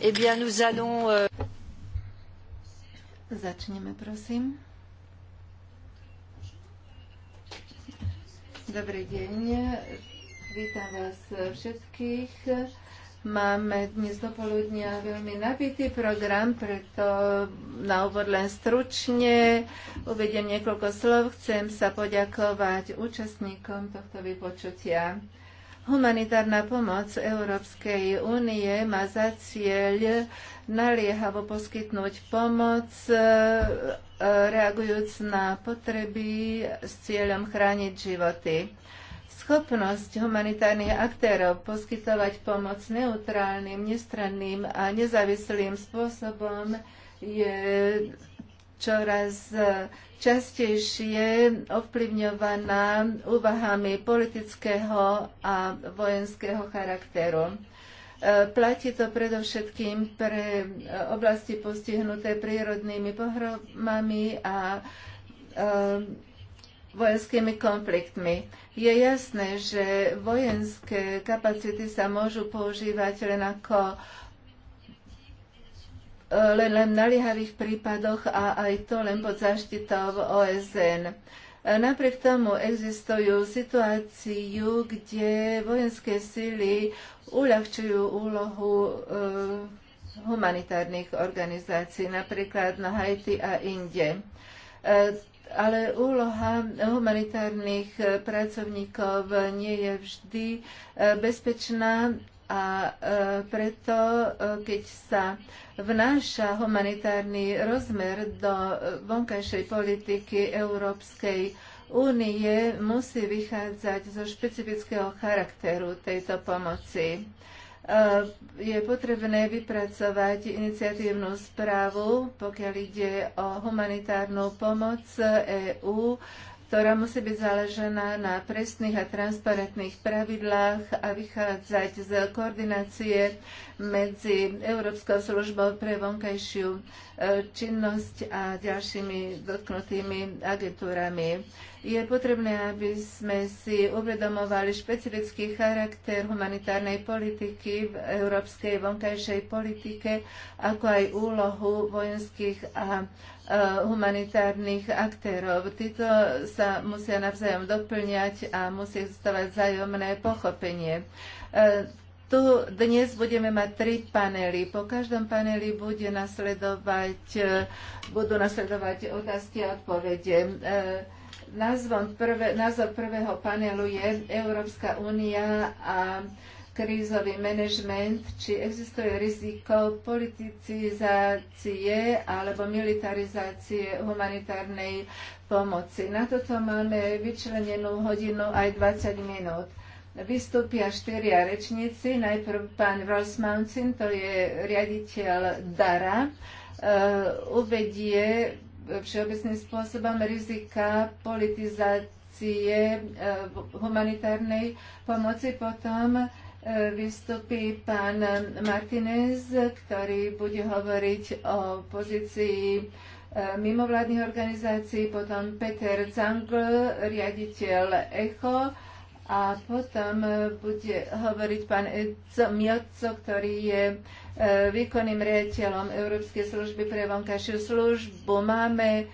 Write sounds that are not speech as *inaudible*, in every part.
Eh bien, nous allons... Euh, Začneme, prosím. Dobrý deň. Vítam vás všetkých. Máme dnes do poludnia veľmi nabitý program, preto na úvod len stručne uvediem niekoľko slov. Chcem sa poďakovať účastníkom tohto vypočutia. Humanitárna pomoc Európskej únie má za cieľ naliehavo poskytnúť pomoc e, reagujúc na potreby s cieľom chrániť životy schopnosť humanitárnych aktérov poskytovať pomoc neutrálnym, nestranným a nezávislým spôsobom je čoraz častejšie ovplyvňovaná úvahami politického a vojenského charakteru. E, platí to predovšetkým pre oblasti postihnuté prírodnými pohromami a e, vojenskými konfliktmi. Je jasné, že vojenské kapacity sa môžu používať len ako len, len v naliehavých prípadoch a aj to len pod záštitou OSN. Napriek tomu existujú situáciu, kde vojenské síly uľahčujú úlohu e, humanitárnych organizácií, napríklad na Haiti a inde. E, ale úloha humanitárnych eh, pracovníkov nie je vždy bezpečná a e, preto, e, keď sa vnáša humanitárny rozmer do vonkajšej politiky Európskej únie, musí vychádzať zo špecifického charakteru tejto pomoci. E, je potrebné vypracovať iniciatívnu správu, pokiaľ ide o humanitárnu pomoc EÚ ktorá musí byť záležená na presných a transparentných pravidlách a vychádzať z koordinácie medzi Európskou službou pre vonkajšiu e, činnosť a ďalšími dotknutými agentúrami. Je potrebné, aby sme si uvedomovali špecifický charakter humanitárnej politiky v európskej vonkajšej politike, ako aj úlohu vojenských a Eh, humanitárnych aktérov. Títo sa musia navzájom doplňať a musí existovať vzájomné pochopenie. Eh, tu dnes budeme mať tri panely. Po každom paneli bude nasledovať, eh, budú nasledovať otázky a odpovede. Názvom prvé, názov prvého panelu je Európska únia a krízový manažment, či existuje riziko politicizácie alebo militarizácie humanitárnej pomoci. Na toto máme vyčlenenú hodinu aj 20 minút. Vystúpia štyria rečníci. Najprv pán Mountain, to je riaditeľ DARA, e, uvedie všeobecným spôsobom rizika politizácie e, humanitárnej pomoci. Potom vystupí pán Martinez, ktorý bude hovoriť o pozícii e, mimovládnych organizácií, potom Peter Zangl, riaditeľ ECHO a potom bude hovoriť pán Edzo Mioco, ktorý je e, výkonným riaditeľom Európskej služby pre vonkajšiu službu. Máme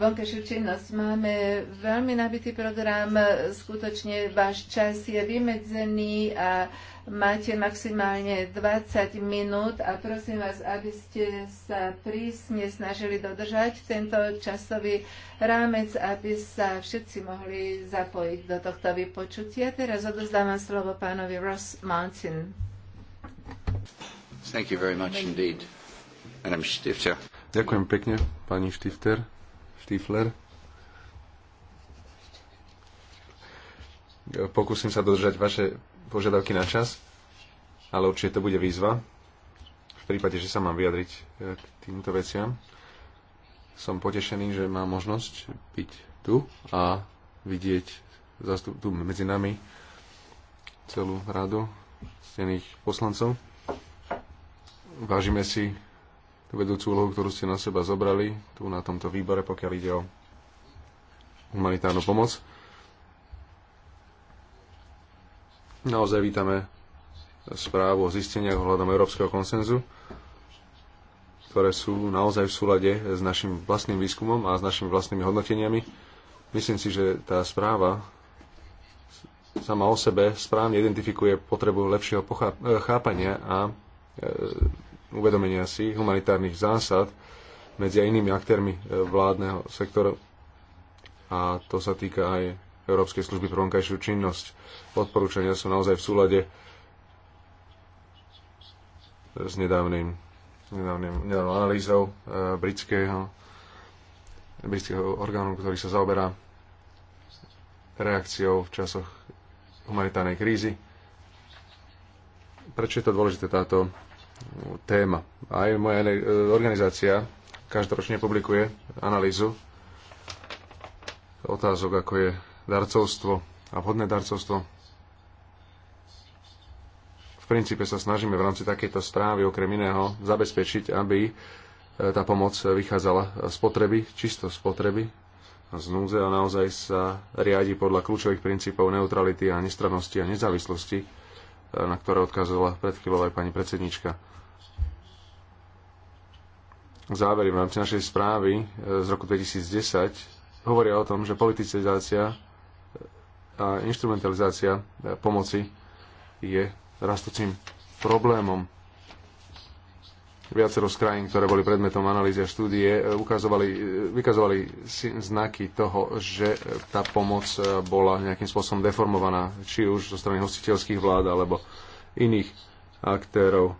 vonkajšiu činnosť. Máme veľmi nabitý program, skutočne váš čas je vymedzený a máte maximálne 20 minút a prosím vás, aby ste sa prísne snažili dodržať tento časový rámec, aby sa všetci mohli zapojiť do tohto vypočutia. Teraz odozdávam slovo pánovi Ross Mountain. Thank you very much indeed. Ďakujem pekne, pani Štifter. Stifler. Pokúsim sa dodržať vaše požiadavky na čas, ale určite to bude výzva. V prípade, že sa mám vyjadriť e, k týmto veciam, som potešený, že mám možnosť byť tu a vidieť zastup, tu medzi nami celú radu stených poslancov. Vážime si tú vedúcu úlohu, ktorú ste na seba zobrali tu na tomto výbore, pokiaľ ide o humanitárnu pomoc. Naozaj vítame správu o zisteniach ohľadom európskeho konsenzu, ktoré sú naozaj v súlade s našim vlastným výskumom a s našimi vlastnými hodnoteniami. Myslím si, že tá správa sama o sebe správne identifikuje potrebu lepšieho e, chápania a e, uvedomenia si humanitárnych zásad medzi inými aktérmi e, vládneho sektora a to sa týka aj Európskej služby pre vonkajšiu činnosť. Odporúčania sú naozaj v súlade s nedávnym, nedávnym, nedávnym analýzou e, britského, britského orgánu, ktorý sa zaoberá reakciou v časoch humanitárnej krízy. Prečo je to dôležité táto téma. Aj moja e, organizácia každoročne publikuje analýzu otázok, ako je darcovstvo a vhodné darcovstvo. V princípe sa snažíme v rámci takejto správy okrem iného zabezpečiť, aby e, tá pomoc vychádzala z potreby, čisto z potreby, z núze a naozaj sa riadi podľa kľúčových princípov neutrality a nestrannosti a nezávislosti, e, na ktoré odkázala pred chvíľou aj pani predsednička závery v rámci našej správy e, z roku 2010 hovoria o tom, že politicizácia e, a instrumentalizácia e, pomoci je rastúcim problémom. Viacero z krajín, ktoré boli predmetom analýzy a štúdie, ukazovali, vykazovali znaky toho, že tá pomoc bola nejakým spôsobom deformovaná, či už zo strany hostiteľských vlád alebo iných aktérov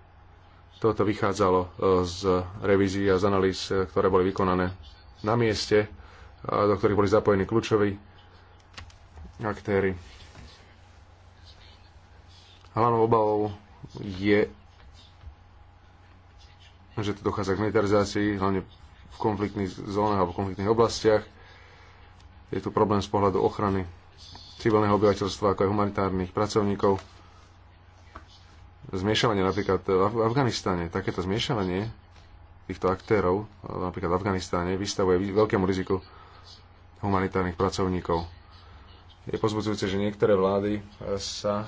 toto vychádzalo e, z revízií a z analýz, e, ktoré boli vykonané na mieste, do ktorých boli zapojení kľúčoví aktéry. Hlavnou obavou je, že to dochádza k militarizácii, hlavne v konfliktných zónach alebo konfliktných oblastiach. Je tu problém z pohľadu ochrany civilného obyvateľstva, ako aj humanitárnych pracovníkov Zmiešavanie napríklad v Afganistane, takéto zmiešavanie týchto aktérov, napríklad v Afganistáne, vystavuje veľkému riziku humanitárnych pracovníkov. Je pozbudzujúce, že niektoré vlády e, sa e,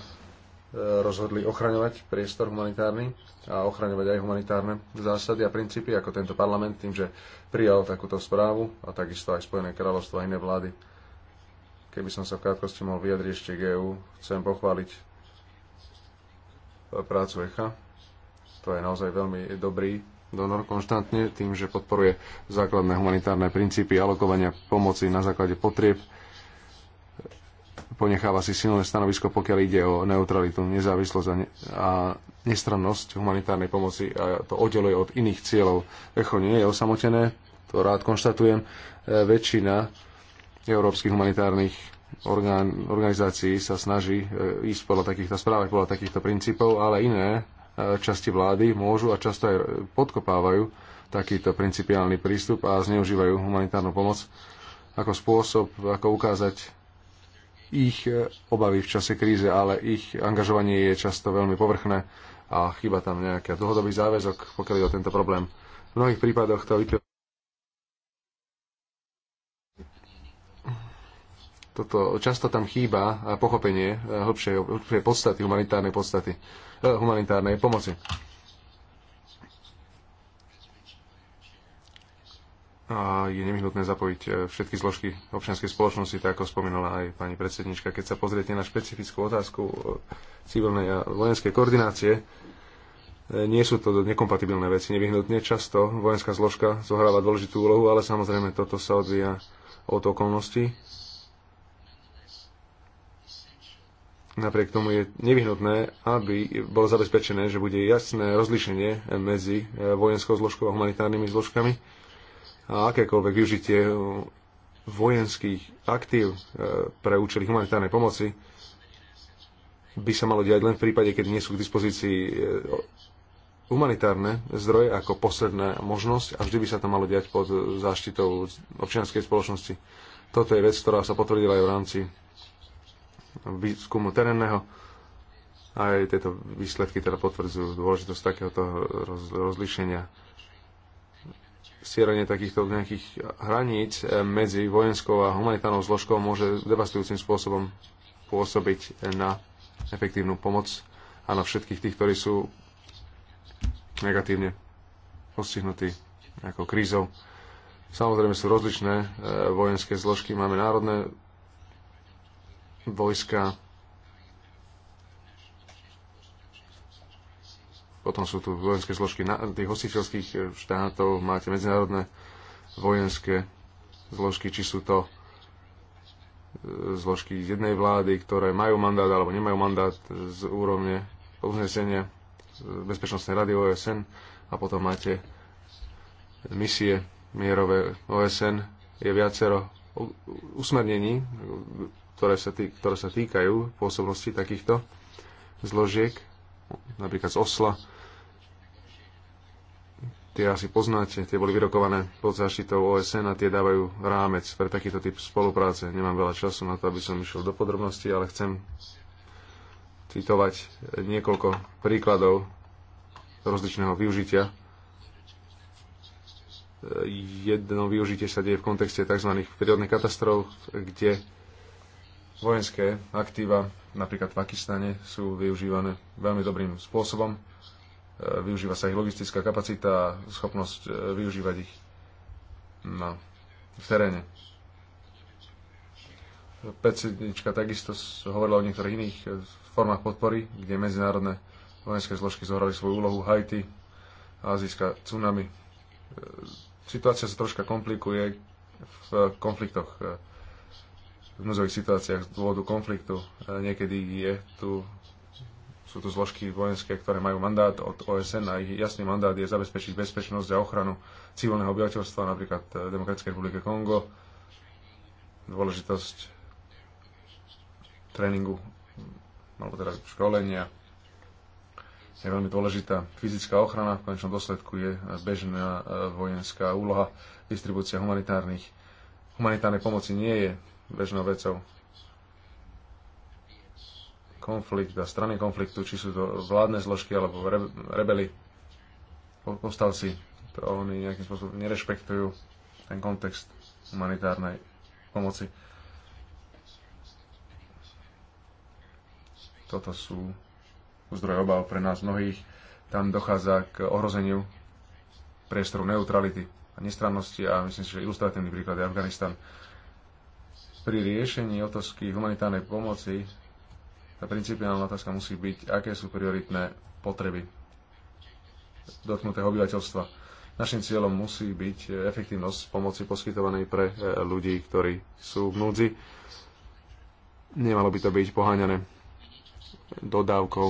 rozhodli ochraňovať priestor humanitárny a ochraňovať aj humanitárne zásady a princípy, ako tento parlament, tým, že prijal takúto správu a takisto aj Spojené kráľovstvo a iné vlády. Keby som sa v krátkosti mohol vyjadriť ešte GU, e chcem pochváliť prácu ECHA. To je naozaj veľmi dobrý donor konštantne tým, že podporuje základné humanitárne princípy alokovania pomoci na základe potrieb. Ponecháva si silné stanovisko, pokiaľ ide o neutralitu, nezávislosť a, ne- a nestrannosť humanitárnej pomoci a to oddeluje od iných cieľov. Echo nie je osamotené, to rád konštatujem. E, väčšina európskych humanitárnych orgán, organizácií sa snaží e, ísť podľa takýchto správ, podľa takýchto princípov, ale iné e, časti vlády môžu a často aj podkopávajú takýto principiálny prístup a zneužívajú humanitárnu pomoc ako spôsob, ako ukázať ich e, obavy v čase kríze, ale ich angažovanie je často veľmi povrchné a chyba tam nejaký dlhodobý záväzok, pokiaľ je o tento problém. V mnohých prípadoch to vyplýva toto často tam chýba pochopenie e, hlbšej, hlbšej podstaty, humanitárnej podstaty, e, humanitárnej pomoci. A je nevyhnutné zapojiť e, všetky zložky občianskej spoločnosti, tak ako spomínala aj pani predsednička. Keď sa pozriete na špecifickú otázku civilnej a vojenskej koordinácie, nie sú to nekompatibilné veci. Nevyhnutne často vojenská zložka zohráva dôležitú úlohu, ale samozrejme toto sa odvíja od okolností Napriek tomu je nevyhnutné, aby bolo zabezpečené, že bude jasné rozlíšenie medzi eh, vojenskou zložkou a humanitárnymi zložkami a akékoľvek využitie eh, vojenských aktív eh, pre účely humanitárnej pomoci by sa malo diať len v prípade, keď nie sú k dispozícii humanitárne zdroje ako posledná možnosť a vždy by sa to malo diať pod záštitou občianskej spoločnosti. Toto je vec, ktorá sa potvrdila aj v rámci výskumu terénneho. aj tieto výsledky teda potvrdzujú dôležitosť takéhoto roz, rozlišenia. Stieranie takýchto nejakých hraníc eh, medzi vojenskou a humanitárnou zložkou môže devastujúcim spôsobom pôsobiť na efektívnu pomoc a na všetkých tých, ktorí sú negatívne postihnutí ako krízou. Samozrejme sú rozličné eh, vojenské zložky, máme národné vojska. Potom sú tu vojenské zložky na, tých hostiteľských e, štátov, máte medzinárodné vojenské zložky, či sú to e, zložky z jednej vlády, ktoré majú mandát alebo nemajú mandát z úrovne uznesenia e, Bezpečnostnej rady OSN a potom máte misie mierové OSN. Je viacero usmernení ktoré sa, tý, ktoré sa týkajú pôsobnosti takýchto zložiek, napríklad z Osla. Tie asi poznáte, tie boli vyrokované pod zaštitou OSN a tie dávajú rámec pre takýto typ spolupráce. Nemám veľa času na to, aby som išiel do podrobností, ale chcem citovať niekoľko príkladov rozličného využitia. Jedno využitie sa deje v kontexte tzv. prírodných katastrof, kde vojenské aktíva napríklad v Pakistane sú využívané veľmi dobrým spôsobom. E, využíva sa ich logistická kapacita a schopnosť e, využívať ich na, v teréne. Predsednička takisto hovorila o niektorých iných e, formách podpory, kde medzinárodné vojenské zložky zohrali svoju úlohu Haiti, azijská tsunami. Situácia sa troška komplikuje v konfliktoch v núzových situáciách z dôvodu konfliktu. E, niekedy je tu, sú tu zložky vojenské, ktoré majú mandát od OSN a ich jasný mandát je zabezpečiť bezpečnosť a ochranu civilného obyvateľstva, napríklad e, Demokratickej republike Kongo, dôležitosť tréningu alebo teda školenia je veľmi dôležitá. Fyzická ochrana v konečnom dôsledku je bežná e, vojenská úloha. Distribúcia humanitárnych humanitárnej pomoci nie je bežnou vecou. Konflikt a strany konfliktu, či sú to vládne zložky alebo rebeli, povstalci, to oni nejakým spôsobom nerešpektujú ten kontext humanitárnej pomoci. Toto sú zdroje obav pre nás mnohých. Tam dochádza k ohrozeniu priestoru neutrality a nestrannosti a myslím si, že ilustratívny príklad je Afganistan pri riešení otázky humanitárnej pomoci tá principiálna otázka musí byť, aké sú prioritné potreby dotknutého obyvateľstva. Našim cieľom musí byť efektívnosť pomoci poskytovanej pre e, ľudí, ktorí sú v núdzi. Nemalo by to byť poháňané dodávkou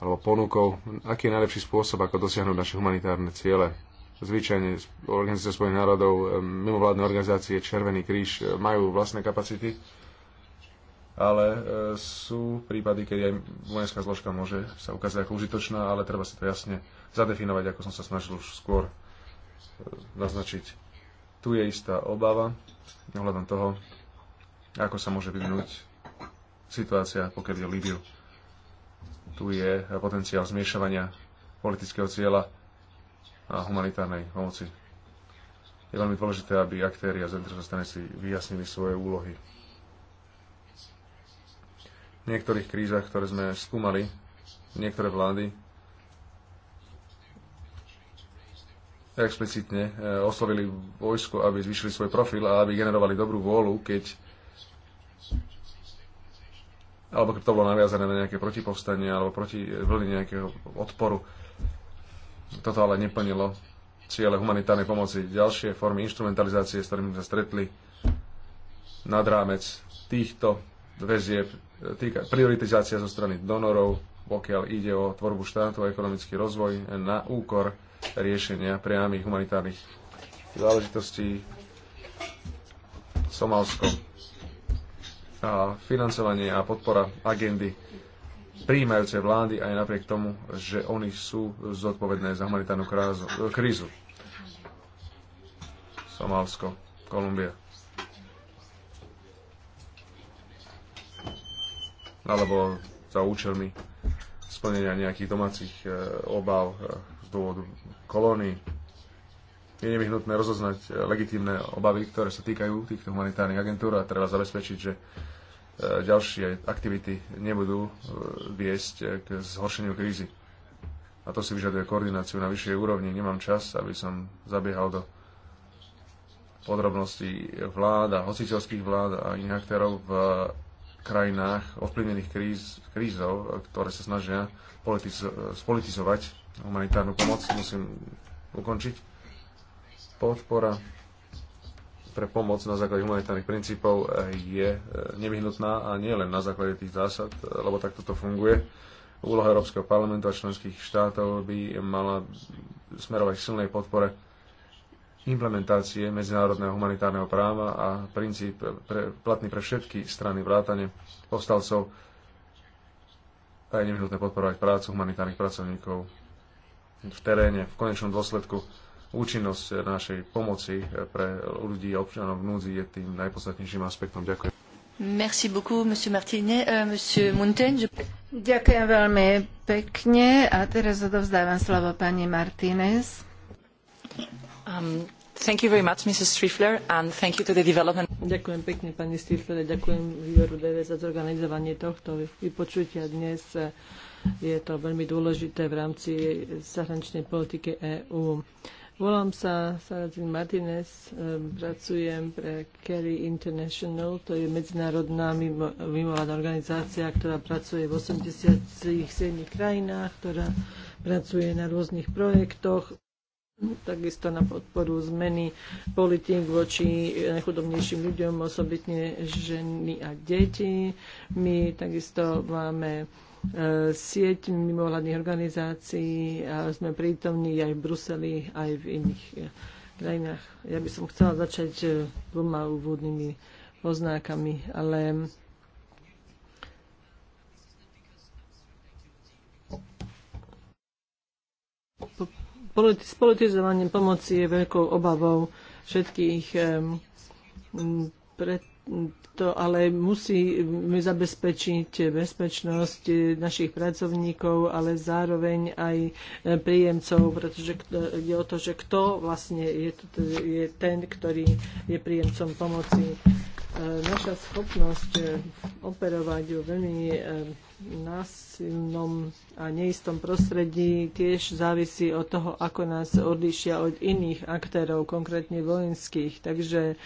alebo ponukou. Aký je najlepší spôsob, ako dosiahnuť naše humanitárne ciele? Zvyčajne organizácie Spojených národov, e, mimovládne organizácie, Červený kríž e, majú vlastné kapacity, ale e, sú prípady, keď aj vojenská zložka môže sa ukázať ako užitočná, ale treba si to jasne zadefinovať, ako som sa snažil už skôr naznačiť. Tu je istá obava ohľadom toho, ako sa môže vyvinúť situácia, pokiaľ je Líbiu. Tu je potenciál zmiešavania politického cieľa a humanitárnej pomoci. Je veľmi dôležité, aby aktéri a zainteresované si vyjasnili svoje úlohy. V niektorých krízach, ktoré sme skúmali, niektoré vlády explicitne eh, oslovili vojsko, aby zvyšili svoj profil a aby generovali dobrú vôľu, keď alebo keď to bolo naviazané na nejaké protipovstanie alebo proti vlny nejakého odporu toto ale neplnilo ciele humanitárnej pomoci. Ďalšie formy instrumentalizácie, s ktorými sme stretli nad rámec týchto väzieb, týka, prioritizácia zo strany donorov, pokiaľ ide o tvorbu štátu a ekonomický rozvoj na úkor riešenia priamých humanitárnych záležitostí Somálsko a financovanie a podpora agendy príjmajúce vlády aj napriek tomu, že oni sú zodpovedné za humanitárnu krázu, krízu. Somálsko, Kolumbia. Alebo za účelmi splnenia nejakých domácich e, obav e, z dôvodu kolónií. Je nevyhnutné rozoznať e, legitímne obavy, ktoré sa týkajú týchto humanitárnych agentúr a treba zabezpečiť, že E, ďalšie aktivity nebudú e, viesť e, k zhoršeniu krízy. A to si vyžaduje koordináciu na vyššej úrovni. Nemám čas, aby som zabiehal do podrobností vlád a hociteľských vlád a iných aktérov v krajinách ovplyvnených kríz, krízov, ktoré sa snažia politizo- spolitizovať humanitárnu pomoc. Musím ukončiť. Podpora pre pomoc na základe humanitárnych princípov eh, je eh, nevyhnutná a nie len na základe tých zásad, eh, lebo takto to funguje. Úloha Európskeho parlamentu a členských štátov by mala smerovať k silnej podpore implementácie medzinárodného humanitárneho práva a princíp pre, platný pre všetky strany vrátane povstalcov a je nevyhnutné podporovať prácu humanitárnych pracovníkov v teréne, v konečnom dôsledku účinnosť našej pomoci eh, pre ľudí a občanov v núdzi je tým najpodstatnejším aspektom. Ďakujem. Merci beaucoup, monsieur Martinet. Uh, monsieur Mountain, je... Ďakujem veľmi pekne a teraz odovzdávam slovo pani Martinez. Um, thank you very much, Mrs. Strifler, and thank you to the development. Ďakujem pekne, pani Strifler, ďakujem výboru DV za zorganizovanie tohto vypočutia dnes. Je to veľmi dôležité v rámci zahraničnej politiky EÚ. Volám sa Sarazin Martinez, pracujem pre Kerry International, to je medzinárodná mimo, organizácia, ktorá pracuje v 87 krajinách, ktorá pracuje na rôznych projektoch, takisto na podporu zmeny politik voči najchudobnejším ľuďom, osobitne ženy a deti. My takisto máme E, sieť mimovládnych organizácií a sme prítomní aj v Bruseli, aj v iných e, krajinách. Ja by som chcela začať e, dvoma úvodnými poznákami, ale politizovanie pomoci je veľkou obavou všetkých, preto to ale musíme zabezpečiť bezpečnosť našich pracovníkov, ale zároveň aj príjemcov, pretože je o to, že kto vlastne je, je ten, ktorý je príjemcom pomoci. E, naša schopnosť e, operovať v veľmi e, násilnom a neistom prostredí tiež závisí od toho, ako nás odlišia od iných aktérov, konkrétne vojenských. Takže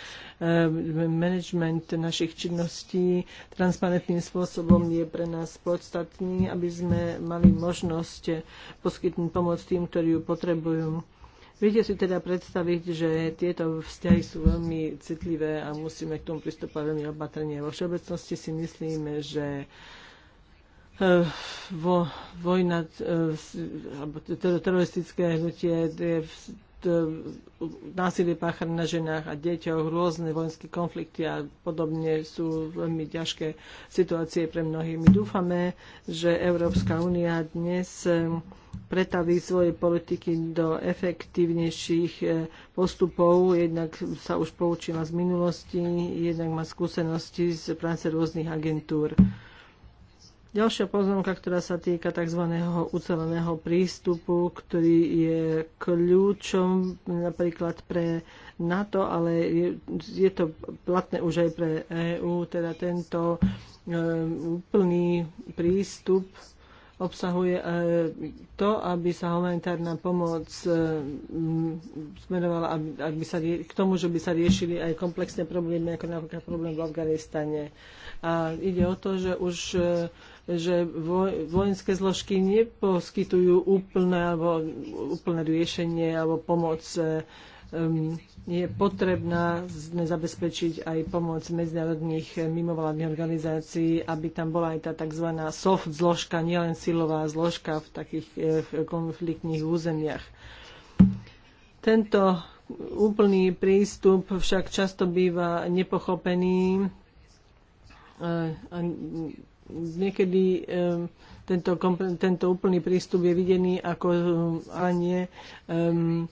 management našich činností transparentným spôsobom je pre nás podstatný, aby sme mali možnosť poskytnúť pomoc tým, ktorí ju potrebujú. Viete si teda predstaviť, že tieto vzťahy sú veľmi citlivé a musíme k tomu pristúpať veľmi opatrne. Vo všeobecnosti si myslíme, že eh, vo, vojna, eh, alebo teroristické hnutie je E, násilie páchané na ženách a deťoch, rôzne vojenské konflikty a podobne sú veľmi ťažké situácie pre mnohých. My dúfame, že Európska únia dnes e, pretaví svoje politiky do efektívnejších e, postupov. Jednak sa už poučila z minulosti, jednak má skúsenosti z práce rôznych agentúr. Ďalšia poznámka, ktorá sa týka tzv. uceleného prístupu, ktorý je kľúčom napríklad pre NATO, ale je, je to platné už aj pre EÚ, teda tento e, úplný prístup obsahuje e, to, aby sa humanitárna pomoc e, smerovala aby sa, k tomu, že by sa riešili aj komplexné problémy, ako napríklad problém v Afganistane. A ide o to, že už e, že vojenské zložky neposkytujú úplné, alebo úplné riešenie alebo pomoc e, je potrebná zabezpečiť aj pomoc medzinárodných mimovládnych organizácií, aby tam bola aj tá tzv. soft zložka, nielen silová zložka v takých e, konfliktných územiach. Tento úplný prístup však často býva nepochopený e, niekedy tento, tento úplný prístup je videný ako, ale nie um,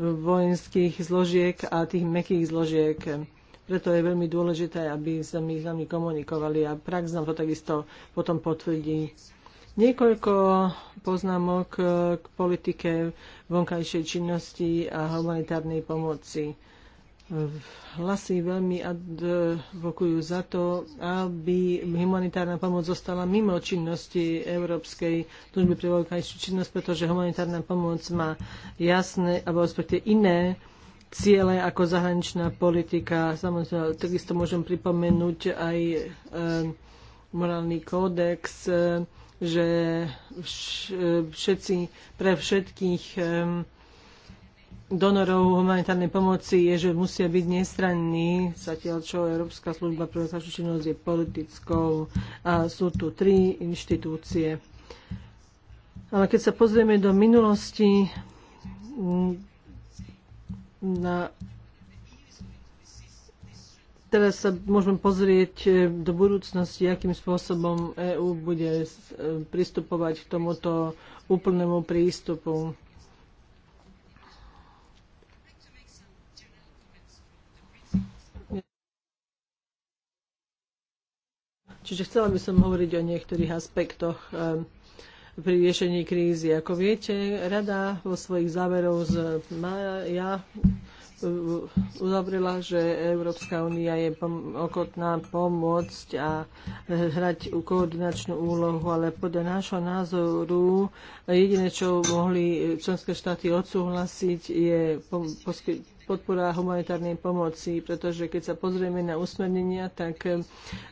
vojenských zložiek a tých mekých zložiek. Preto je veľmi dôležité, aby sa my s nami komunikovali a prax nám to takisto potom potvrdí. Niekoľko poznámok eh, k politike vonkajšej činnosti a humanitárnej pomoci hlasy veľmi advokujú za to, aby humanitárna pomoc zostala mimo činnosti Európskej služby pre vonkajšiu činnosť, pretože humanitárna pomoc má jasné, alebo respektíve iné ciele ako zahraničná politika. Samozrejme, takisto môžem pripomenúť aj e, morálny kódex, e, že vš, e, všetci, pre všetkých e, donorov humanitárnej pomoci je, že musia byť nestranní, zatiaľ čo Európska služba pre zašu činnosť je politickou a sú tu tri inštitúcie. Ale keď sa pozrieme do minulosti mm, na Teraz sa môžeme pozrieť e, do budúcnosti, akým spôsobom EÚ bude e, pristupovať k tomuto úplnému prístupu Čiže chcela by som hovoriť o niektorých aspektoch ehm, pri riešení krízy. Ako viete, rada vo svojich záverov z maja uzavrela, že Európska únia je pom- pomôcť a e, hrať koordinačnú úlohu, ale podľa nášho názoru jediné, čo mohli členské štáty odsúhlasiť, je pom- poskytnúť podpora humanitárnej pomoci, pretože keď sa pozrieme na usmernenia, tak eh,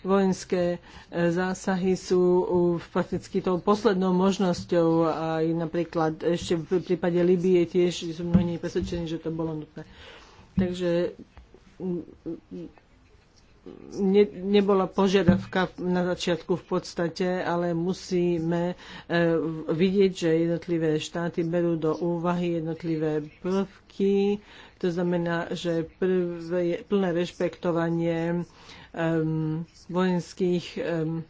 vojenské eh, zásahy sú fakticky tou poslednou možnosťou. Aj napríklad ešte v prípade Libie tiež sú mnohí presvedčení, že to bolo nutné. Takže mm, mm, mm, ne, nebola požiadavka na začiatku v podstate, ale musíme e, vidieť, že jednotlivé štáty berú do úvahy jednotlivé prvky, to znamená, že prvé, plné rešpektovanie um, vojenských um,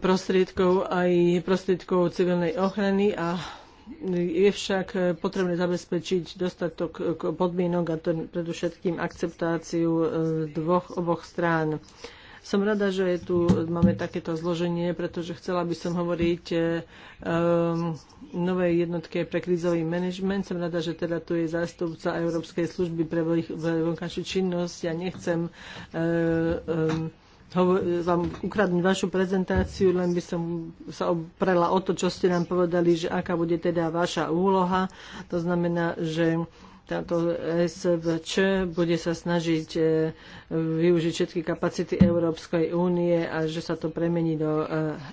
prostriedkov aj prostriedkov civilnej ochrany a je však potrebné zabezpečiť dostatok podmienok a to predovšetkým akceptáciu eh, dvoch oboch strán. Som rada, že tu máme takéto zloženie, pretože chcela by som hovoriť um, novej jednotke pre krízový manažment. Som rada, že teda tu je zástupca Európskej služby pre vonkajšiu činnosť. Ja nechcem um, vám ukradnúť vašu prezentáciu, len by som sa oprela o to, čo ste nám povedali, že aká bude teda vaša úloha. To znamená, že táto SVČ bude sa snažiť e, využiť všetky kapacity Európskej únie a že sa to premení do e,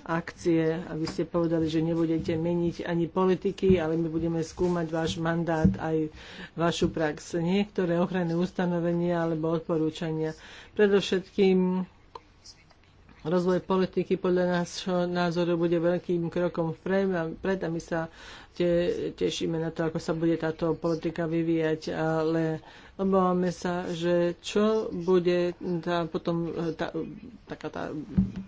akcie. A vy ste povedali, že nebudete meniť ani politiky, ale my budeme skúmať váš mandát aj vašu prax. Niektoré ochranné ustanovenia alebo odporúčania. Predovšetkým Rozvoj politiky podľa nášho názoru bude veľkým krokom vpred a my sa te, tešíme na to, ako sa bude táto politika vyvíjať, ale obávame sa, že čo bude tá, potom tá, taká tá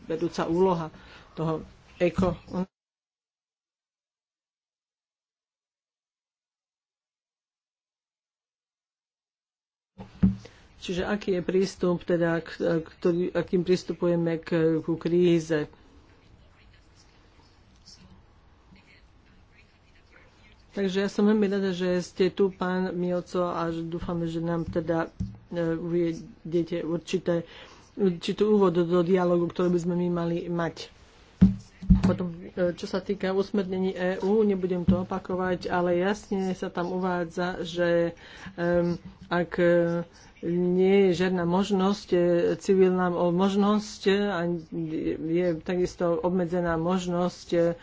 vedúca úloha toho eko Čiže aký je prístup, teda, ktorý, akým pristupujeme k, ku kríze? Takže ja som veľmi rada, že ste tu, pán Mioco, a dúfame, že nám teda e, uvedete určité, určitú úvod do dialogu, ktorý by sme my mali mať. Potom E, čo sa týka usmernení EÚ, nebudem to opakovať, ale jasne sa tam uvádza, že ak e, nie je žiadna možnosť, e, civilná možnosť a je takisto obmedzená možnosť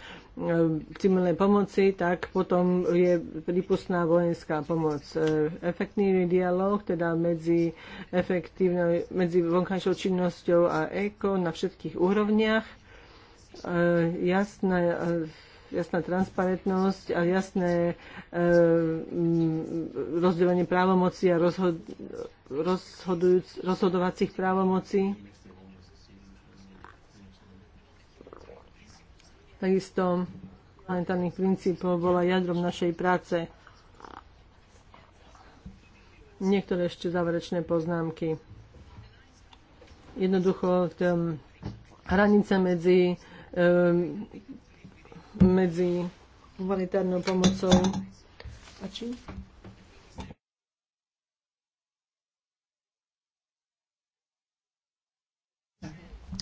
civilnej pomoci, tak potom je prípustná vojenská pomoc. Efektný dialog teda medzi, medzi vonkajšou činnosťou a eko na všetkých úrovniach E, jasná, e, jasná transparentnosť a jasné e, rozdelenie právomoci a rozhod, rozhodovacích právomocí. Takisto planetárnych princípov bola jadrom našej práce. Niektoré ešte záverečné poznámky. Jednoducho hranica medzi Ehm, medzi humanitárnou pomocou a čím?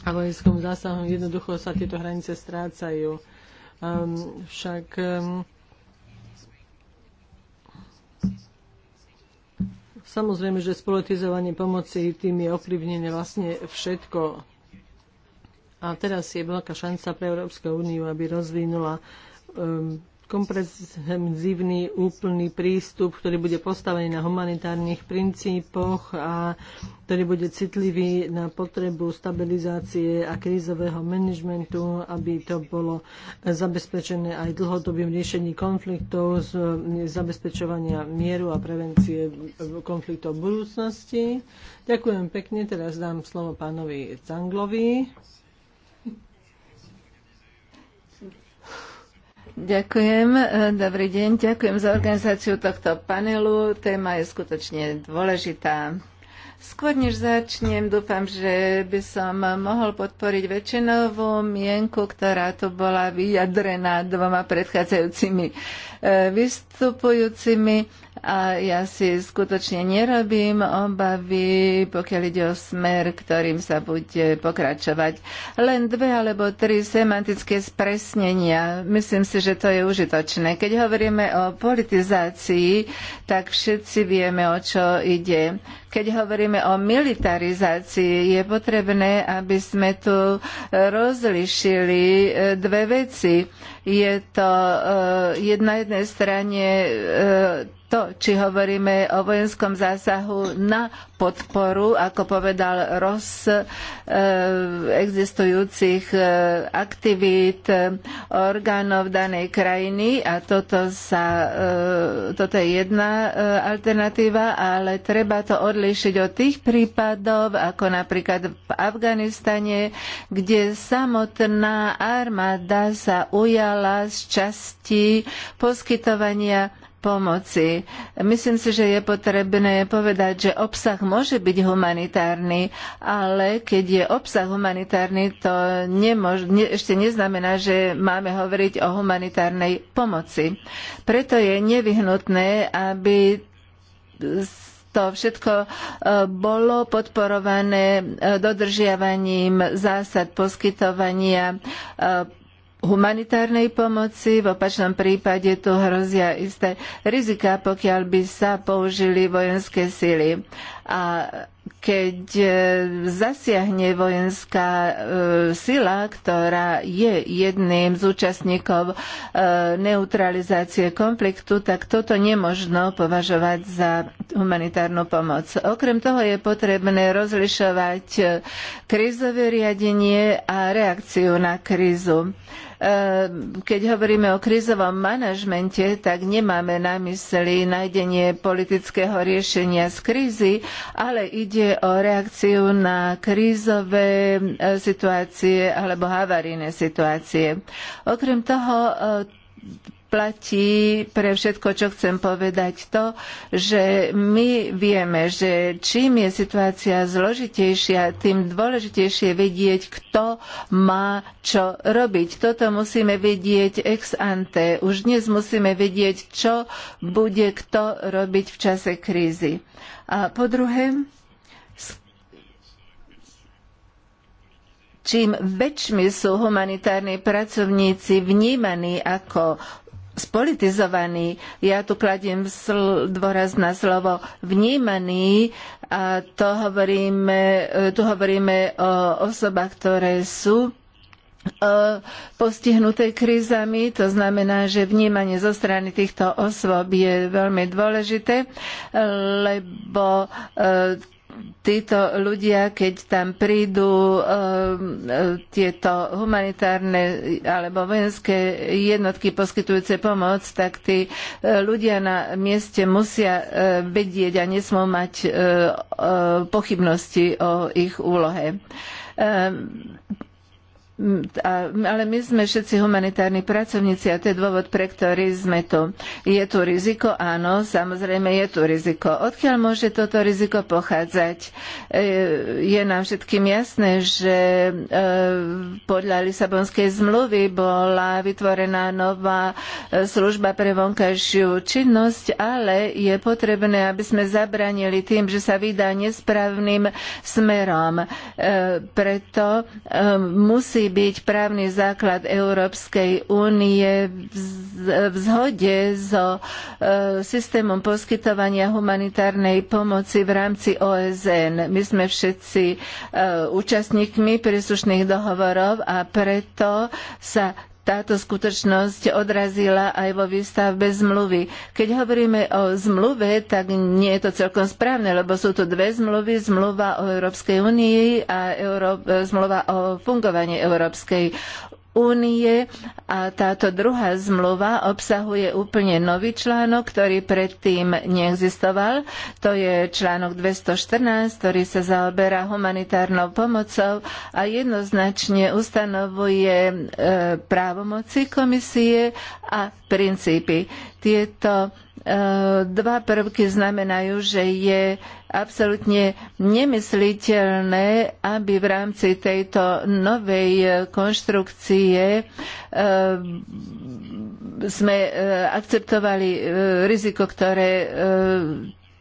A vojenskom zásahu jednoducho sa tieto hranice strácajú. Um, však um, samozrejme, že spolitizovanie pomoci tým je ovplyvnené vlastne všetko a teraz je veľká šanca pre Európsku úniu, aby rozvinula um, ehm, komprehenzívny úplný prístup, ktorý bude postavený na humanitárnych princípoch a ktorý bude citlivý na potrebu stabilizácie a krízového manažmentu, aby to bolo zabezpečené aj dlhodobým riešení konfliktov, z zabezpečovania mieru a prevencie konfliktov v budúcnosti. Ďakujem pekne, teraz dám slovo pánovi Canglovi. Ďakujem, e, dobrý deň, ďakujem za organizáciu tohto panelu. Téma je skutočne dôležitá. Skôr než začnem, dúfam, že by som mohol podporiť väčšinovú mienku, ktorá tu bola vyjadrená dvoma predchádzajúcimi vystupujúcimi a ja si skutočne nerobím obavy, pokiaľ ide o smer, ktorým sa bude pokračovať. Len dve alebo tri semantické spresnenia. Myslím si, že to je užitočné. Keď hovoríme o politizácii, tak všetci vieme, o čo ide. Keď hovoríme o militarizácii, je potrebné, aby sme tu rozlišili e, dve veci je to eh, na jednej strane eh, to, či hovoríme o vojenskom zásahu na podporu, ako povedal Ross, e, existujúcich e, aktivít e, orgánov danej krajiny a toto, sa, toto je jedna alternatíva, ale treba to odlíšiť od tých prípadov, ako napríklad v Afganistane, kde samotná armáda sa ujala z časti poskytovania pomoci. Myslím si, že je potrebné povedať, že obsah môže byť humanitárny, ale keď je obsah humanitárny, to nemož, ne, ešte neznamená, že máme hovoriť o humanitárnej pomoci. Preto je nevyhnutné, aby to všetko e, bolo podporované e, dodržiavaním zásad poskytovania e, humanitárnej pomoci. V opačnom prípade tu hrozia isté rizika, pokiaľ by sa použili vojenské sily. A keď e, zasiahne vojenská e, sila, ktorá je jedným z účastníkov e, neutralizácie konfliktu, tak toto nemožno považovať za humanitárnu pomoc. Okrem toho je potrebné rozlišovať krízové riadenie a reakciu na krízu. Ehm, keď hovoríme o krízovom manažmente, tak nemáme na mysli nájdenie politického riešenia z krízy, ale ide o reakciu na krízové e, situácie alebo havarijné situácie. Okrem toho, e, platí pre všetko, čo chcem povedať, to, že my vieme, že čím je situácia zložitejšia, tým dôležitejšie vedieť, kto má čo robiť. Toto musíme vedieť ex ante. Už dnes musíme vedieť, čo bude kto robiť v čase krízy. A po druhé, čím väčšmi sú humanitárni pracovníci vnímaní ako spolitizovaný. Ja tu kladiem dôraz na slovo vnímaný a to hovoríme, e, tu hovoríme o osobách, ktoré sú e, postihnuté krízami. To znamená, že vnímanie zo strany týchto osôb je veľmi dôležité, lebo e, títo ľudia, keď tam prídu ehm, e, tieto humanitárne alebo vojenské jednotky poskytujúce pomoc, tak tí e, ľudia na mieste musia e, vedieť a nesmú mať pochybnosti o ich úlohe ehm, ale my sme všetci humanitárni pracovníci a to je dôvod, pre ktorý sme tu. Je tu riziko? Áno, samozrejme je tu riziko. Odkiaľ môže toto riziko pochádzať? E, je nám všetkým jasné, že e, podľa Lisabonskej zmluvy bola vytvorená nová e, služba pre vonkajšiu činnosť, ale je potrebné, aby sme zabranili tým, že sa vydá nesprávnym smerom. Preto musí byť právny základ Európskej únie v zhode so e, systémom poskytovania humanitárnej pomoci v rámci OSN. My sme všetci e, účastníkmi príslušných dohovorov a preto sa táto skutočnosť odrazila aj vo výstavbe zmluvy. Keď hovoríme o zmluve, tak nie je to celkom správne, lebo sú tu dve zmluvy. Zmluva o Európskej únii a Euró- e, zmluva o fungovaní Európskej únie a táto druhá zmluva obsahuje úplne nový článok, ktorý predtým neexistoval. To je článok 214, ktorý sa zaoberá humanitárnou pomocou a jednoznačne ustanovuje e, právomoci komisie a princípy. Tieto Dva prvky znamenajú, že je absolútne nemysliteľné, aby v rámci tejto novej konštrukcie e, sme e, akceptovali e, riziko, ktoré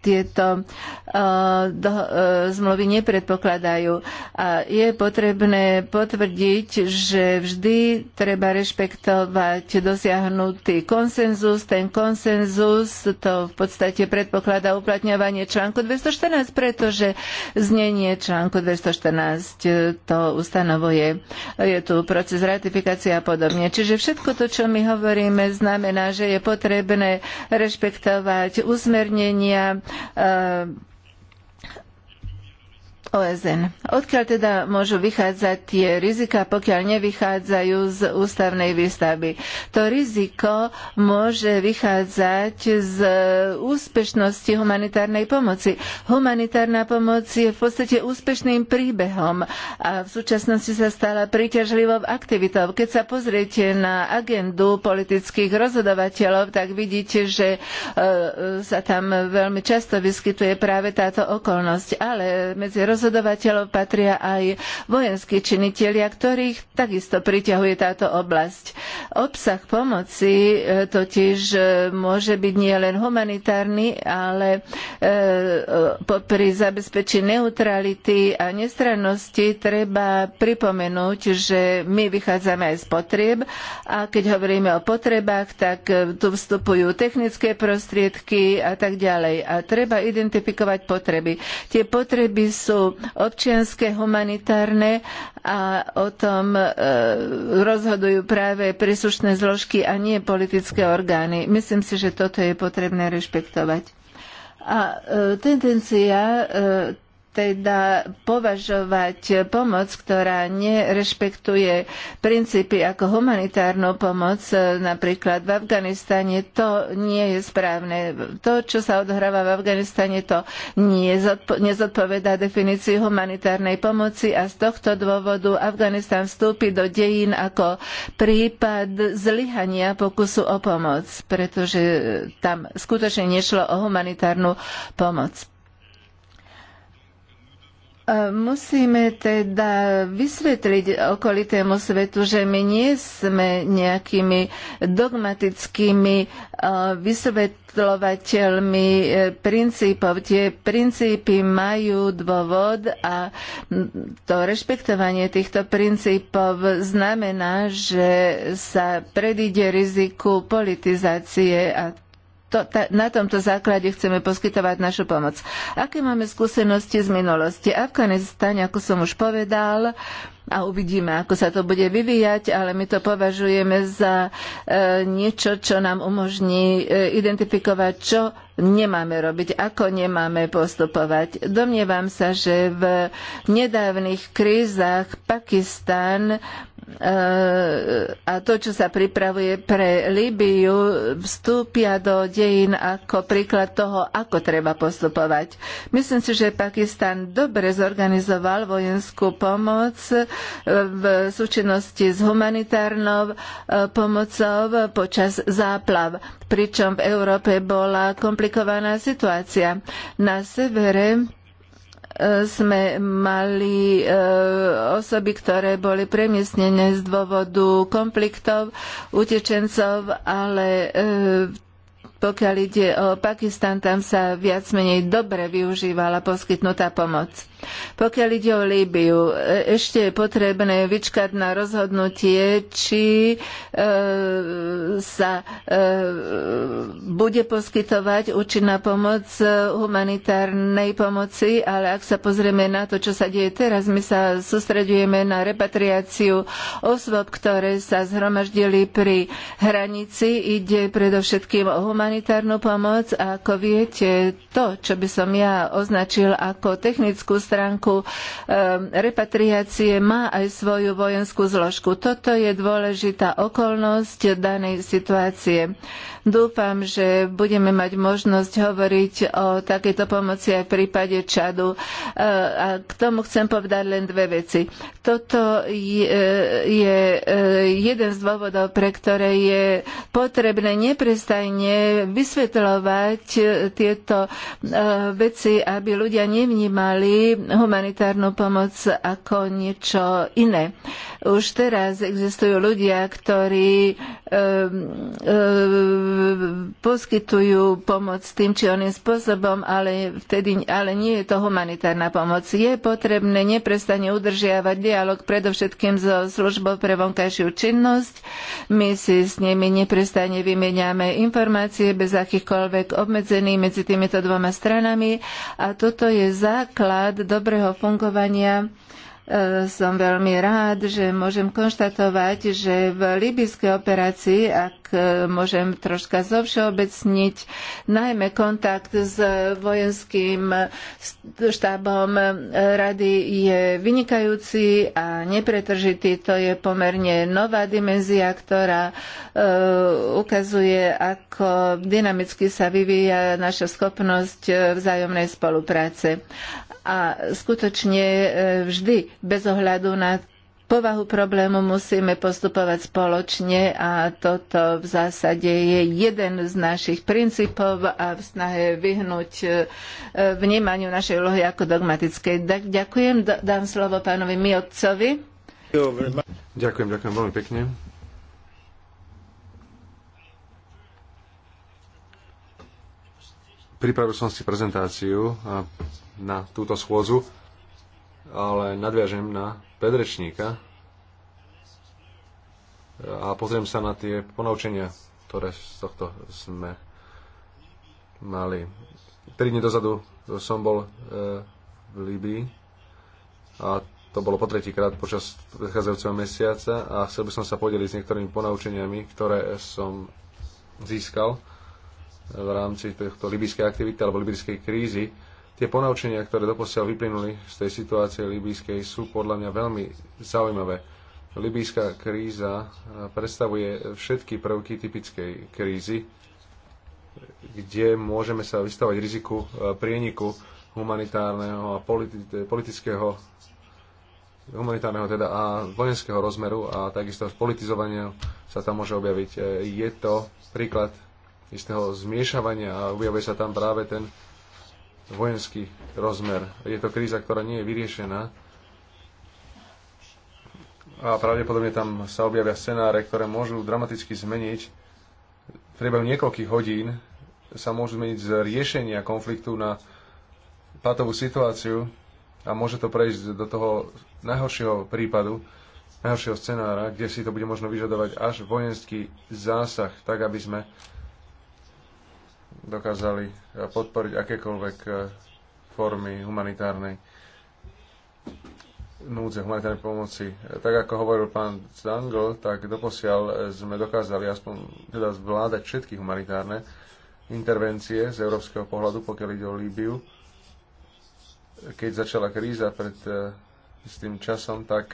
tieto eh, eh, zmluvy nepredpokladajú. A je potrebné potvrdiť, že vždy treba rešpektovať dosiahnutý konsenzus. Ten konsenzus to v podstate predpokladá uplatňovanie článku 214, pretože znenie článku 214 eh, to ustanovuje. Je tu proces ratifikácie a podobne. Čiže všetko to, čo my hovoríme, znamená, že je potrebné rešpektovať usmernenia Uh, OSN. Odkiaľ teda môžu vychádzať tie rizika, pokiaľ nevychádzajú z ústavnej výstavby? To riziko môže vychádzať z úspešnosti humanitárnej pomoci. Humanitárna pomoc je v podstate úspešným príbehom a v súčasnosti sa stala príťažlivou aktivitou. Keď sa pozriete na agendu politických rozhodovateľov, tak vidíte, že e, e, sa tam veľmi často vyskytuje práve táto okolnosť. Ale medzi rozhodovateľmi rozhodovateľov patria aj vojenskí činitelia, ktorých takisto priťahuje táto oblasť. Obsah pomoci e, totiž e, môže byť nielen humanitárny, ale e, popri zabezpečí neutrality a nestrannosti treba pripomenúť, že my vychádzame aj z potrieb a keď hovoríme o potrebách, tak tu vstupujú technické prostriedky a tak ďalej. A treba identifikovať potreby. Tie potreby sú občianske, humanitárne a o tom e, rozhodujú práve príslušné zložky a nie politické orgány. Myslím si, že toto je potrebné rešpektovať. A e, tendencia e, teda považovať pomoc, ktorá nerešpektuje princípy ako humanitárnu pomoc, napríklad v Afganistane, to nie je správne. To, čo sa odhráva v Afganistane, to nezodpovedá definícii humanitárnej pomoci a z tohto dôvodu Afganistan vstúpi do dejín ako prípad zlyhania pokusu o pomoc, pretože tam skutočne nešlo o humanitárnu pomoc. Musíme teda vysvetliť okolitému svetu, že my nie sme nejakými dogmatickými e, vysvetľovateľmi e, princípov. Tie princípy majú dôvod a to rešpektovanie týchto princípov znamená, že sa predíde riziku politizácie a to, ta, na tomto základe chceme poskytovať našu pomoc. Aké máme skúsenosti z minulosti? Afganistan, ako som už povedal, a uvidíme, ako sa to bude vyvíjať, ale my to považujeme za e, niečo, čo nám umožní e, identifikovať, čo nemáme robiť, ako nemáme postupovať. Domnievam sa, že v nedávnych krízach Pakistan E, a to, čo sa pripravuje pre Líbiu, vstúpia do dejín ako príklad toho, ako treba postupovať. Myslím si, že Pakistan dobre zorganizoval vojenskú pomoc e, v súčinnosti s humanitárnou e, pomocou počas záplav, pričom v Európe bola komplikovaná situácia. Na severe sme mali eh, osoby, ktoré boli premiestnené z dôvodu konfliktov, utečencov, ale eh, pokiaľ ide o Pakistan, tam sa viac menej dobre využívala poskytnutá pomoc. Pokiaľ ide o Líbiu, e, ešte je potrebné vyčkať na rozhodnutie, či e, sa e, bude poskytovať účinná pomoc e, humanitárnej pomoci, ale ak sa pozrieme na to, čo sa deje teraz, my sa sústreďujeme na repatriáciu osôb, ktoré sa zhromaždili pri hranici. Ide predovšetkým o humanitárnu pomoc a ako viete, to, čo by som ja označil ako technickú stratégiu, stránku um, repatriácie má aj svoju vojenskú zložku. Toto je dôležitá okolnosť danej situácie. Dúfam, že budeme mať možnosť hovoriť o takejto pomoci aj v prípade Čadu. E, a k tomu chcem povedať len dve veci. Toto je, e, e, jeden z dôvodov, pre ktoré je potrebné neprestajne vysvetľovať tieto veci, aby ľudia nevnímali humanitárnu pomoc ako niečo iné. Už teraz existujú ľudia, ktorí e, e, poskytujú pomoc tým či oným spôsobom, ale, vtedy, ale nie je to humanitárna pomoc. Je potrebné neprestane udržiavať dialog predovšetkým so službou pre vonkajšiu činnosť. My si s nimi neprestane vymeniame informácie bez akýchkoľvek obmedzení medzi týmito dvoma stranami a toto je základ dobrého fungovania E, som veľmi rád, že môžem konštatovať, že v libyskej operácii, ak e, môžem troška zovšeobecniť, najmä kontakt s vojenským štábom rady je vynikajúci a nepretržitý. To je pomerne nová dimenzia, ktorá e, ukazuje, ako dynamicky sa vyvíja naša schopnosť vzájomnej spolupráce. A skutočne vždy bez ohľadu na povahu problému musíme postupovať spoločne a toto v zásade je jeden z našich princípov a v snahe vyhnúť e, vnímaniu našej úlohy ako dogmatickej. Ďakujem, dám slovo pánovi Miotcovi. Ďakujem, ďakujem veľmi pekne. Pripravil som si prezentáciu na túto schôzu ale nadviažem na predrečníka a pozriem sa na tie ponaučenia, ktoré z tohto sme mali. 3 dne dozadu som bol e, v Líbii a to bolo po tretíkrát počas predchádzajúceho mesiaca a chcel by som sa podeliť s niektorými ponaučeniami, ktoré som získal v rámci tohto libijskej aktivity alebo libijskej krízy Tie ponaučenia, ktoré doposiaľ vyplynuli z tej situácie libýskej, sú podľa mňa veľmi zaujímavé. Libýska kríza e, predstavuje všetky prvky typickej krízy, kde môžeme sa vystavať riziku e, prieniku humanitárneho a politického humanitárneho teda a vojenského rozmeru a takisto politizovania sa tam môže objaviť. E, je to príklad istého zmiešavania a objavuje sa tam práve ten vojenský rozmer. Je to kríza, ktorá nie je vyriešená a pravdepodobne tam sa objavia scenáre, ktoré môžu dramaticky zmeniť. Treba niekoľkých hodín sa môžu zmeniť z riešenia konfliktu na patovú situáciu a môže to prejsť do toho najhoršieho prípadu, najhoršieho scenára, kde si to bude možno vyžadovať až vojenský zásah, tak aby sme dokázali eh, podporiť akékoľvek eh, formy humanitárnej núdze, humanitárnej pomoci. Eh, tak ako hovoril pán Zangl, tak doposiaľ sme dokázali aspoň teda zvládať všetky humanitárne intervencie z európskeho pohľadu, pokiaľ ide o Líbiu. Keď začala kríza pred s tým časom, tak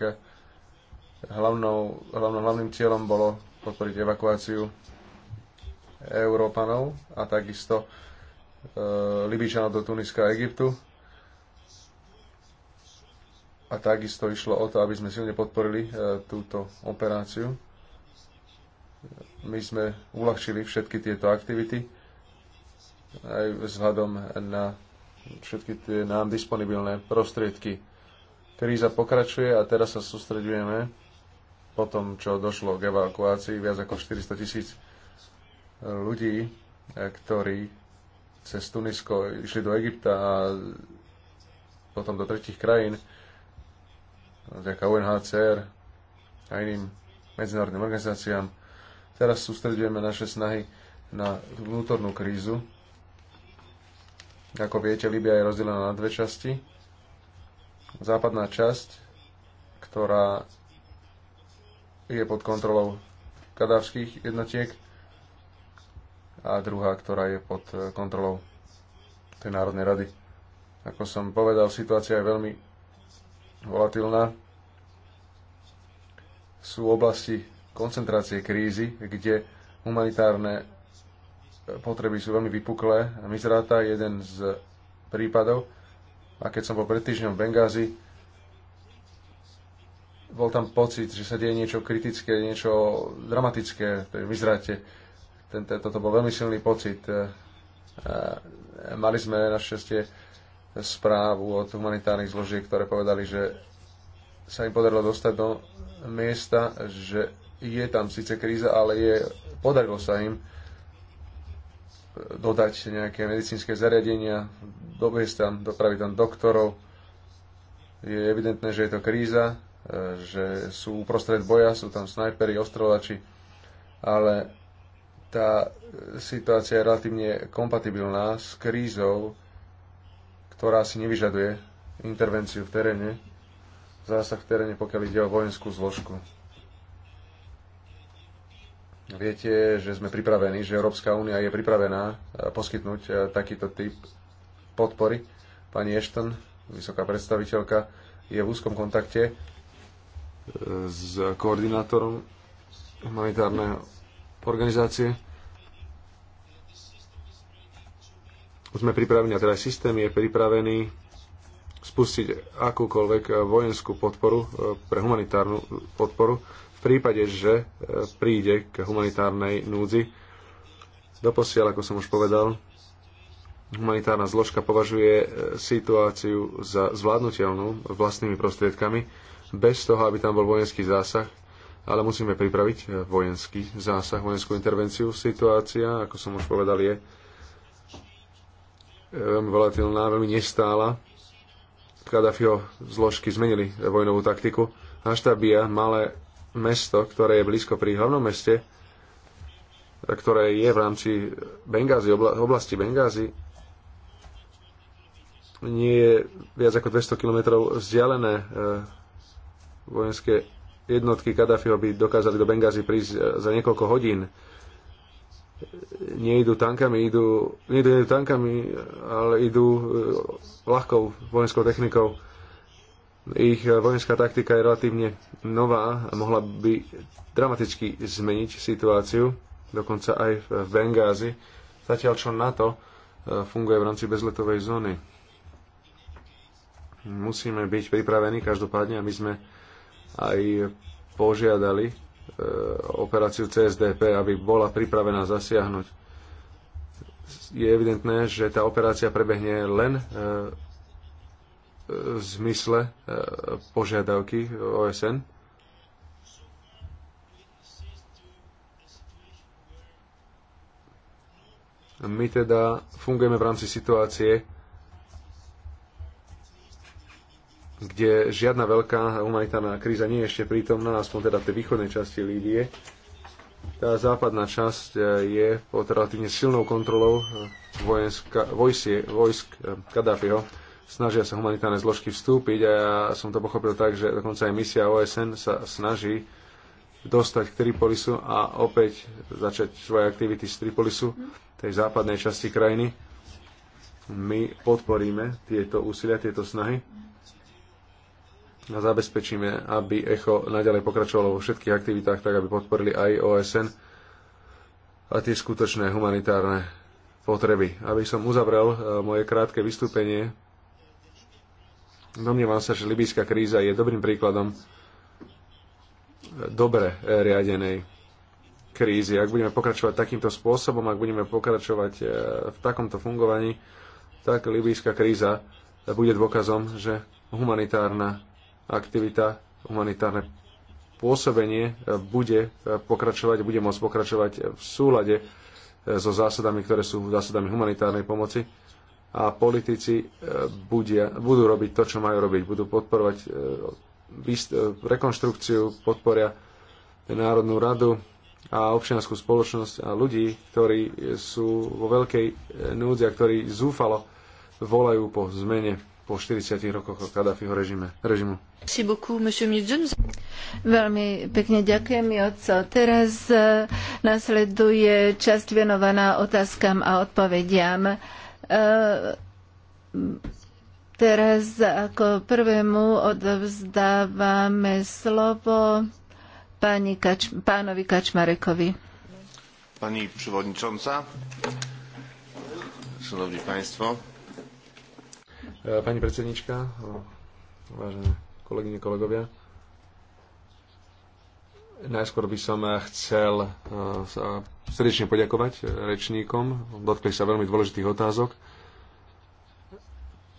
hlavnou, hlavnou, hlavným cieľom bolo podporiť evakuáciu Európanov a takisto e, Libyčanov do Tuniska a Egyptu. A takisto išlo o to, aby sme silne podporili e, túto operáciu. My sme uľahčili všetky tieto aktivity aj vzhľadom na všetky tie nám disponibilné prostriedky. Kríza pokračuje a teraz sa sústredujeme po tom, čo došlo k evakuácii viac ako 400 tisíc ľudí, eh, ktorí cez Tunisko išli do Egypta a potom do tretich krajín, vďaka UNHCR a iným medzinárodným organizáciám. Teraz sústredujeme naše snahy na vnútornú krízu. Ako viete, Libia je rozdelená na dve časti. Západná časť, ktorá je pod kontrolou kadávskych jednotiek, a druhá, ktorá je pod eh, kontrolou tej Národnej rady. Ako som povedal, situácia je veľmi volatilná. Sú oblasti koncentrácie krízy, kde humanitárne eh, potreby sú veľmi vypuklé. Mizrata je jeden z prípadov. A keď som bol pred týždňom v Bengázi, bol tam pocit, že sa deje niečo kritické, niečo dramatické v Mizrate tento, toto bol veľmi silný pocit. E, e, mali sme našťastie správu od humanitárnych zložiek, ktoré povedali, že sa im podarilo dostať do miesta, že je tam síce kríza, ale je, podarilo sa im dodať nejaké medicínske zariadenia, dobiesť tam, dopraviť tam doktorov. Je evidentné, že je to kríza, e, že sú uprostred boja, sú tam snajpery, ostrovači, ale tá situácia je relatívne kompatibilná s krízou, ktorá si nevyžaduje intervenciu v teréne, zásah v teréne, pokiaľ ide o vojenskú zložku. Viete, že sme pripravení, že Európska únia je pripravená eh, poskytnúť eh, takýto typ podpory. Pani Ashton, vysoká predstaviteľka, je v úzkom kontakte eh, s koordinátorom humanitárneho organizácie. Sme pripravení, a teda systém je pripravený spustiť akúkoľvek vojenskú podporu e, pre humanitárnu podporu v prípade, že e, príde k humanitárnej núdzi. Doposiaľ, ako som už povedal, humanitárna zložka považuje e, situáciu za zvládnutelnú vlastnými prostriedkami, bez toho, aby tam bol vojenský zásah, ale musíme pripraviť e, vojenský zásah, vojenskú intervenciu. Situácia, ako som už povedal, je e, veľmi volatilná, veľmi nestála. Kadafiho zložky zmenili vojnovú taktiku. Haštabia, malé mesto, ktoré je blízko pri hlavnom meste, e, ktoré je v rámci Bengázy, oblasti Bengázy, nie je viac ako 200 km vzdialené vojenské jednotky Kadafiho by dokázali do Bengázy prísť e, za niekoľko hodín. Nejdu tankami, idú, nejdu, nejdu tankami, ale idú e, ľahkou vojenskou technikou. Ich vojenská taktika je relatívne nová a mohla by dramaticky zmeniť situáciu, dokonca aj v Bengázi, zatiaľ čo NATO e, funguje v rámci bezletovej zóny. Musíme byť pripravení každopádne, aby sme aj požiadali e, operáciu CSDP, aby bola pripravená zasiahnuť. Je evidentné, že tá operácia prebehne len e, v zmysle e, požiadavky OSN. My teda fungujeme v rámci situácie, kde žiadna veľká humanitárna kríza nie je ešte prítomná, aspoň teda v tej východnej časti Líbie. Tá západná časť eh, je pod relatívne silnou kontrolou eh, vojenska, vojsie, vojsk eh, Kadáfiho. Snažia sa humanitárne zložky vstúpiť a ja som to pochopil tak, že dokonca aj misia OSN sa snaží dostať k Tripolisu a opäť začať svoje aktivity z Tripolisu, tej západnej časti krajiny. My podporíme tieto úsilia, tieto snahy a zabezpečíme, aby ECHO naďalej pokračovalo vo všetkých aktivitách, tak aby podporili aj OSN a tie skutočné humanitárne potreby. Aby som uzavrel e, moje krátke vystúpenie, domnievam sa, že libýska kríza je dobrým príkladom e, dobre e, riadenej krízy. Ak budeme pokračovať takýmto spôsobom, ak budeme pokračovať v takomto fungovaní, tak libýska kríza bude dôkazom, že humanitárna aktivita, humanitárne pôsobenie e, bude e, pokračovať, bude môcť pokračovať v súlade e, so zásadami, ktoré sú zásadami humanitárnej pomoci a politici budia, budú robiť to, čo majú robiť. Budú podporovať rekonštrukciu, podporia Národnú radu a občianskú spoločnosť a ľudí, ktorí sú vo veľkej núdzi a ktorí zúfalo volajú po zmene po 40 rokoch Kadáfiho režime, režimu. Veľmi pekne ďakujem, Joco. Teraz e, nasleduje časť venovaná otázkam a odpovediam. E, teraz ako prvému odovzdávame slovo pani Kač, pánovi Kačmarekovi. Pani przewodnicząca, szanowni państwo, E, pani predsednička, vážené kolegyne, kolegovia, najskôr by som chcel e, sa srdečne poďakovať e, rečníkom. Dotkli sa veľmi dôležitých otázok.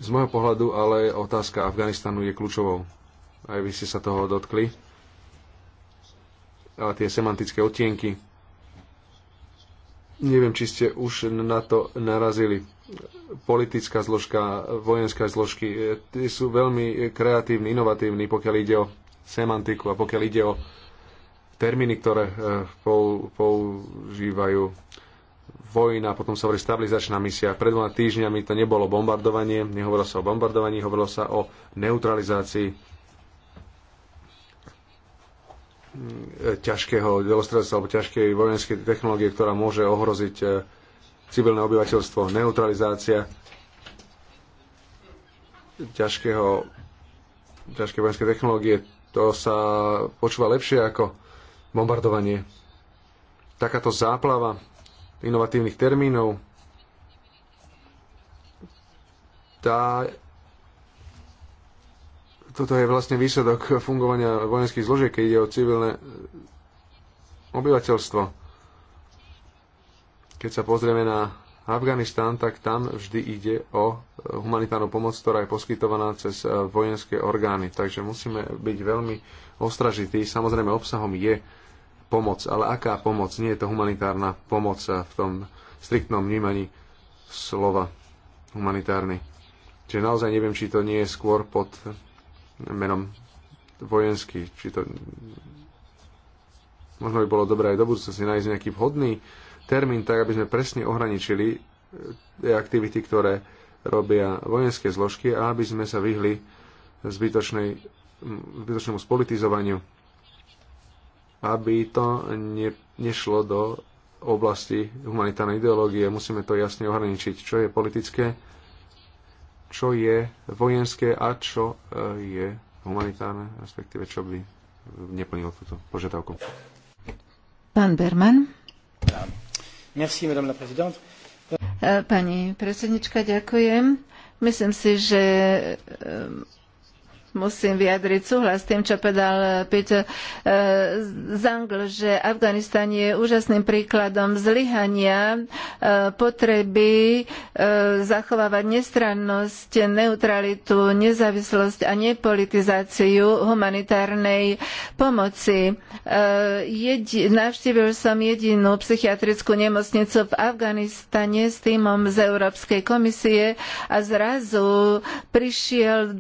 Z môjho pohľadu ale otázka Afganistanu je kľúčovou. Aj vy ste sa toho dotkli. Ale tie semantické otienky, neviem, či ste už na to narazili politická zložka, vojenská zložky, e, tí sú veľmi kreatívni, inovatívni, pokiaľ ide o semantiku a pokiaľ ide o termíny, ktoré e, používajú vojna, potom sa hovorí stabilizačná misia. Pred dvoma týždňami to nebolo bombardovanie, nehovorilo sa o bombardovaní, hovorilo sa o neutralizácii e, ťažkého delostrelstva alebo ťažkej vojenskej technológie, ktorá môže ohroziť civilné obyvateľstvo, neutralizácia ťažkého, ťažké vojenské technológie, to sa počúva lepšie ako bombardovanie. Takáto záplava inovatívnych termínov, tá, toto je vlastne výsledok fungovania vojenských zložiek, keď ide o civilné obyvateľstvo keď sa pozrieme na Afganistán, tak tam vždy ide o e, humanitárnu pomoc, ktorá je poskytovaná cez e, vojenské orgány. Takže musíme byť veľmi ostražití. Samozrejme, obsahom je pomoc, ale aká pomoc? Nie je to humanitárna pomoc v tom striktnom vnímaní slova humanitárny. Čiže naozaj neviem, či to nie je skôr pod menom vojenský, či to možno by bolo dobré aj do budúcnosti nájsť nejaký vhodný termín tak, aby sme presne ohraničili e, aktivity, ktoré robia vojenské zložky a aby sme sa vyhli zbytočnej, zbytočnému spolitizovaniu, aby to ne, nešlo do oblasti humanitárnej ideológie. Musíme to jasne ohraničiť, čo je politické, čo je vojenské a čo e, je humanitárne, respektíve čo by neplnilo túto požiadavku. Pán Berman. Merci, madame la présidente. E, pani predsednička, ďakujem. Myslím si, že musím vyjadriť súhlas s tým, čo povedal eh, Peter eh, Zangl, že Afganistan je úžasným príkladom zlyhania eh, potreby zachovávať nestrannosť, neutralitu, nezávislosť a nepolitizáciu humanitárnej pomoci. Navštívil som jedinú psychiatrickú nemocnicu v Afganistane s týmom z Európskej komisie a zrazu prišiel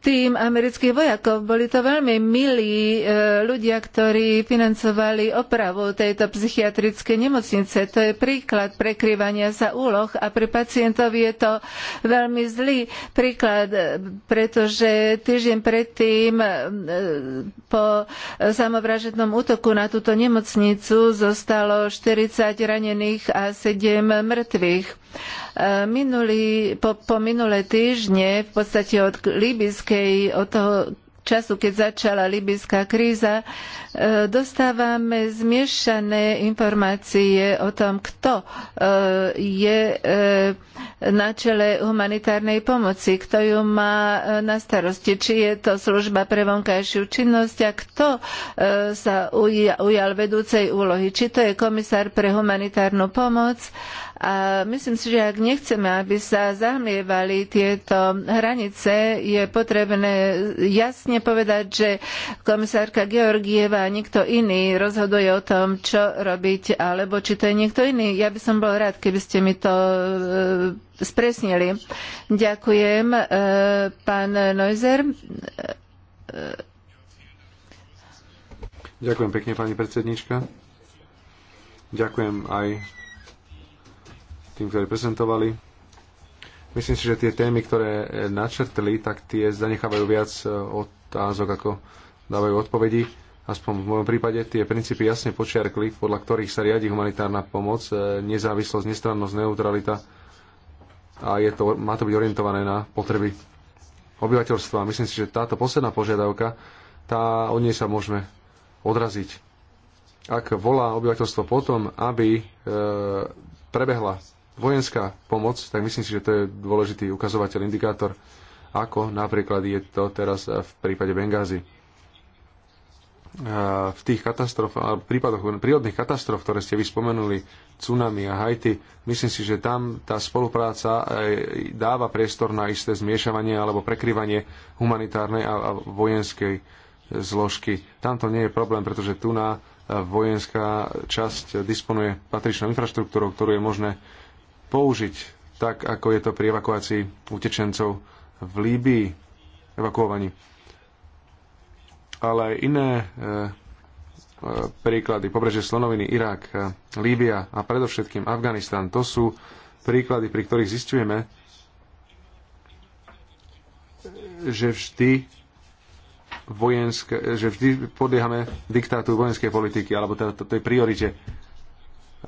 tým amerických vojakov. Boli to veľmi milí e, ľudia, ktorí financovali opravu tejto psychiatrickej nemocnice. To je príklad prekrývania sa úloh a pre pacientov je to veľmi zlý príklad, e, pretože týždeň predtým e, po samovražednom útoku na túto nemocnicu zostalo 40 ranených a 7 mŕtvych. Minulý, po, po minulé týždne v podstate od líbyskej od toho času, keď začala libyská kríza, e, dostávame zmiešané informácie o tom, kto e, je e, na čele humanitárnej pomoci, kto ju má na starosti, či je to služba pre vonkajšiu činnosť a kto sa ujal vedúcej úlohy, či to je komisár pre humanitárnu pomoc a myslím si, že ak nechceme, aby sa zahmlievali tieto hranice, je potrebné jasne povedať, že komisárka Georgieva a nikto iný rozhoduje o tom, čo robiť, alebo či to je niekto iný. Ja by som bol rád, keby ste mi to e, spresnili. Ďakujem, e, pán Neuser. Ďakujem pekne, pani predsedníčka. Ďakujem aj tým, ktorí prezentovali. Myslím si, že tie témy, ktoré načrtli, tak tie zanechávajú viac e, otázok, ako dávajú odpovedi. Aspoň v mojom prípade tie princípy jasne počiarkli, podľa ktorých sa riadi humanitárna pomoc, e, nezávislosť, nestrannosť, neutralita a je to, má to byť orientované na potreby obyvateľstva. Myslím si, že táto posledná požiadavka, tá, od nej sa môžeme odraziť. Ak volá obyvateľstvo potom, aby e, prebehla vojenská pomoc, tak myslím si, že to je dôležitý ukazovateľ, indikátor, ako napríklad je to teraz eh, v prípade Bengázy. Eh, v tých katastrof, prípadoch prírodných katastrof, ktoré ste vyspomenuli, tsunami a Haiti, myslím si, že tam tá spolupráca eh, dáva priestor na isté zmiešavanie alebo prekryvanie humanitárnej a vojenskej zložky. Tam to nie je problém, pretože tu na vojenská časť disponuje patričnou infraštruktúrou, ktorú je možné použiť tak, ako je to pri evakuácii utečencov v Líbii, evakuovaní. Ale aj iné e, e príklady, pobrežie Slonoviny, Irak, e, Líbia a predovšetkým Afganistan, to sú príklady, pri ktorých zistujeme, že vždy vojenské, že vždy podliehame diktátu vojenskej politiky, alebo teda tej priorite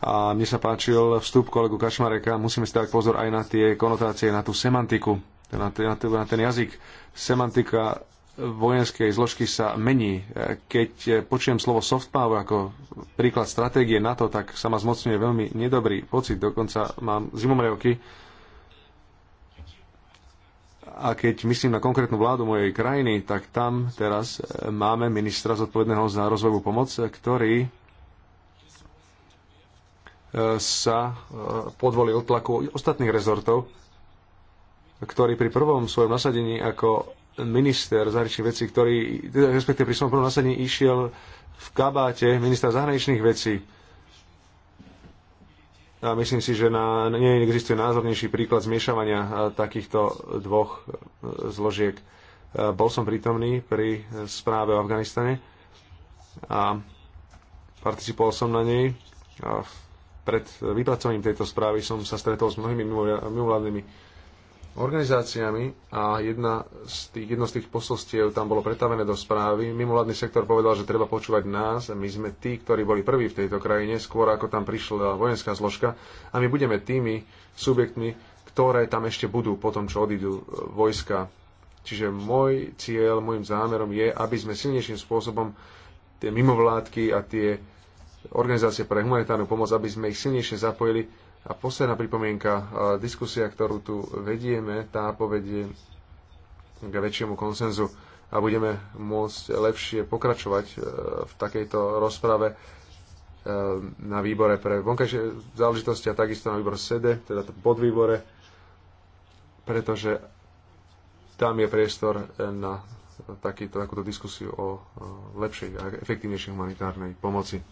a mne sa páčil vstup kolegu Kašmareka. Musíme si dať pozor aj na tie konotácie, na tú semantiku, na ten, na ten, na ten jazyk. Semantika vojenskej zložky sa mení. Keď počujem slovo soft power ako príklad stratégie to, tak sa ma zmocňuje veľmi nedobrý pocit. Dokonca mám zimomrievky. A keď myslím na konkrétnu vládu mojej krajiny, tak tam teraz eh, máme ministra zodpovedného za rozvojovú pomoc, eh, ktorý sa e, podvolil tlaku ostatných rezortov, ktorý pri prvom svojom nasadení ako minister zahraničných vecí, ktorý, respektíve pri svojom prvom nasadení išiel v kabáte ministra zahraničných vecí. A myslím si, že na, neexistuje názornejší príklad zmiešavania e, takýchto dvoch e, zložiek. Bol som prítomný pri správe o Afganistane a participoval som na nej. A pred vypracovaním tejto správy som sa stretol s mnohými mimovládnymi organizáciami a jedna z tých, jedno z tých posolstiev tam bolo pretavené do správy. Mimovládny sektor povedal, že treba počúvať nás. My sme tí, ktorí boli prví v tejto krajine, skôr ako tam prišla vojenská zložka a my budeme tými subjektmi, ktoré tam ešte budú po tom, čo odídu e, vojska. Čiže môj cieľ, môjim zámerom je, aby sme silnejším spôsobom tie mimovládky a tie organizácie pre humanitárnu pomoc, aby sme ich silnejšie zapojili. A posledná pripomienka, diskusia, ktorú tu vedieme, tá povedie k väčšiemu konsenzu a budeme môcť lepšie pokračovať e, v takejto rozprave e, na výbore pre vonkajšie záležitosti a takisto na výbor SEDE, teda podvýbore, pretože tam je priestor e, na takýto, takúto diskusiu o lepšej a efektívnejšej humanitárnej pomoci.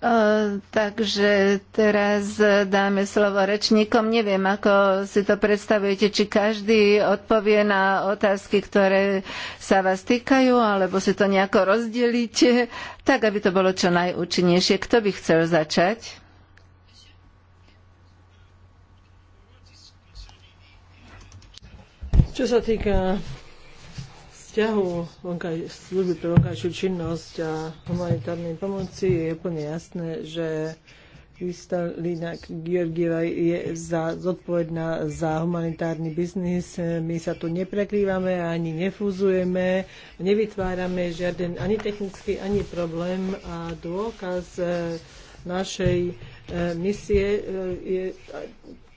Uh, takže teraz dáme slovo rečníkom. Neviem, ako si to predstavujete, či každý odpovie na otázky, ktoré sa vás týkajú, alebo si to nejako rozdelíte, tak aby to bolo čo najúčinnejšie. Kto by chcel začať? Čo sa týka vzťahu služby pre vonkajšiu činnosť a humanitárnej pomoci je úplne jasné, že Kristalina Georgieva je za, zodpovedná za humanitárny biznis. My sa tu neprekrývame, ani nefúzujeme, nevytvárame žiaden ani technický, ani problém a dôkaz e, našej e, misie e, je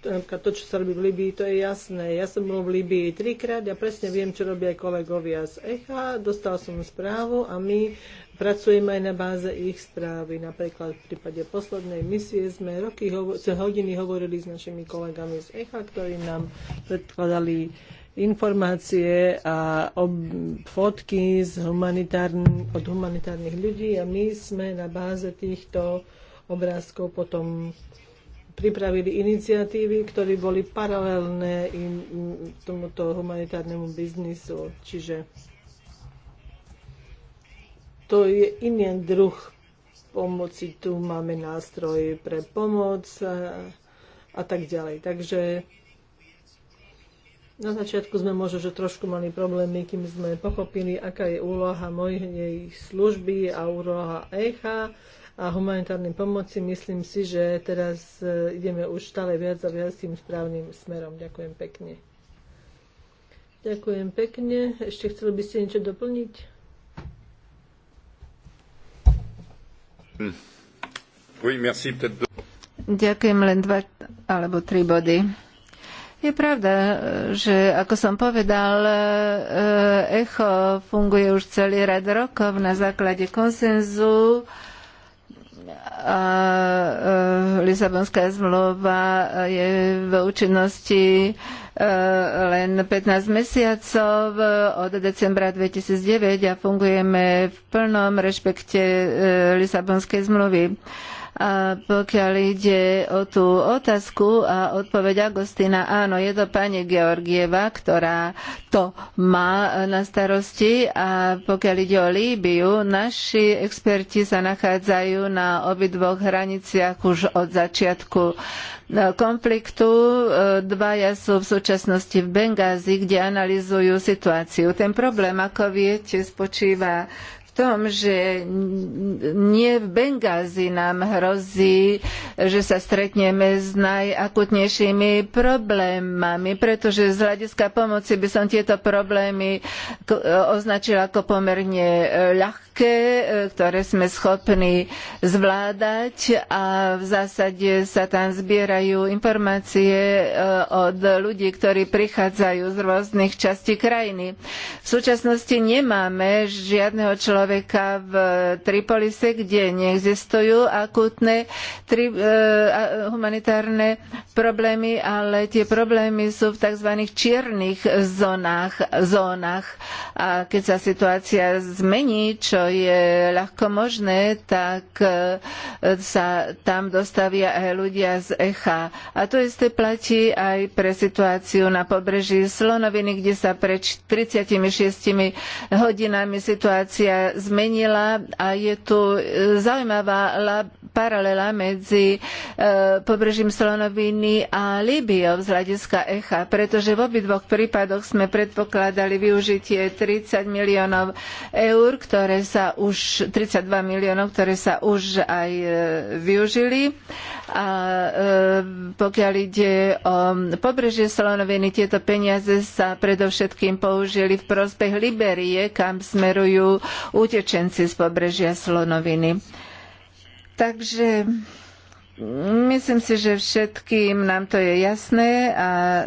napríklad to, čo sa robí v Libii, to je jasné. Ja som bol v Libii trikrát, ja presne viem, čo robia aj kolegovia z ECHA, dostal som správu a my pracujeme aj na báze ich správy. Napríklad v prípade poslednej misie sme roky, hovo- hodiny hovorili s našimi kolegami z ECHA, ktorí nám predkladali informácie a ob- fotky z humanitárn- od humanitárnych ľudí a my sme na báze týchto obrázkov potom pripravili iniciatívy, ktoré boli paralelné im, tomuto humanitárnemu biznisu. Čiže to je iný druh pomoci. Tu máme nástroj pre pomoc a, a tak ďalej. Takže na začiatku sme možno, že trošku mali problémy, kým sme pochopili, aká je úloha mojej služby a úloha ECHA a humanitárnej pomoci. Myslím si, že teraz e, ideme už stále viac a viac tým správnym smerom. Ďakujem pekne. Ďakujem pekne. Ešte chceli by ste niečo doplniť? Oui, Ďakujem len dva alebo tri body. Je pravda, že ako som povedal, e, ECHO funguje už celý rad rokov na základe konsenzu a e, Lisabonská zmluva je v účinnosti e, len 15 mesiacov od decembra 2009 a fungujeme v plnom rešpekte e, Lisabonskej zmluvy. A pokiaľ ide o tú otázku a odpoveď Agostina, áno, je to pani Georgieva, ktorá to má na starosti a pokiaľ ide o Líbiu, naši experti sa nachádzajú na obidvoch hraniciach už od začiatku konfliktu. Dvaja sú v súčasnosti v Bengázi, kde analizujú situáciu. Ten problém, ako viete, spočíva tom, že nie v Bengázi nám hrozí, že sa stretneme s najakutnejšími problémami, pretože z hľadiska pomoci by som tieto problémy označila ako pomerne ľahké ľahké, e, ktoré sme schopní zvládať a v zásade sa tam zbierajú informácie e, od ľudí, ktorí prichádzajú z rôznych častí krajiny. V súčasnosti nemáme žiadneho človeka v Tripolise, kde neexistujú akútne tri, e, humanitárne problémy, ale tie problémy sú v tzv. čiernych zónach, zónach. A keď sa situácia zmení, čo je ľahko možné, tak e, sa tam dostavia aj ľudia z Echa. A to isté platí aj pre situáciu na pobreží Slonoviny, kde sa pred 36 hodinami situácia zmenila a je tu e, zaujímavá paralela medzi e, pobrežím Slonoviny a Líbiou z hľadiska Echa, pretože v obidvoch prípadoch sme predpokladali využitie 30 miliónov eur, ktoré sa už 32 miliónov, ktoré sa už aj e, využili. A e, pokiaľ ide o pobrežie Slonoviny, tieto peniaze sa predovšetkým použili v prospech Liberie, kam smerujú utečenci z pobrežia Slonoviny. Takže Myslím si, že všetkým nám to je jasné a e,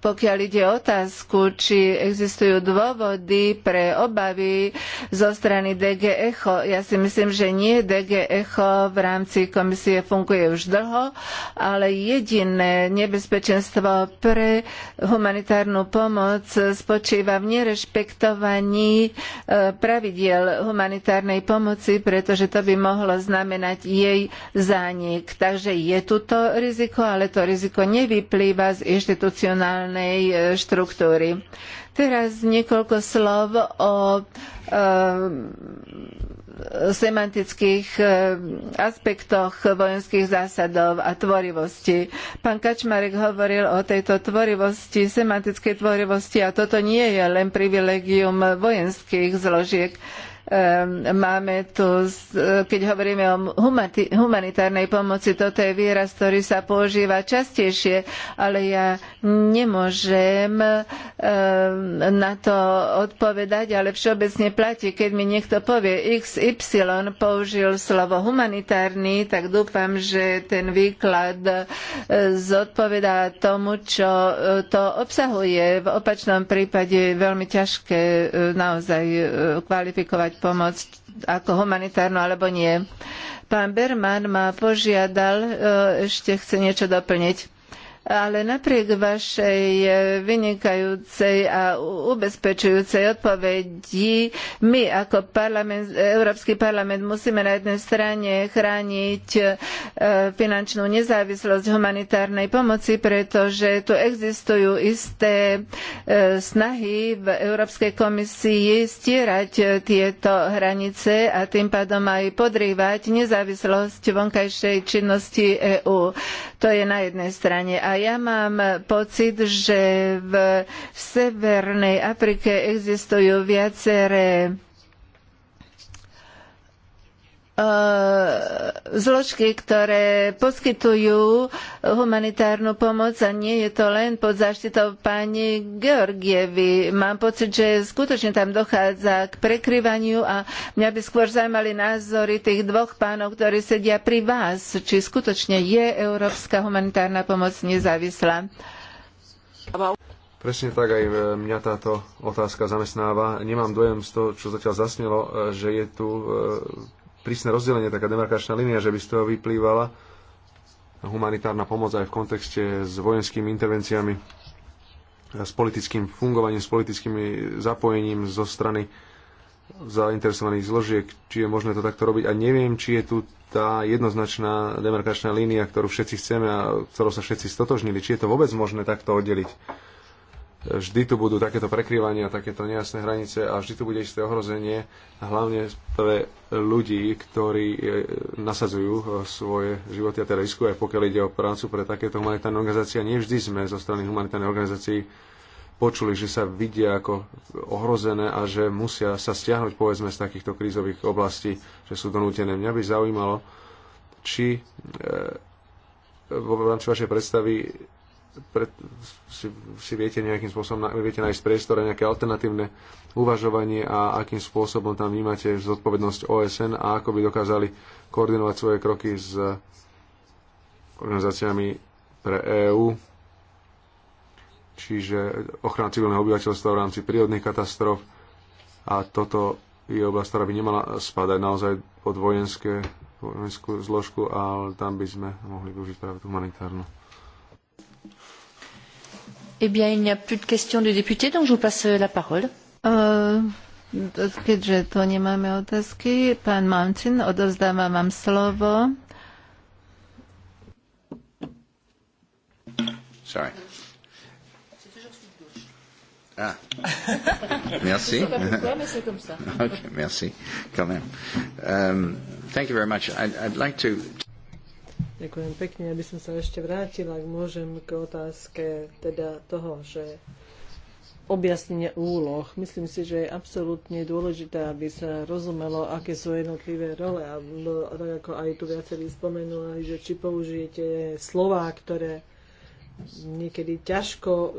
pokiaľ ide o otázku, či existujú dôvody pre obavy zo strany DG Echo, ja si myslím, že nie DG Echo v rámci komisie funguje už dlho, ale jediné nebezpečenstvo pre humanitárnu pomoc spočíva v nerešpektovaní e, pravidiel humanitárnej pomoci, pretože to by mohlo znamenať jej zánik rizik. Takže je tu to riziko, ale to riziko nevyplýva z inštitucionálnej e, štruktúry. Teraz niekoľko slov o e, semantických e, aspektoch vojenských zásadov a tvorivosti. Pán Kačmarek hovoril o tejto tvorivosti, semantickej tvorivosti a toto nie je len privilegium vojenských zložiek. Ehm, máme tu, eh, keď hovoríme o humanitárnej pomoci, toto je výraz, ktorý sa používa častejšie, ale ja nemôžem ehm, na to odpovedať, ale všeobecne platí, keď mi niekto povie XY použil slovo humanitárny, tak dúfam, že ten výklad eh, zodpovedá tomu, čo eh, to obsahuje. V opačnom prípade je veľmi ťažké naozaj kvalifikovať pomoc ako humanitárnu alebo nie. Pán Berman ma požiadal, e, ešte chce niečo doplniť ale napriek vašej e, vynikajúcej a ubezpečujúcej odpovedi my ako parlament, e, Európsky parlament musíme na jednej strane chrániť e, finančnú nezávislosť humanitárnej pomoci, pretože tu existujú isté snahy v Európskej komisii stierať tieto hranice a tým pádom aj podrývať nezávislosť vonkajšej činnosti EÚ. To je na jednej strane. A ja mám pocit, že v Severnej Afrike existujú viaceré E, zložky, ktoré poskytujú humanitárnu pomoc a nie je to len pod záštitou pani Georgievy. Mám pocit, že skutočne tam dochádza k prekryvaniu a mňa by skôr zaujímali názory tých dvoch pánov, ktorí sedia pri vás, či skutočne je európska humanitárna pomoc nezávislá. Presne tak aj mňa táto otázka zamestnáva. Nemám dojem z toho, čo zatiaľ zasnelo, že je tu e, prísne rozdelenie, taká demarkačná línia, že by z toho vyplývala humanitárna pomoc aj v kontexte s vojenskými intervenciami, s politickým fungovaním, s politickým zapojením zo strany zainteresovaných zložiek, či je možné to takto robiť. A neviem, či je tu tá jednoznačná demarkačná línia, ktorú všetci chceme a ktorou sa všetci stotožnili, či je to vôbec možné takto oddeliť vždy tu budú takéto prekrývania, takéto nejasné hranice a vždy tu bude isté ohrozenie, hlavne pre ľudí, ktorí e, nasadzujú e, svoje životy a teda riskujú aj pokiaľ ide o prácu pre takéto humanitárne organizácie. nevždy nie vždy sme zo strany humanitárnej organizácií počuli, že sa vidia ako ohrozené a že musia sa stiahnuť povedzme z takýchto krízových oblastí, že sú donútené. Mňa by zaujímalo, či e, v rámci vašej predstavy pred, si, si viete nejakým spôsobom, viete nájsť priestor a nejaké alternatívne uvažovanie a akým spôsobom tam vnímate zodpovednosť OSN a ako by dokázali koordinovať svoje kroky s organizáciami pre EÚ, čiže ochrana civilného obyvateľstva v rámci prírodných katastrof a toto je oblasť, ktorá by nemala spadať naozaj pod vojenské, vojenskú zložku, ale tam by sme mohli využiť práve tú humanitárnu. Eh bien, il n'y a plus de questions de députés, donc je vous passe euh, la parole. Uh, keďže to nemáme otázky, pán Mamčin, odovzdávam vám slovo. Sorry. Ah. merci. *laughs* okay, merci. Quand même. Um, thank you very much. I'd, I'd like to... Ďakujem pekne, aby som sa ešte vrátila, ak môžem, k otázke teda toho, že objasnenie úloh. Myslím si, že je absolútne dôležité, aby sa rozumelo, aké sú jednotlivé role. A tak ako aj tu viacerí spomenuli, že či použijete slova, ktoré niekedy ťažko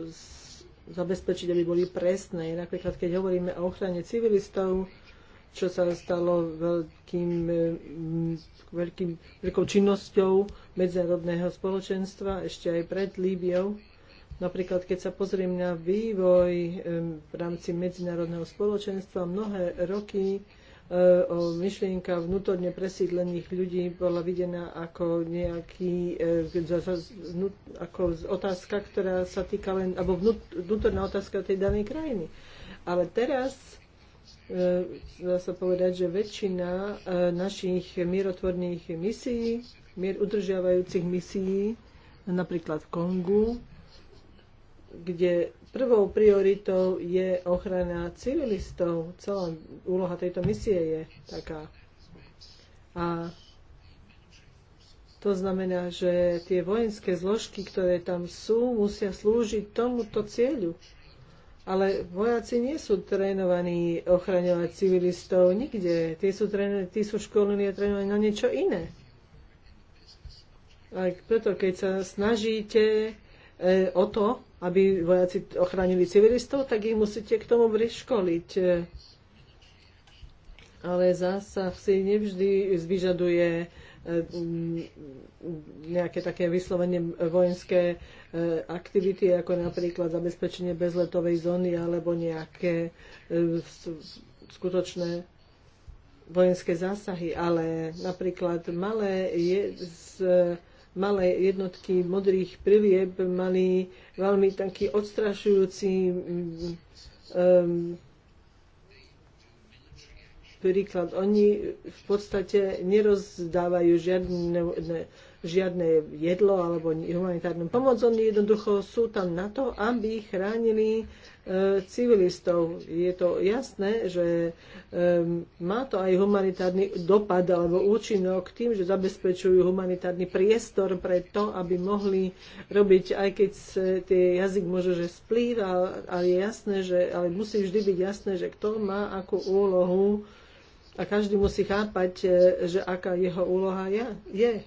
zabezpečiť, aby boli presné. Napríklad, keď hovoríme o ochrane civilistov, čo sa stalo veľkým, mm, veľkým, veľkou činnosťou medzinárodného spoločenstva ešte aj pred Líbiou. Napríklad, keď sa pozriem na vývoj v rámci medzinárodného spoločenstva, mnohé roky e, o myšlienka vnútorne presídlených ľudí bola videná ako nejaký, e, ako otázka, ktorá sa týka len, alebo vnútorná otázka tej danej krajiny. Ale teraz E, dá sa povedať, že väčšina e, našich mierotvorných misií, mier udržiavajúcich misií, napríklad v Kongu, kde prvou prioritou je ochrana civilistov. Celá úloha tejto misie je taká. A to znamená, že tie vojenské zložky, ktoré tam sú, musia slúžiť tomuto cieľu. Ale vojaci nie sú trénovaní ochraňovať civilistov nikde. Tí sú, tréne, sú školení a trénovaní na niečo iné. A preto, keď sa snažíte e, o to, aby vojaci ochránili civilistov, tak ich musíte k tomu vyškoliť. Ale zásah si nevždy vyžaduje Eh, nejaké také vyslovene vojenské eh, aktivity, ako napríklad zabezpečenie bezletovej zóny alebo nejaké eh, skutočné vojenské zásahy, ale napríklad malé je z malé jednotky modrých prilieb mali veľmi taký odstrašujúci um, príklad. Oni v podstate nerozdávajú žiadne, žiadne jedlo alebo humanitárnu pomoc. Oni jednoducho sú tam na to, aby chránili e, civilistov. Je to jasné, že e, má to aj humanitárny dopad alebo účinok tým, že zabezpečujú humanitárny priestor pre to, aby mohli robiť, aj keď tie jazyk môže, že splýva, ale je jasné, že, ale musí vždy byť jasné, že kto má akú úlohu a každý musí chápať, e, že aká jeho úloha je.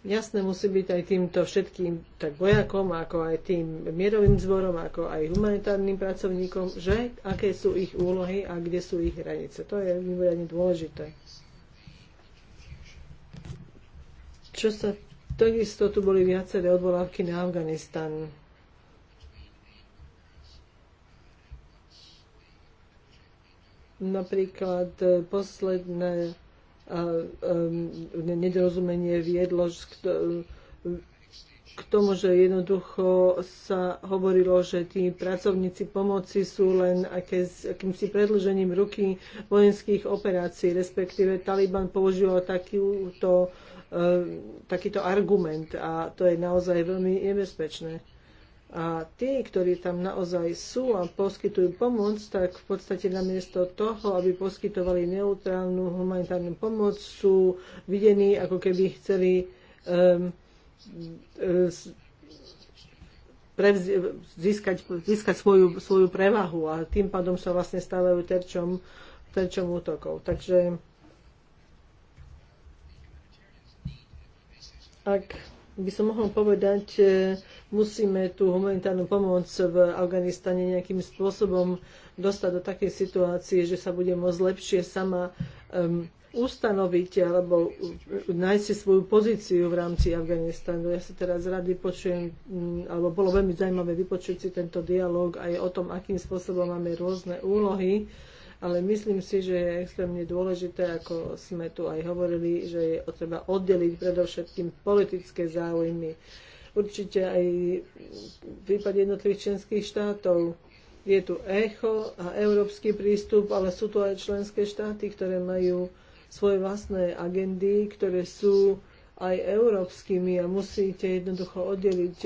Jasné musí byť aj týmto všetkým, tak vojakom, ako aj tým mierovým zborom, ako aj humanitárnym pracovníkom, že aké sú ich úlohy a kde sú ich hranice. To je mimoriadne dôležité. Čo sa, takisto tu boli viaceré odvolávky na Afganistan. Napríklad e, posledné e, e, nedorozumenie viedlo k tomu, že jednoducho sa hovorilo, že tí pracovníci pomoci sú len aké, akýmsi predlžením ruky vojenských operácií, respektíve Taliban používal takýto, takýto argument a to je naozaj veľmi nebezpečné. A tí, ktorí tam naozaj sú a poskytujú pomoc, tak v podstate namiesto toho, aby poskytovali neutrálnu humanitárnu pomoc, sú videní, ako keby chceli um, prevz- získať, získať svoju, svoju prevahu a tým pádom sa vlastne stávajú terčom, terčom útokov. Takže ak by som mohol povedať, e, musíme tú humanitárnu pomoc v Afganistane nejakým spôsobom dostať do takej situácie, že sa bude môcť lepšie sama um, ustanoviť alebo nájsť si svoju pozíciu v rámci Afganistanu. Ja sa teraz rád vypočujem, alebo bolo veľmi zaujímavé vypočuť si tento dialog aj o tom, akým spôsobom máme rôzne úlohy ale myslím si, že je extrémne dôležité, ako sme tu aj hovorili, že je treba oddeliť predovšetkým politické záujmy. Určite aj v prípade jednotlivých členských štátov je tu echo a európsky prístup, ale sú tu aj členské štáty, ktoré majú svoje vlastné agendy, ktoré sú aj európskymi a musíte jednoducho oddeliť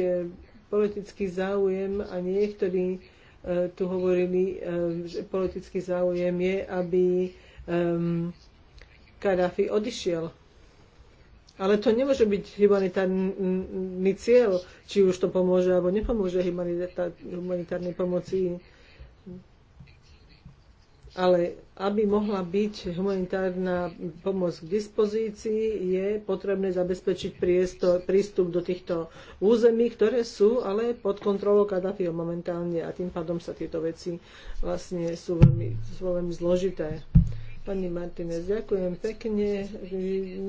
politický záujem a niektorý tu hovorili, ehm, že politický záujem je, aby ehm, Kadáfi odišiel. Ale to nemôže byť humanitárny cieľ, či už to pomôže alebo nepomôže humanitárnej pomoci. Ale aby mohla byť humanitárna pomoc k dispozícii, je potrebné zabezpečiť priestor, prístup do týchto území, ktoré sú ale pod kontrolou Kadafiho momentálne a tým pádom sa tieto veci vlastne sú veľmi, sú veľmi zložité. Pani Martinez, ďakujem pekne.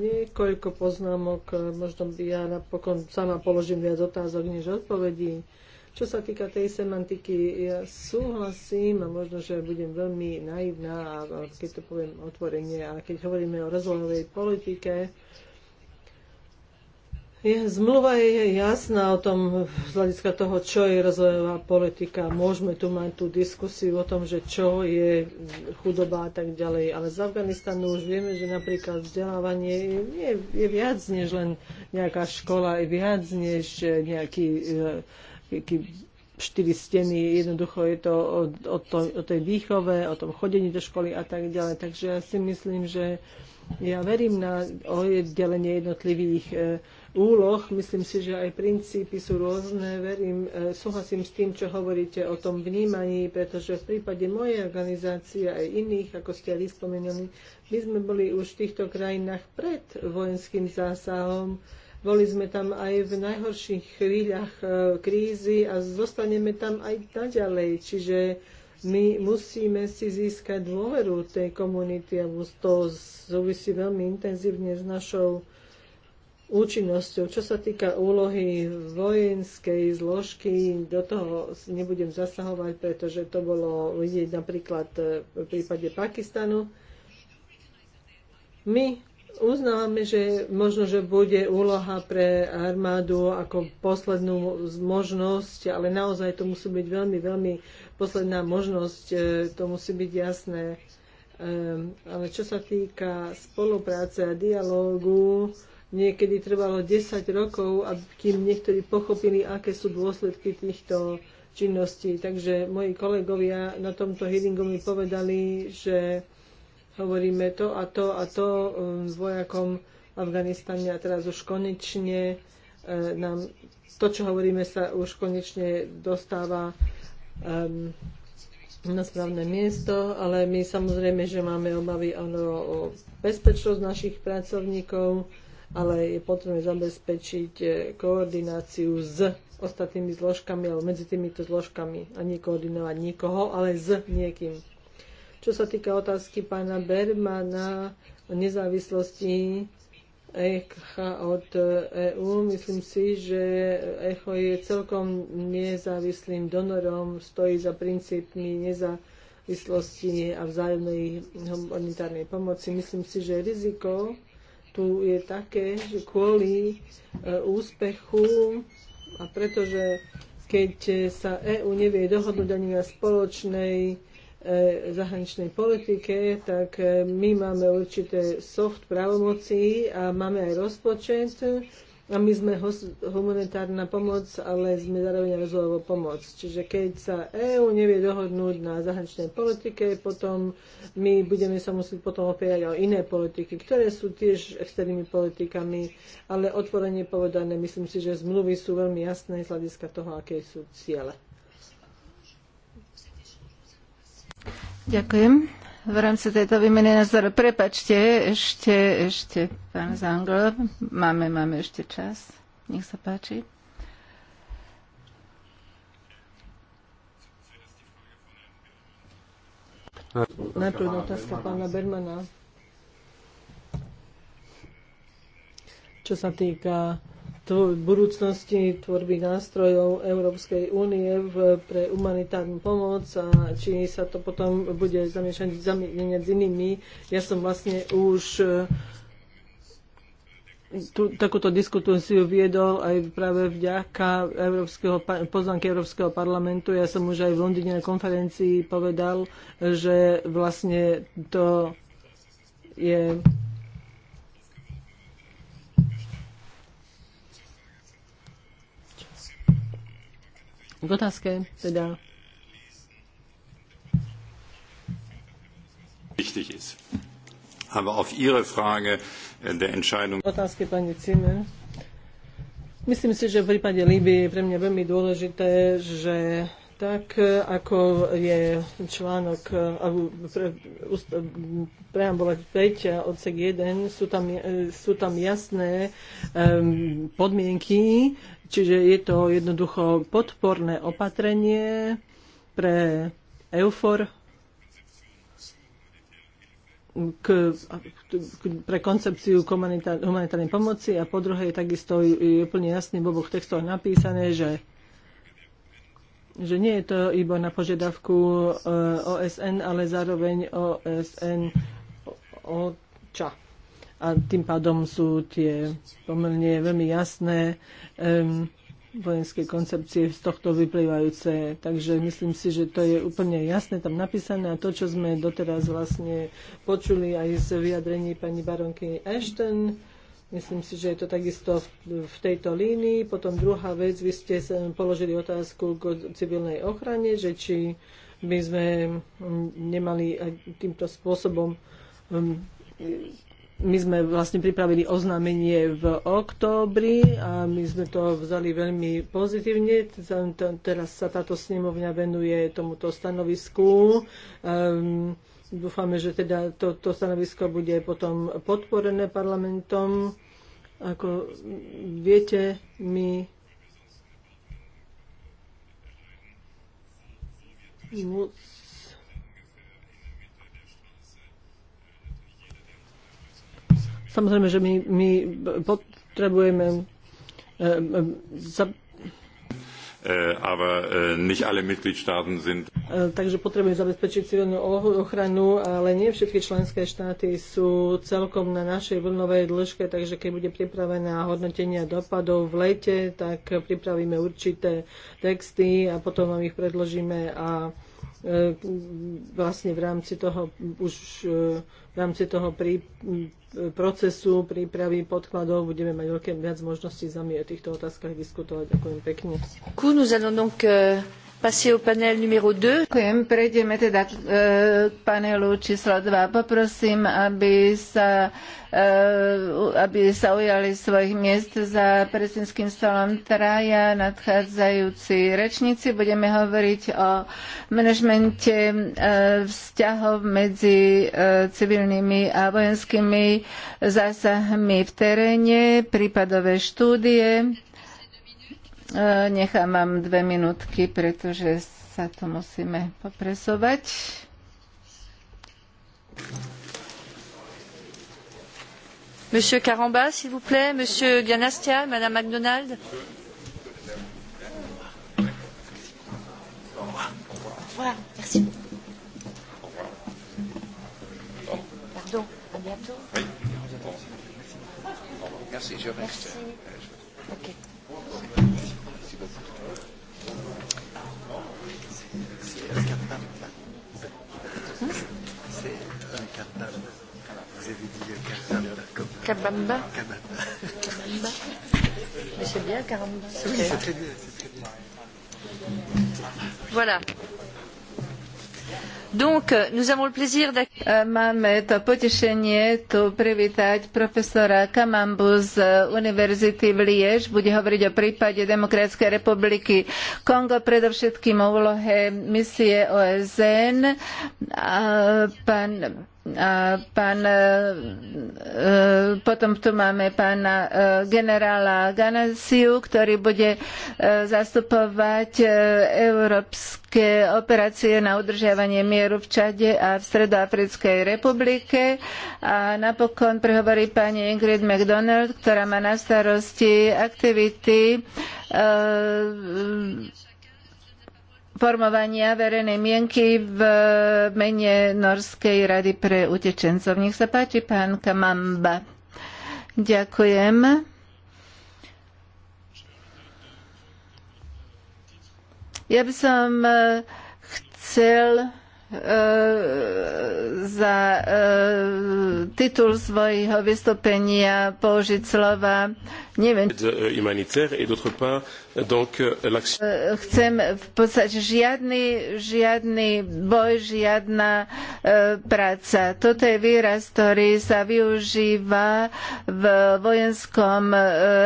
Niekoľko poznámok, možno by ja napokon sama položím viac otázok než odpovedí. Čo sa týka tej semantiky, ja súhlasím a možno, že budem veľmi naivná, keď to poviem otvorene, ale keď hovoríme o rozvojovej politike, je, zmluva je jasná o tom z hľadiska toho, čo je rozvojová politika. Môžeme tu mať tú diskusiu o tom, že čo je chudoba a tak ďalej. Ale z Afganistanu už vieme, že napríklad vzdelávanie je, je viac než len nejaká škola, je viac než nejaký e, štyri steny, jednoducho je to o, o, to, o tej výchove, o tom chodení do školy a tak ďalej. Takže ja si myslím, že ja verím na oddelenie jednotlivých e, úloh. Myslím si, že aj princípy sú rôzne. Verím, e, súhlasím s tým, čo hovoríte o tom vnímaní, pretože v prípade mojej organizácie aj iných, ako ste aj vyspomenuli, my sme boli už v týchto krajinách pred vojenským zásahom. E, boli sme tam aj v najhorších chvíľach e, krízy a zostaneme tam aj naďalej. Čiže my musíme si získať dôveru tej komunity a to súvisí veľmi intenzívne s našou účinnosťou. Čo sa týka úlohy vojenskej zložky, do toho nebudem zasahovať, pretože to bolo vidieť napríklad e, v prípade Pakistanu. My Uznávame, že možno, že bude úloha pre armádu ako poslednú možnosť, ale naozaj to musí byť veľmi, veľmi posledná možnosť, e, to musí byť jasné. Ehm, ale čo sa týka spolupráce a dialógu, niekedy trvalo 10 rokov, kým niektorí pochopili, aké sú dôsledky týchto činností. Takže moji kolegovia na tomto hearingu mi povedali, že hovoríme to a to a to um, vojakom v Afganistane a teraz už konečne uh, nám to, čo hovoríme, sa už konečne dostáva um, na správne miesto, ale my samozrejme, že máme obavy ano, o bezpečnosť našich pracovníkov, ale je potrebné zabezpečiť eh, koordináciu s ostatnými zložkami alebo medzi týmito zložkami a nie koordinovať nikoho, ale s niekým. Čo sa týka otázky pána Bermana o nezávislosti ECHA od EÚ. Myslím si, že ECHO je celkom nezávislým donorom, stojí za princípmi nezávislosti a vzájomnej humanitárnej pomoci. Myslím si, že riziko tu je také, že kvôli e, úspechu a pretože keď sa EÚ nevie dohodnúť ani na spoločnej E, zahraničnej politike, tak e, my máme určité soft právomoci a máme aj rozpočet. A my sme humanitárna pomoc, ale sme zároveň rozvojovou pomoc. Čiže keď sa EÚ nevie dohodnúť na zahraničnej politike, potom my budeme sa musieť potom opierať o iné politiky, ktoré sú tiež externými politikami, ale otvorene povedané, myslím si, že zmluvy sú veľmi jasné z hľadiska toho, aké sú ciele. Ďakujem. V rámci tejto výmeny názoru, prepačte, ešte, ešte, pán Zangl, máme, máme ešte čas. Nech sa páči. Najprv otázka pána Bermana. Čo sa týka v budúcnosti tvorby nástrojov Európskej únie v, pre humanitárnu pomoc a či sa to potom bude zamiešať zamieňať s inými. Ja som vlastne už e, tu, takúto diskutúciu viedol aj práve vďaka Európskeho, pozvanky Európskeho parlamentu. Ja som už aj v Londýne na konferencii povedal, že vlastne to je K otázke teda wichtig ist. Aber auf Ihre Frage äh, der Entscheidung. Otázky, pani Zimmer. Myslím si, že v prípade Líbie je pre mňa veľmi dôležité, že tak ako je článok preambula 5 a odsek 1, sú tam, e, sú tam jasné ehm, podmienky, Čiže je to jednoducho podporné opatrenie pre EUFOR k, k, pre koncepciu humanitárnej pomoci a po druhej takisto je úplne jasný v oboch textoch napísané, že že nie je to iba na požiadavku e, OSN, ale zároveň OSN OČA a tým pádom sú tie pomerne veľmi jasné um, vojenské koncepcie z tohto vyplývajúce. Takže myslím si, že to je úplne jasné tam napísané a to, čo sme doteraz vlastne počuli aj z vyjadrení pani baronky Ashton, Myslím si, že je to takisto v tejto línii. Potom druhá vec, vy ste položili otázku k civilnej ochrane, že či by sme mm, nemali týmto spôsobom mm, my sme vlastne pripravili oznámenie v októbri a my sme to vzali veľmi pozitívne. Teraz sa táto snemovňa venuje tomuto stanovisku. Um, dúfame, že teda to, to stanovisko bude potom podporené parlamentom. Ako viete, my musíme Samozrejme, že my, my potrebujeme e, e, za... E, takže potrebujeme zabezpečiť civilnú ochranu, ale nie všetky členské štáty sú celkom na našej vlnovej dĺžke, takže keď bude pripravená hodnotenia dopadov v lete, tak pripravíme určité texty a potom vám ich predložíme a E, vlastne v rámci toho už e, v rámci toho prí, procesu prípravy podkladov budeme mať veľké viac možností s o týchto otázkach diskutovať. Ďakujem pekne. Prejdeme teda e, k panelu číslo 2. Poprosím, aby sa, e, aby sa ujali svojich miest za predsedníckým stolom traja nadchádzajúci rečníci. Budeme hovoriť o manažmente e, vzťahov medzi civilnými a vojenskými zásahmi v teréne, prípadové štúdie E, nechám vám dve minútky, pretože sa to musíme popresovať. Monsieur Caramba, s'il vous plaît, Monsieur Ganastia, Madame McDonald. Voilà, merci. Pardon, à bientôt. Oui, merci, je reste. Merci. Okay. C'est Kabamba. Kabamba. Mais c'est bien, Karamba. Oui, c'est très bien. Voilà. Donc, euh, nous avons le plaisir e, Máme to potešenie tu privítať profesora Kamambu z e, Univerzity v Liež. Bude hovoriť o prípade Demokratskej republiky Kongo, predovšetkým o úlohe misie OSN. A pán a pán, e, e, potom tu máme pána e, generála Ganasiu, ktorý bude zastupovať európske operácie na udržiavanie mieru v Čade a v Stredoafrickej republike. A napokon prehovorí pani Ingrid McDonald, ktorá má na starosti aktivity formovania verejnej mienky v mene Norskej rady pre utečencov. Nech sa páči, pán Kamamba. Ďakujem. Ja by som e, chcel e, za e, titul svojho vystúpenia použiť slova Neviem. Chcem v podstate žiadny, žiadny boj, žiadna e, práca. Toto je výraz, ktorý sa využíva v vojenskom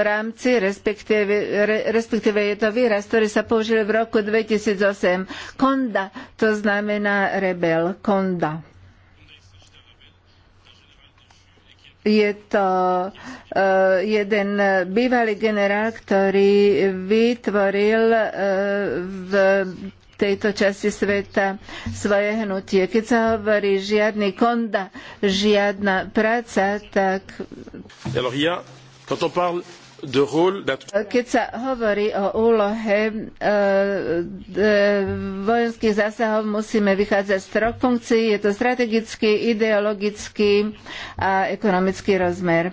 rámci, respektíve, respektíve je to výraz, ktorý sa použil v roku 2008. Konda, to znamená rebel. Konda. je to e, jeden bývalý generál, ktorý vytvoril e, v tejto časti sveta svoje hnutie. Keď sa hovorí žiadny konda, žiadna práca, tak... Alors, il y a, quand on parle keď sa hovorí o úlohe e, vojenských zásahov, musíme vychádzať z troch funkcií. Je to strategický, ideologický a ekonomický rozmer e,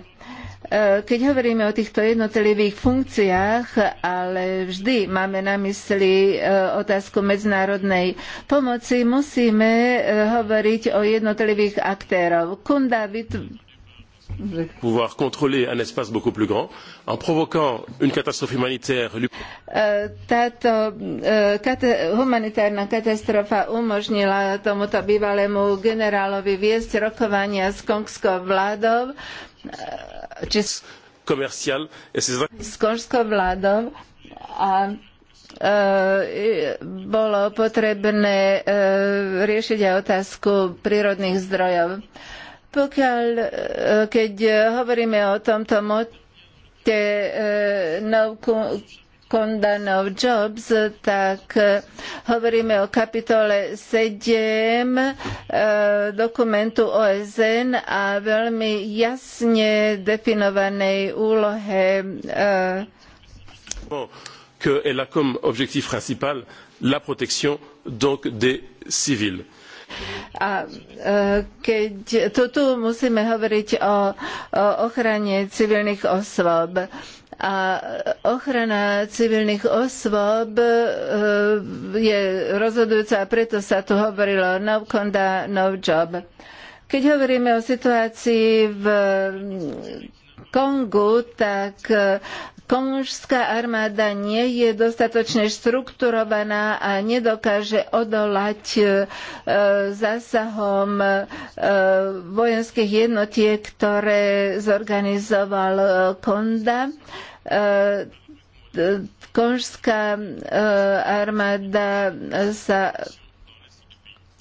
keď hovoríme o týchto jednotlivých funkciách, ale vždy máme na mysli e, otázku medzinárodnej pomoci, musíme hovoriť o jednotlivých aktérov. Kunda pouvoir contrôler un espace beaucoup plus grand en provoquant une catastrophe humanitaire. Euh, táto euh, kata humanitárna katastrofa umožnila tomuto bývalému generálovi viesť rokovania s kongskou vládou e, či s, s kongskou vládou a e, bolo potrebné e, riešiť aj otázku prírodných zdrojov. Pokiaľ, e, keď hovoríme o tomto mote e, no Kondanov Jobs, tak e, hovoríme o kapitole 7 dokumentu OSN a veľmi jasne definovanej úlohe que qu'elle a comme objectif principal la protection donc des civils a e, keď tu, tu musíme hovoriť o, o ochrane civilných osôb a ochrana civilných osôb e, je rozhodujúca a preto sa tu hovorilo no konda, no job. Keď hovoríme o situácii v Kongu, tak Konžská armáda nie je dostatočne štrukturovaná a nedokáže odolať e, zásahom e, vojenských jednotiek, ktoré zorganizoval e, Konda. Konžská armáda sa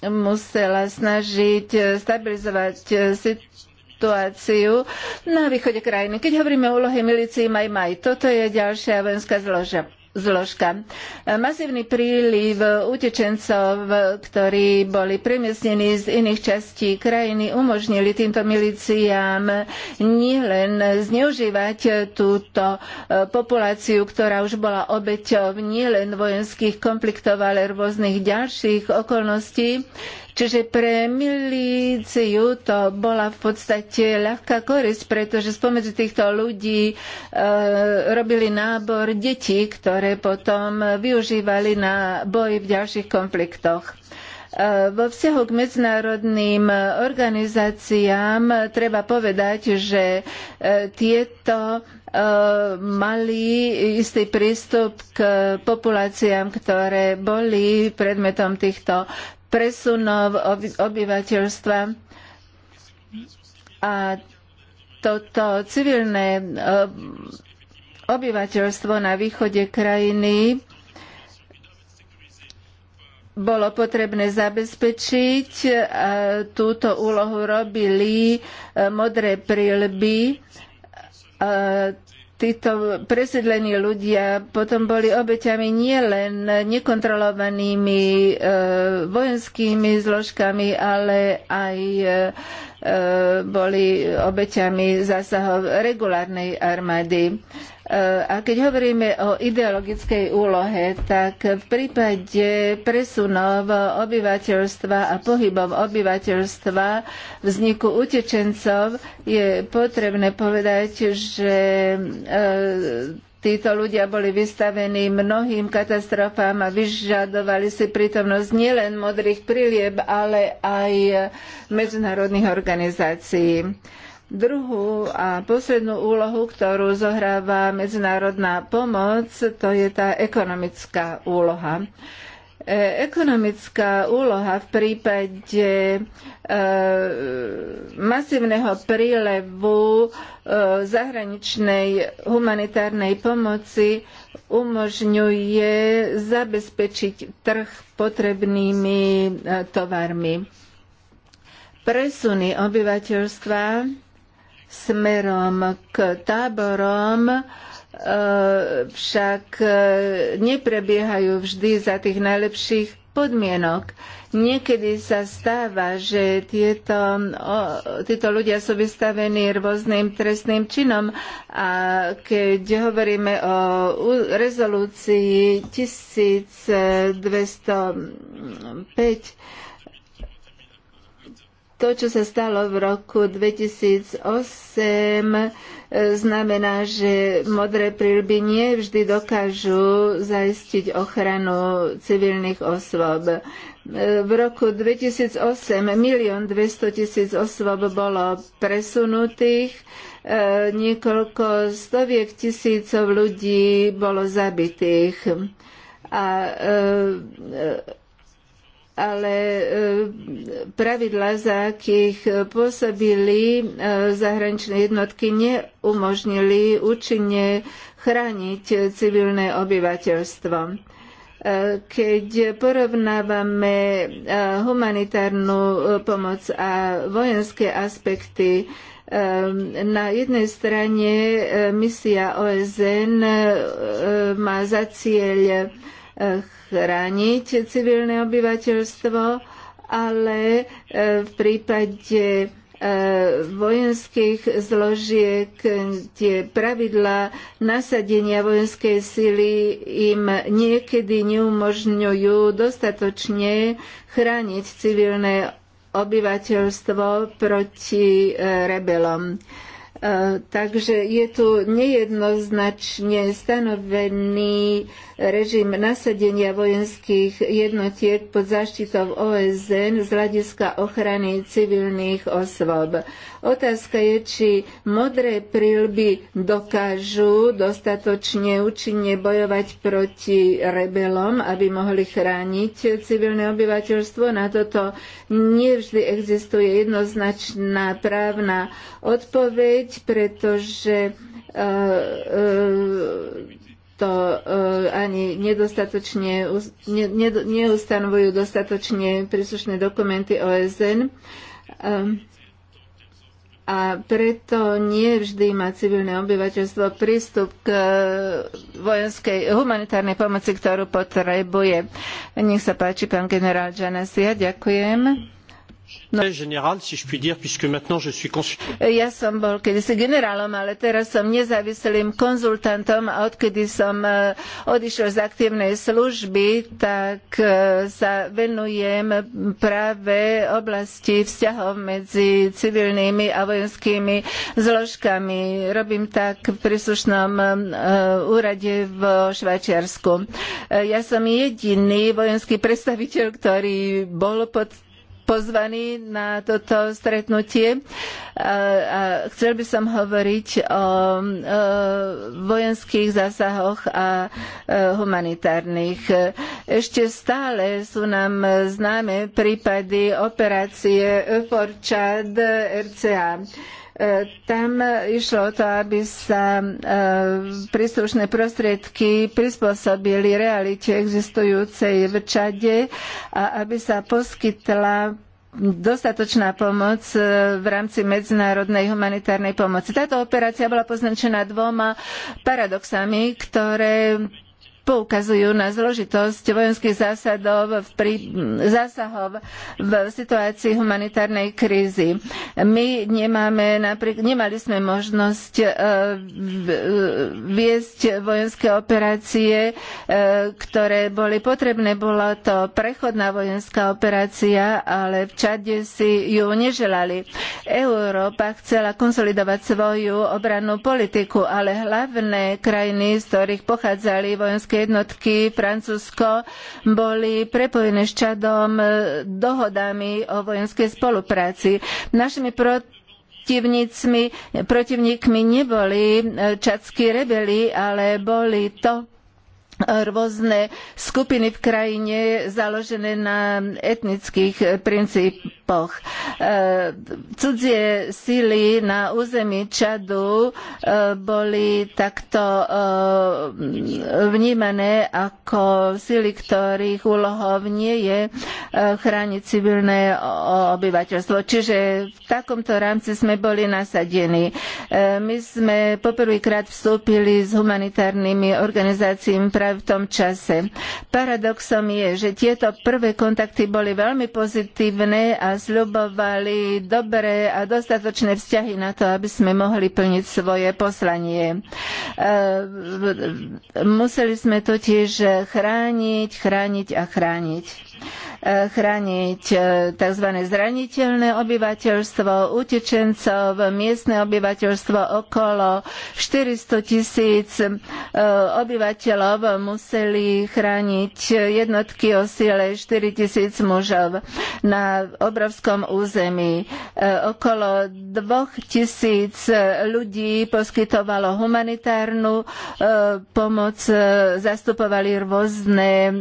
musela snažiť stabilizovať situáciu situáciu na východe krajiny. Keď hovoríme o úlohe milícií Maj Maj, toto je ďalšia vojenská zložia zložka. Masívny príliv utečencov, ktorí boli premiesnení z iných častí krajiny, umožnili týmto milíciám nielen zneužívať túto e, populáciu, ktorá už bola obeťou nielen vojenských konfliktov, ale rôznych ďalších okolností, Čiže pre milíciu to bola v podstate ľahká korisť, pretože spomedzi týchto ľudí e, robili nábor detí, ktoré potom využívali na boj v ďalších konfliktoch. E, vo vzťahu k medzinárodným organizáciám treba povedať, že e, tieto e, mali istý prístup k populáciám, ktoré boli predmetom týchto presunov obyvateľstva a toto civilné eh, obyvateľstvo na východe krajiny bolo potrebné zabezpečiť. Eh, túto úlohu robili eh, modré prílby títo presídlení ľudia potom boli obeťami nielen nekontrolovanými e, vojenskými zložkami, ale aj e, e boli obeťami zásahov regulárnej armády. E, a keď hovoríme o ideologickej úlohe, tak v prípade presunov obyvateľstva a pohybov obyvateľstva vzniku utečencov je potrebné povedať, že e, Títo ľudia boli vystavení mnohým katastrofám a vyžadovali si prítomnosť nielen modrých prilieb, ale aj medzinárodných organizácií. Druhú a poslednú úlohu, ktorú zohráva medzinárodná pomoc, to je tá ekonomická úloha e, ekonomická úloha v prípade e, masívneho prílevu e, zahraničnej humanitárnej pomoci umožňuje zabezpečiť trh potrebnými e, tovarmi. Presuny obyvateľstva smerom k táborom, e, však e, neprebiehajú vždy za tých najlepších podmienok. Niekedy sa stáva, že tieto, o, títo ľudia sú vystavení rôznym trestným činom a keď hovoríme o rezolúcii 1205, to, čo sa stalo v roku 2008, e, znamená, že modré prílby nie vždy dokážu zaistiť ochranu civilných osôb. E, v roku 2008 milión 200 tisíc osôb bolo presunutých, e, niekoľko stoviek tisícov ľudí bolo zabitých. A ale e, pravidla, za akých pôsobili e, zahraničné jednotky, neumožnili účinne chrániť civilné obyvateľstvo e, keď porovnávame humanitárnu pomoc a vojenské aspekty, na jednej strane misia OSN má za cieľ chrániť civilné obyvateľstvo, ale e, v prípade e, vojenských zložiek tie pravidlá nasadenia vojenskej sily im niekedy neumožňujú dostatočne chrániť civilné obyvateľstvo proti e, rebelom. Takže je tu nejednoznačne stanovený režim nasadenia vojenských jednotiek pod záštitou OSN z hľadiska ochrany civilných osôb. Otázka je, či modré prílby dokážu dostatočne účinne bojovať proti rebelom, aby mohli chrániť civilné obyvateľstvo. Na toto nevždy existuje jednoznačná právna odpoveď, pretože uh, uh, to e, ani nedostatočne, ne neustanovujú dostatočne príslušné dokumenty OSN. E, a preto nie vždy má civilné obyvateľstvo prístup k vojenskej humanitárnej pomoci, ktorú potrebuje. Nech sa páči, pán generál Janasia, ďakujem. No. Ja som bol kedysi generálom, ale teraz som nezávislým konzultantom a odkedy som eh, odišiel z aktívnej služby, tak eh, sa venujem práve oblasti vzťahov medzi civilnými a vojenskými zložkami. Robím tak v príslušnom eh, úrade v Švajčiarsku. Ja som jediný vojenský predstaviteľ, ktorý bol pod pozvaní na toto stretnutie. A chcel by som hovoriť o vojenských zásahoch a humanitárnych. Ešte stále sú nám známe prípady operácie Forčad RCA. Tam išlo o to, aby sa e, príslušné prostriedky prispôsobili realite existujúcej v Čade a aby sa poskytla dostatočná pomoc e, v rámci medzinárodnej humanitárnej pomoci. Táto operácia bola poznačená dvoma paradoxami, ktoré poukazujú na zložitosť vojenských zásadov v prí, zásahov v situácii humanitárnej krízy. My nemáme napríklad, nemali sme možnosť e, e, viesť vojenské operácie, e, ktoré boli potrebné. Bola to prechodná vojenská operácia, ale v Čade si ju neželali. Európa chcela konsolidovať svoju obrannú politiku, ale hlavné krajiny, z ktorých pochádzali vojenské vojenské jednotky Francúzsko boli prepojené s Čadom dohodami o vojenskej spolupráci. Našimi pro protivníkmi neboli eh, čadskí rebeli, ale boli to eh, rôzne skupiny v krajine založené na etnických princípoch Alpoch. E, cudzie síly na území Čadu e, boli takto e, vnímané ako síly, ktorých úlohou nie je chrániť civilné obyvateľstvo. Čiže v takomto rámci sme boli nasadení. My sme poprvýkrát vstúpili s humanitárnymi organizáciami práve v tom čase. Paradoxom je, že tieto prvé kontakty boli veľmi pozitívne a sľubovali dobré a dostatočné vzťahy na to, aby sme mohli plniť svoje poslanie. E, museli sme totiž eh, chrániť, chrániť a chrániť chrániť e, tzv. zraniteľné obyvateľstvo, utečencov, miestne obyvateľstvo. Okolo 400 tisíc e, obyvateľov museli chrániť jednotky o sile 4 tisíc mužov na obrovskom území. E, okolo 2 tisíc ľudí poskytovalo humanitárnu pomoc, zastupovali rôzne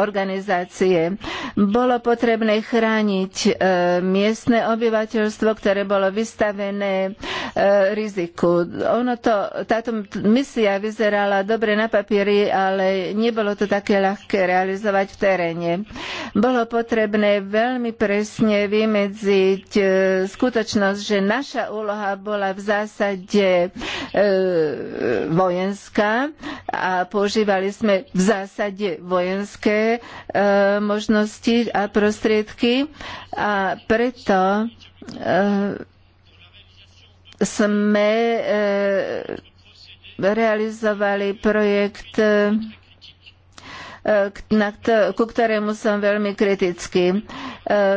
organizácie situácie. Bolo potrebné chrániť e, miestne obyvateľstvo, ktoré bolo vystavené e, riziku. Ono to, táto misia vyzerala dobre na papieri, ale nebolo to také ľahké realizovať v teréne. Bolo potrebné veľmi presne vymedziť e, skutočnosť, že naša úloha bola v zásade vojenská a používali sme v zásade vojenské možnosti a prostriedky a preto e, sme e, realizovali projekt ku ktorému som veľmi kritický. E,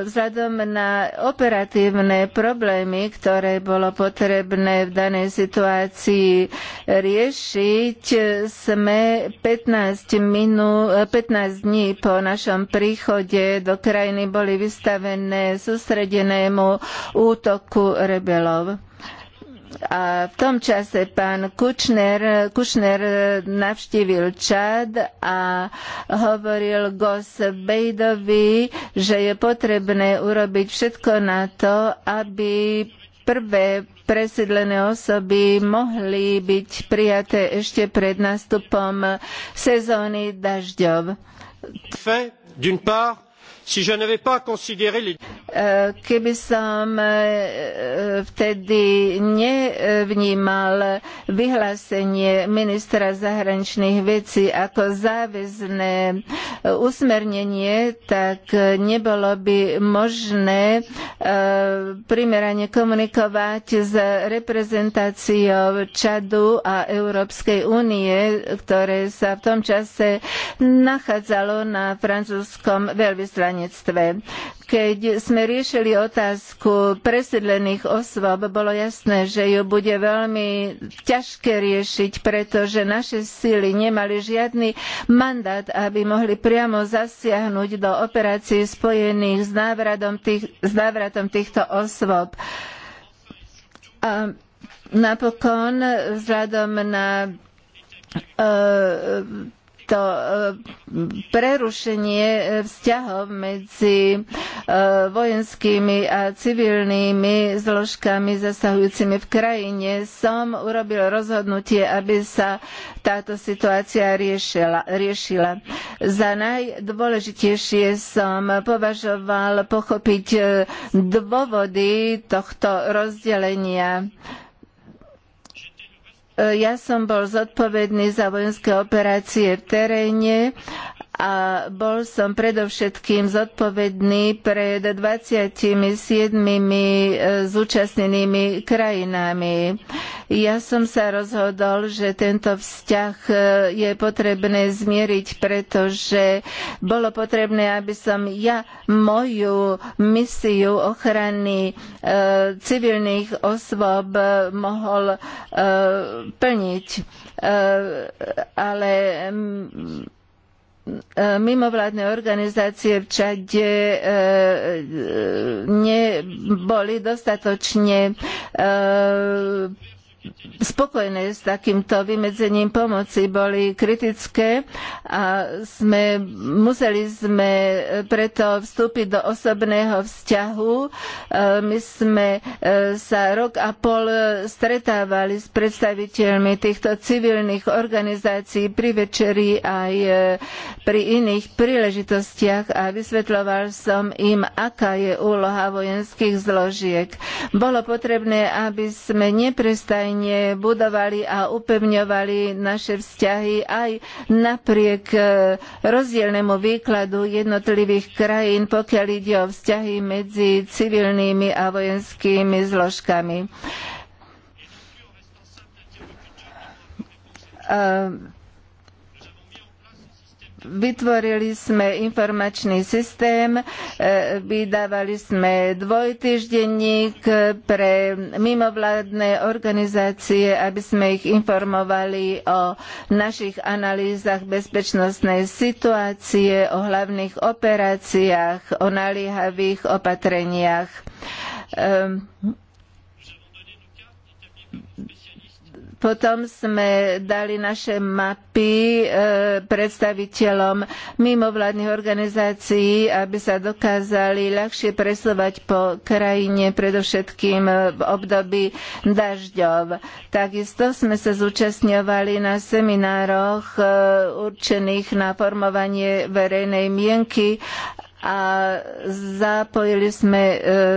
vzhľadom na operatívne problémy, ktoré bolo potrebné v danej situácii riešiť, sme 15, minú, 15 dní po našom príchode do krajiny boli vystavené sústredenému útoku rebelov. A v tom čase pán Kučner, Kučner navštívil Čad a hovoril Gos Bejdovi, že je potrebné urobiť všetko na to, aby prvé presídlené osoby mohli byť prijaté ešte pred nástupom sezóny dažďov. d'une part, si je n'avais pas considéré les... Eh, keby som eh, vtedy nevnímal vyhlásenie ministra zahraničných vecí ako záväzné eh, usmernenie, tak nebolo by možné primerane komunikovať s reprezentáciou Čadu a Európskej únie, ktoré sa v tom čase nachádzalo na francúzskom veľvyslaní pristahovalectve. Keď sme riešili otázku presídlených osôb, bolo jasné, že ju bude veľmi ťažké riešiť, pretože naše síly nemali žiadny mandát, aby mohli priamo zasiahnuť do operácií spojených s návratom, tých, s návratom týchto osôb. A napokon, vzhľadom na e, to e, prerušenie vzťahov medzi e, vojenskými a civilnými zložkami zasahujúcimi v krajine. Som urobil rozhodnutie, aby sa táto situácia riešila. riešila. Za najdôležitejšie som považoval pochopiť e, dôvody tohto rozdelenia ja som bol zodpovedný za vojenské operácie v teréne a bol som predovšetkým zodpovedný pred 27 e, zúčastnenými krajinami. Ja som sa rozhodol, že tento vzťah e, je potrebné zmieriť, pretože bolo potrebné, aby som ja moju misiu ochrany e, civilných osôb mohol plniť. ale mimovládne organizácie v Čade e, e, neboli dostatočne e, spokojné s takýmto vymedzením pomoci, boli kritické a sme, museli sme preto vstúpiť do osobného vzťahu. E, my sme e, sa rok a pol stretávali s predstaviteľmi týchto civilných organizácií pri večeri aj e, pri iných príležitostiach a vysvetľoval som im, aká je úloha vojenských zložiek. Bolo potrebné, aby sme neprestajne vzájomne budovali a upevňovali naše vzťahy aj napriek e, rozdielnemu výkladu jednotlivých krajín, pokiaľ ide o vzťahy medzi civilnými a vojenskými zložkami. Uh, Vytvorili sme informačný systém, e, vydávali sme dvojtyždenník pre mimovládne organizácie, aby sme ich informovali o našich analýzach bezpečnostnej situácie, o hlavných operáciách, o naliehavých opatreniach. Um, Potom sme dali naše mapy e, predstaviteľom mimovládnych organizácií, aby sa dokázali ľahšie presúvať po krajine, predovšetkým e, v období dažďov. Takisto sme sa zúčastňovali na seminároch e, určených na formovanie verejnej mienky a zapojili sme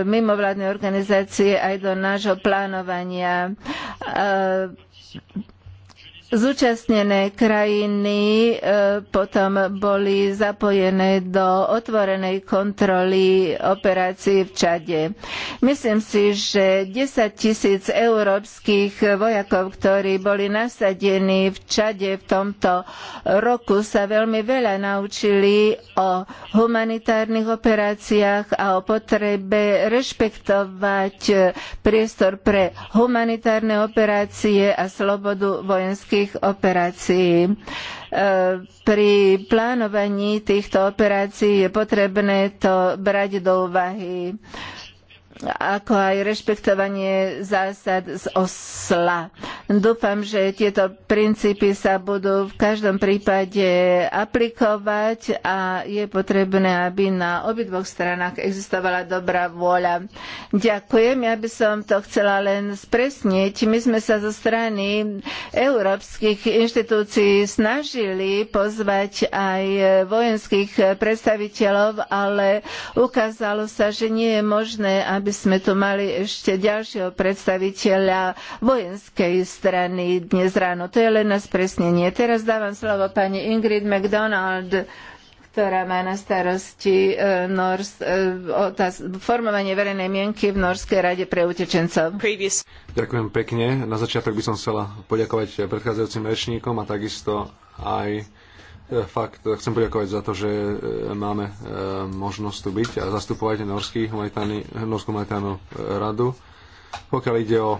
mimovládne organizácie aj do nášho plánovania possible. Zúčastnené krajiny e, potom boli zapojené do otvorenej kontroly operácií v Čade. Myslím si, že 10 tisíc európskych vojakov, ktorí boli nasadení v Čade v tomto roku, sa veľmi veľa naučili o humanitárnych operáciách a o potrebe rešpektovať priestor pre humanitárne operácie a slobodu vojenských vojenských operácií. E, pri plánovaní týchto operácií je potrebné to brať do úvahy ako aj rešpektovanie zásad z osla. Dúfam, že tieto princípy sa budú v každom prípade aplikovať a je potrebné, aby na obidvoch stranách existovala dobrá vôľa. Ďakujem, ja by som to chcela len spresniť. My sme sa zo strany európskych inštitúcií snažili pozvať aj vojenských predstaviteľov, ale ukázalo sa, že nie je možné, aby by sme tu mali ešte ďalšieho predstaviteľa vojenskej strany dnes ráno. To je len na spresnenie. Teraz dávam slovo pani Ingrid McDonald ktorá má na starosti e, Nors, e, otáz, formovanie verejnej mienky v Norskej rade pre utečencov. Previous. Ďakujem pekne. Na začiatok by som chcela poďakovať predchádzajúcim rečníkom a takisto aj fakt chcem poďakovať za to, že e, máme e, možnosť tu byť a zastupovať Norský humanitárny, Norskú humanitárnu e, radu. Pokiaľ ide o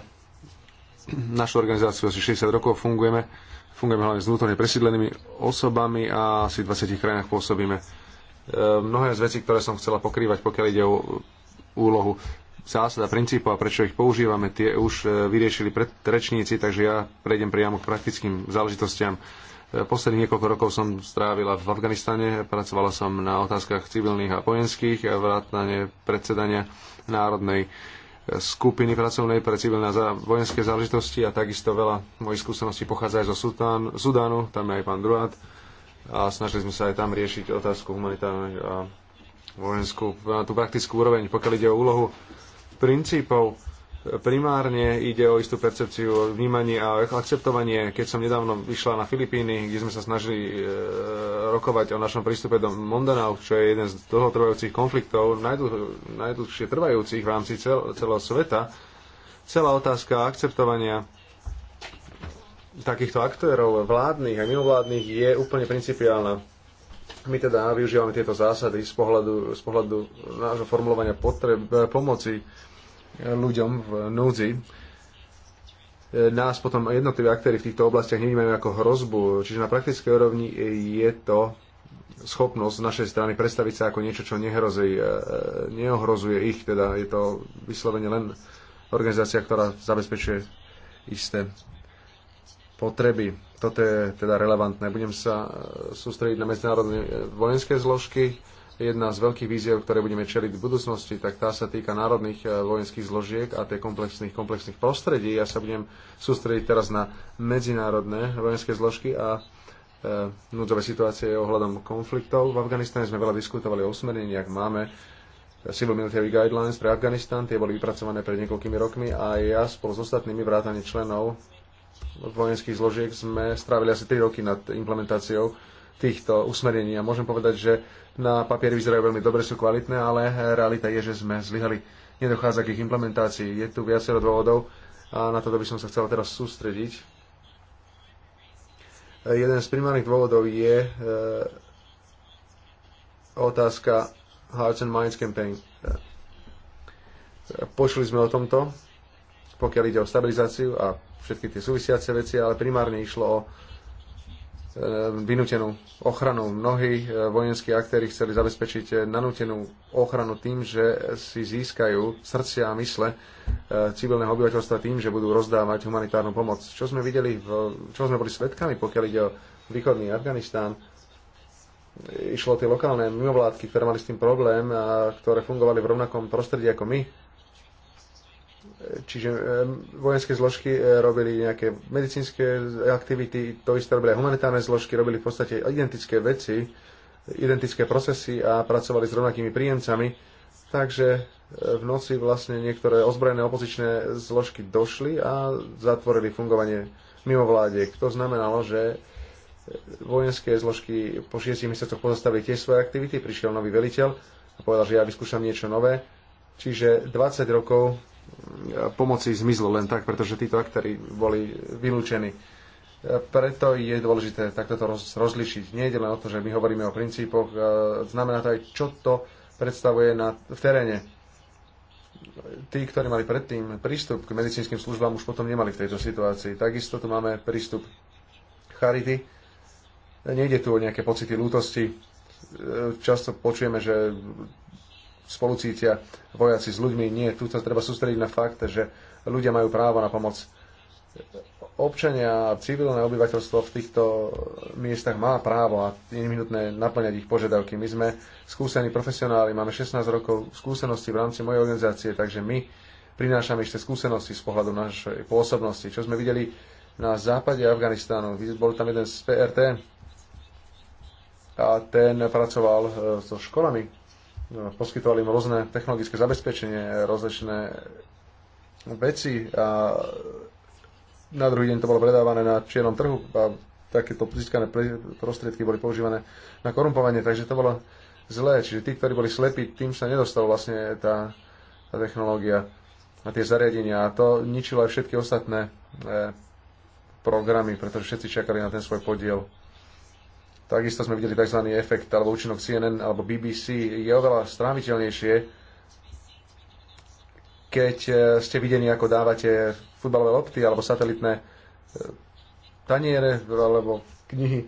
našu organizáciu, asi 60 rokov fungujeme. Fungujeme hlavne s vnútorne presídlenými osobami a asi v 20 krajinách pôsobíme. Mnohé z vecí, ktoré som chcela pokrývať, pokiaľ ide o úlohu zásada princípov a prečo ich používame, tie už vyriešili predrečníci, takže ja prejdem priamo k praktickým záležitostiam. Posledných niekoľko rokov som strávila v Afganistane, pracovala som na otázkach civilných a vojenských a vrátane predsedania Národnej e, skupiny pracovnej pre civilné a vojenské záležitosti a takisto veľa mojich skúseností pochádza aj zo Sudán, Sudánu, tam je aj pán Druat a snažili sme sa aj tam riešiť otázku humanitárnej a vojenskú, na tú praktickú úroveň, pokiaľ ide o úlohu princípov Primárne ide o istú percepciu, vnímanie a akceptovanie. Keď som nedávno vyšla na Filipíny, kde sme sa snažili e, rokovať o našom prístupe do Mondanao, čo je jeden z dlhotrvajúcich konfliktov, najdl- najdlhšie trvajúcich v rámci cel- celého sveta, celá otázka akceptovania takýchto aktérov, vládnych a mimovládnych, je úplne principiálna. My teda využívame tieto zásady z pohľadu, z pohľadu nášho formulovania potreb, e, pomoci ľuďom v núdzi. Nás potom jednotliví aktéry v týchto oblastiach nevnímajú ako hrozbu, čiže na praktickej úrovni je to schopnosť z našej strany predstaviť sa ako niečo, čo nehrozí, e, neohrozuje ich, teda je to vyslovene len organizácia, ktorá zabezpečuje isté potreby. Toto je teda relevantné. Budem sa e, sústrediť na medzinárodné e, vojenské zložky, jedna z veľkých víziev, ktoré budeme čeliť v budúcnosti, tak tá sa týka národných e, vojenských zložiek a tie komplexných, komplexných prostredí. Ja sa budem sústrediť teraz na medzinárodné vojenské zložky a e, núdzové situácie ohľadom konfliktov. V Afganistane sme veľa diskutovali o ak Máme e, Civil Military Guidelines pre Afganistan, tie boli vypracované pred niekoľkými rokmi a ja spolu s ostatnými vrátane členov vojenských zložiek sme strávili asi 3 roky nad implementáciou týchto usmernení. A môžem povedať, že na papieri vyzerajú veľmi dobre, sú kvalitné, ale realita je, že sme zlyhali. Nedochádza k ich implementácii. Je tu viacero dôvodov a na toto by som sa chcel teraz sústrediť. Jeden z primárnych dôvodov je e, otázka Hearts and Minds Campaign. E, Počuli sme o tomto, pokiaľ ide o stabilizáciu a všetky tie súvisiace veci, ale primárne išlo o Ehm, vynútenú ochranu. Mnohí eh, vojenskí aktéry chceli zabezpečiť eh, nanútenú ochranu tým, že si získajú srdcia a mysle eh, civilného obyvateľstva tým, že budú rozdávať humanitárnu pomoc. Čo sme videli, v, čo sme boli svetkami, pokiaľ ide o východný Afganistán, išlo tie lokálne mimovládky, ktoré mali s tým problém a ktoré fungovali v rovnakom prostredí ako my, Čiže vojenské zložky eh, robili nejaké medicínske aktivity, to isté robili aj humanitárne zložky, robili v podstate identické veci, identické procesy a pracovali s rovnakými príjemcami. Takže eh, v noci vlastne niektoré ozbrojené opozičné zložky došli a zatvorili fungovanie mimo mimovládiek. To znamenalo, že eh, vojenské zložky po šiestich mesiacoch pozastavili tie svoje aktivity, prišiel nový veliteľ a povedal, že ja vyskúšam niečo nové. Čiže 20 rokov pomoci zmizlo len tak, pretože títo aktéry boli vylúčení. Preto je dôležité takto to rozlišiť. Nie je len o to, že my hovoríme o princípoch, znamená to aj, čo to predstavuje na, v teréne. Tí, ktorí mali predtým prístup k medicínskym službám, už potom nemali v tejto situácii. Takisto tu máme prístup charity. Nejde tu o nejaké pocity lútosti. E, často počujeme, že spolucítia vojaci s ľuďmi. Nie, tu sa treba sústrediť na fakt, že ľudia majú právo na pomoc. Občania a civilné obyvateľstvo v týchto miestach má právo a je nutné naplňať ich požiadavky. My sme skúsení profesionáli, máme 16 rokov skúsenosti v rámci mojej organizácie, takže my prinášame ešte skúsenosti z pohľadu našej pôsobnosti. Čo sme videli na západe Afganistánu, bol tam jeden z PRT, a ten pracoval eh, so školami No, poskytovali im rôzne technologické zabezpečenie, rozličné veci a na druhý deň to bolo predávané na čiernom trhu a takéto získané prostriedky boli používané na korumpovanie, takže to bolo zlé. Čiže tí, ktorí boli slepí, tým sa nedostala vlastne tá, tá technológia a tie zariadenia. A to ničilo aj všetky ostatné e, programy, pretože všetci čakali na ten svoj podiel. Takisto sme videli tzv. efekt alebo účinok CNN alebo BBC. Je oveľa stráviteľnejšie, keď e, ste videní, ako dávate futbalové lopty alebo satelitné e, taniere alebo knihy.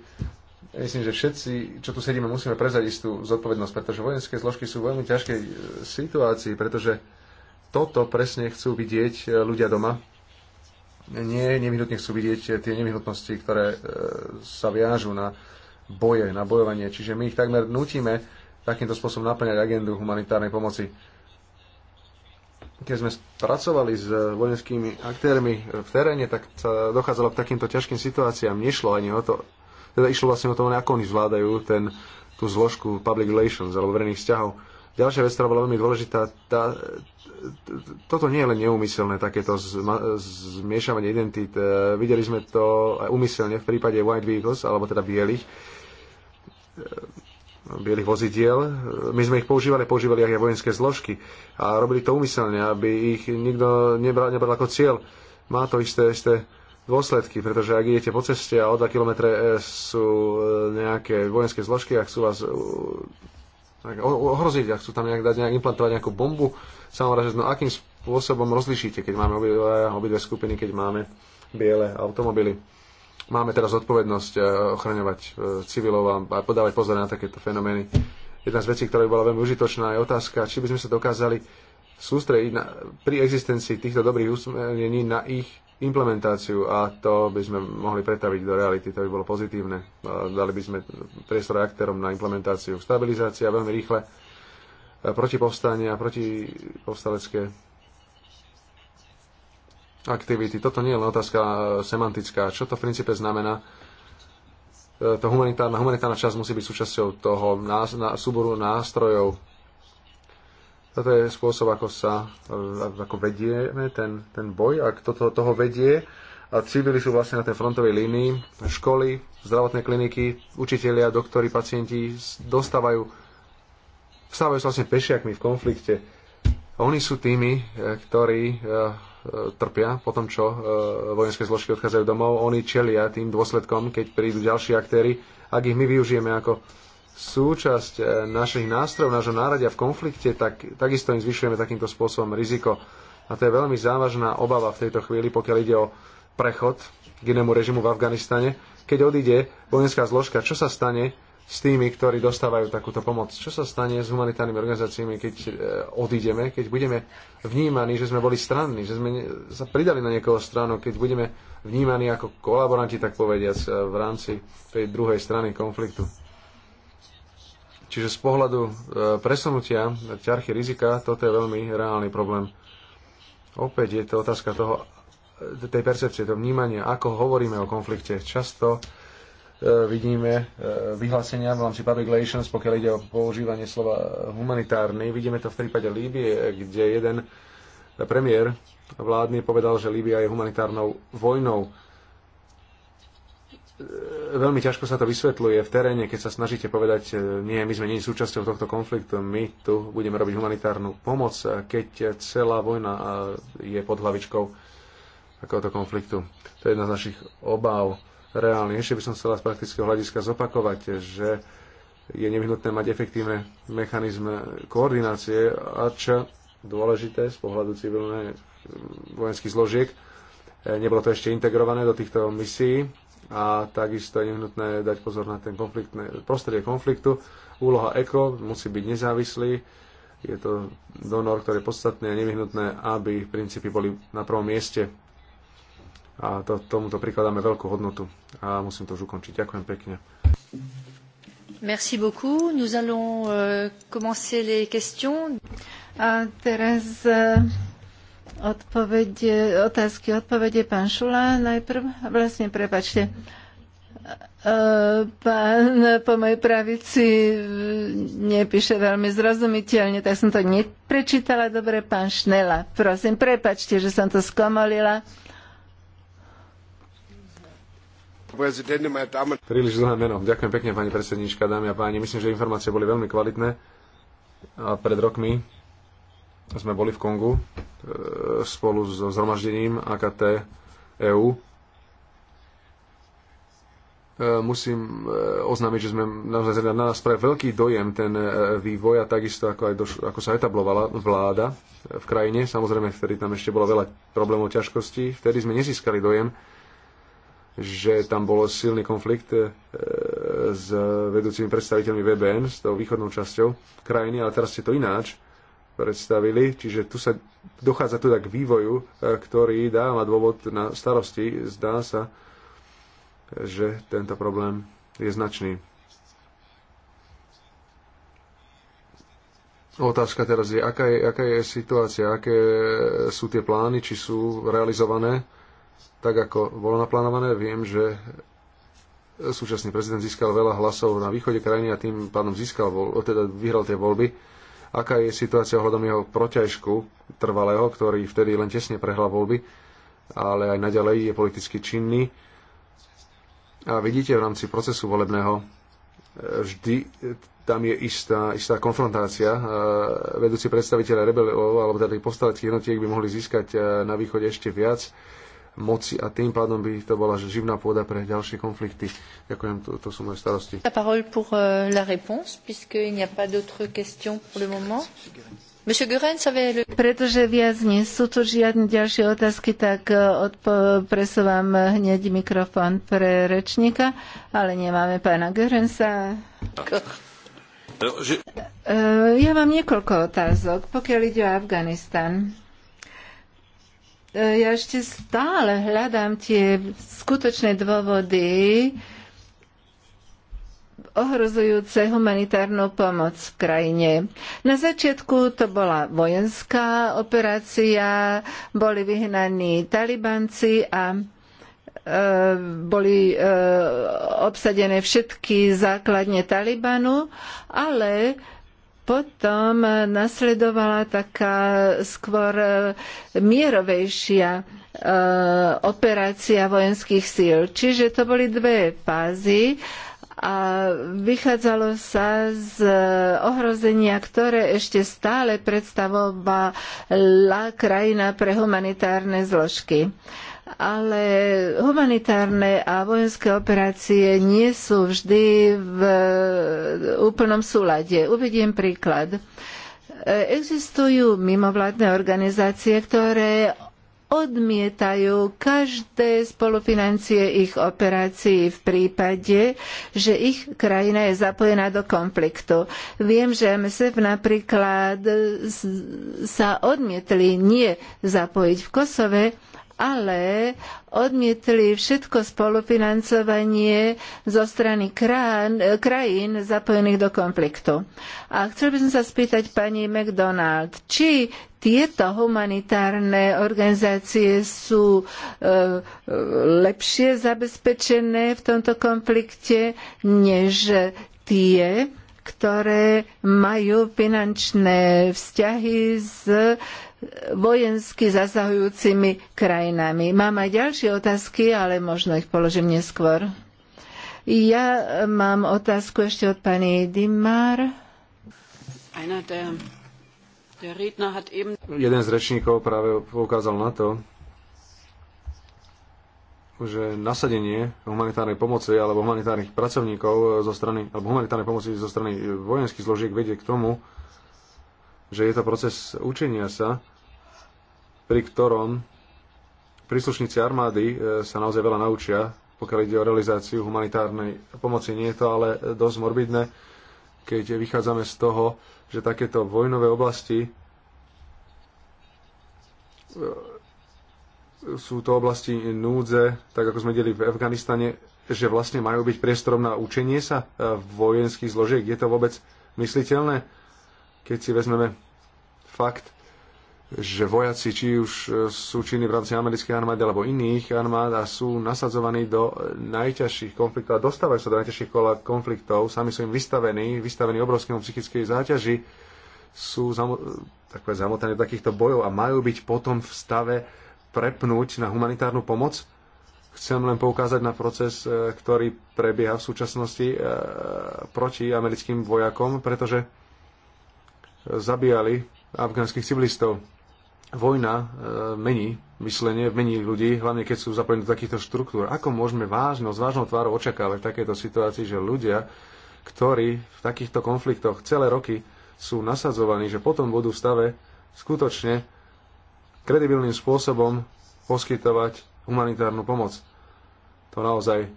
Myslím, že všetci, čo tu sedíme, musíme prezať istú zodpovednosť, pretože vojenské zložky sú v veľmi ťažkej e, situácii, pretože toto presne chcú vidieť ľudia doma. Nie nevyhnutne chcú vidieť tie nevyhnutnosti, ktoré sa viažú na boje, na bojovanie. Čiže my ich takmer nutíme takýmto spôsobom naplňať agendu humanitárnej pomoci. Keď sme pracovali s vojenskými aktérmi v teréne, tak sa dochádzalo k takýmto ťažkým situáciám. Nešlo ani o to, teda išlo vlastne o to, ako oni zvládajú ten, tú zložku public relations alebo verejných vzťahov. Ďalšia vec, ktorá bola veľmi dôležitá, tá, toto nie je len neumyselné takéto zmiešavanie identít. Videli sme to aj umyselne v prípade White Vehicles, alebo teda bielých, E, bielých vozidiel. My sme ich používali, používali aj vojenské zložky a robili to umyselne, aby ich nikto nebral, nebral ako cieľ. Má to isté, isté dôsledky, pretože ak idete po ceste a o 2 km e, sú e, nejaké vojenské zložky, ak chcú vás tak, ohroziť, ak chcú tam nejak dať, nejak implantovať nejakú bombu, samozrejme, no akým spôsobom rozlišíte, keď máme obidve, obidve skupiny, keď máme biele automobily máme teraz odpovednosť eh, ochraňovať eh, civilov a podávať pozor na takéto fenomény. Jedna z vecí, ktorá by bola veľmi užitočná, je otázka, či by sme sa dokázali sústrediť na, pri existencii týchto dobrých usmernení na ich implementáciu a to by sme mohli pretaviť do reality, to by bolo pozitívne. Dali by sme priestor aktérom na implementáciu. Stabilizácia veľmi rýchle eh, proti povstania, proti povstalecké aktivity. Toto nie je len otázka e, semantická. Čo to v princípe znamená? E, to humanitárna, humanitárna časť musí byť súčasťou toho nás, na, súboru nástrojov. Toto je spôsob, ako sa e, ako vedieme ten, ten boj. Ak to, toho vedie, a civili sú vlastne na tej frontovej línii, školy, zdravotné kliniky, učitelia, doktori, pacienti dostávajú, stávajú sa vlastne pešiakmi v konflikte. Oni sú tými, ktorí trpia po tom, čo e, vojenské zložky odchádzajú domov. Oni čelia tým dôsledkom, keď prídu ďalší aktéry. Ak ich my využijeme ako súčasť e, našich nástrojov, nášho náradia v konflikte, tak takisto im zvyšujeme takýmto spôsobom riziko. A to je veľmi závažná obava v tejto chvíli, pokiaľ ide o prechod k inému režimu v Afganistane. Keď odíde vojenská zložka, čo sa stane s tými, ktorí dostávajú takúto pomoc. Čo sa stane s humanitárnymi organizáciami, keď e, odídeme, keď budeme vnímaní, že sme boli stranní, že sme sa pridali na niekoho stranu, keď budeme vnímaní ako kolaboranti, tak povediac, e, v rámci tej druhej strany konfliktu. Čiže z pohľadu e, presunutia ťarchy rizika, toto je veľmi reálny problém. Opäť je to otázka toho, tej percepcie, toho vnímania, ako hovoríme o konflikte. Často E, vidíme e, vyhlásenia v rámci public relations, pokiaľ ide o používanie slova humanitárny. Vidíme to v prípade Líbie, kde jeden premiér vládny povedal, že Líbia je humanitárnou vojnou. E, veľmi ťažko sa to vysvetľuje v teréne, keď sa snažíte povedať, nie, my sme nie súčasťou tohto konfliktu, my tu budeme robiť humanitárnu pomoc, keď celá vojna je pod hlavičkou takéhoto konfliktu. To je jedna z našich obáv reálny. Ešte by som chcela z praktického hľadiska zopakovať, že je nevyhnutné mať efektívne mechanizmy koordinácie a čo dôležité z pohľadu civilné mm, vojenských zložiek. E, nebolo to ešte integrované do týchto misií a takisto je nevyhnutné dať pozor na ten konfliktné, prostredie konfliktu. Úloha ECO musí byť nezávislý. Je to donor, ktorý je podstatné a nevyhnutné, aby princípy boli na prvom mieste a to, tomuto prikladáme veľkú hodnotu. A musím to už ukončiť. Ďakujem pekne. Merci beaucoup. Nous allons euh, commencer les questions. A teraz euh, odpovede, otázky, odpovede pán Šula najprv. Vlastne, prepačte. Uh, pán po mojej pravici mm, nepíše veľmi zrozumiteľne, tak som to neprečítala dobre. Pán Šnela, prosím, prepačte, že som to skomolila. Príliš dlhé meno. Ďakujem pekne, pani predsednička, dámy a páni. Myslím, že informácie boli veľmi kvalitné. A pred rokmi sme boli v Kongu e, spolu so zhromaždením AKT EU. E, musím e, oznámiť, že sme naozaj na nás pre veľký dojem ten vývoj a takisto ako, aj doš- ako sa etablovala vláda v krajine. Samozrejme, vtedy tam ešte bolo veľa problémov, ťažkostí. Vtedy sme nezískali dojem, že tam bol silný konflikt e, s vedúcimi predstaviteľmi VBN, s tou východnou časťou krajiny, ale teraz ste to ináč predstavili, čiže tu sa dochádza teda k vývoju, e, ktorý dáva dôvod na starosti. Zdá sa, že tento problém je značný. Otázka teraz je, aká je, aká je situácia, aké sú tie plány, či sú realizované tak ako bolo naplánované. Viem, že súčasný prezident získal veľa hlasov na východe krajiny a tým pádom získal, teda vyhral tie voľby. Aká je situácia ohľadom jeho protiažku trvalého, ktorý vtedy len tesne prehral voľby, ale aj naďalej je politicky činný. A vidíte v rámci procesu volebného vždy tam je istá, istá konfrontácia. Vedúci predstaviteľe rebelov alebo teda tých povstaleckých jednotiek by mohli získať e, na východe ešte viac moci a tým pádom by to bola že živná pôda pre ďalšie konflikty. Ďakujem, to, to sú moje starosti. La parole pour euh, la réponse, puisqu'il n'y a pas d'autres questions pour le moment. Pretože viac nie sú tu žiadne ďalšie otázky, tak euh, odpo- presúvam hneď mikrofón pre rečníka, ale nemáme pána Gerensa. Euh, ja mám niekoľko otázok, pokiaľ ide o Afganistan. E, ja ešte stále hľadám tie skutočné dôvody ohrozujúce humanitárnu pomoc v krajine. Na začiatku to bola vojenská operácia, boli vyhnaní talibanci a e, boli e, obsadené všetky základne Talibanu, ale potom nasledovala taká skôr e, mierovejšia e, operácia vojenských síl. Čiže to boli dve fázy a vychádzalo sa z ohrozenia, ktoré ešte stále predstavovala krajina pre humanitárne zložky ale humanitárne a vojenské operácie nie sú vždy v e, úplnom súlade. Uvediem príklad. E, existujú mimovládne organizácie, ktoré odmietajú každé spolufinancie ich operácií v prípade, že ich krajina je zapojená do konfliktu. Viem, že MSF napríklad sa odmietli nie zapojiť v Kosove, ale odmietli všetko spolufinancovanie zo strany krán, krajín zapojených do konfliktu. A chcel by som sa spýtať pani McDonald, či tieto humanitárne organizácie sú e, lepšie zabezpečené v tomto konflikte než tie, ktoré majú finančné vzťahy s vojensky zasahujúcimi krajinami. Mám aj ďalšie otázky, ale možno ich položím neskôr. Ja mám otázku ešte od pani Dimar. Jeden z rečníkov práve poukázal na to, že nasadenie humanitárnej pomoci alebo humanitárnych pracovníkov zo strany, alebo humanitárnej pomoci zo strany vojenských zložiek vedie k tomu, že je to proces učenia sa pri ktorom príslušníci armády e, sa naozaj veľa naučia, pokiaľ ide o realizáciu humanitárnej pomoci. Nie je to ale dosť morbidné, keď vychádzame z toho, že takéto vojnové oblasti e, sú to oblasti núdze, tak ako sme videli v Afganistane, že vlastne majú byť priestorom na učenie sa e, vojenských zložiek. Je to vôbec mysliteľné, keď si vezmeme fakt, že vojaci, či už e, sú činní v rámci americkej armády alebo iných armád a sú nasadzovaní do najťažších konfliktov a dostávajú sa do najťažších konfliktov, sami sú im vystavení, vystavení obrovskému psychickej záťaži, sú takové zamotané do takýchto bojov a majú byť potom v stave prepnúť na humanitárnu pomoc. Chcem len poukázať na proces, e, ktorý prebieha v súčasnosti e, proti americkým vojakom, pretože zabíjali afgánskych civilistov vojna e, mení myslenie, mení ľudí, hlavne keď sú zapojení do takýchto štruktúr. Ako môžeme vážno, s vážnou tvárou očakávať v takejto situácii, že ľudia, ktorí v takýchto konfliktoch celé roky sú nasadzovaní, že potom budú v stave skutočne kredibilným spôsobom poskytovať humanitárnu pomoc. To naozaj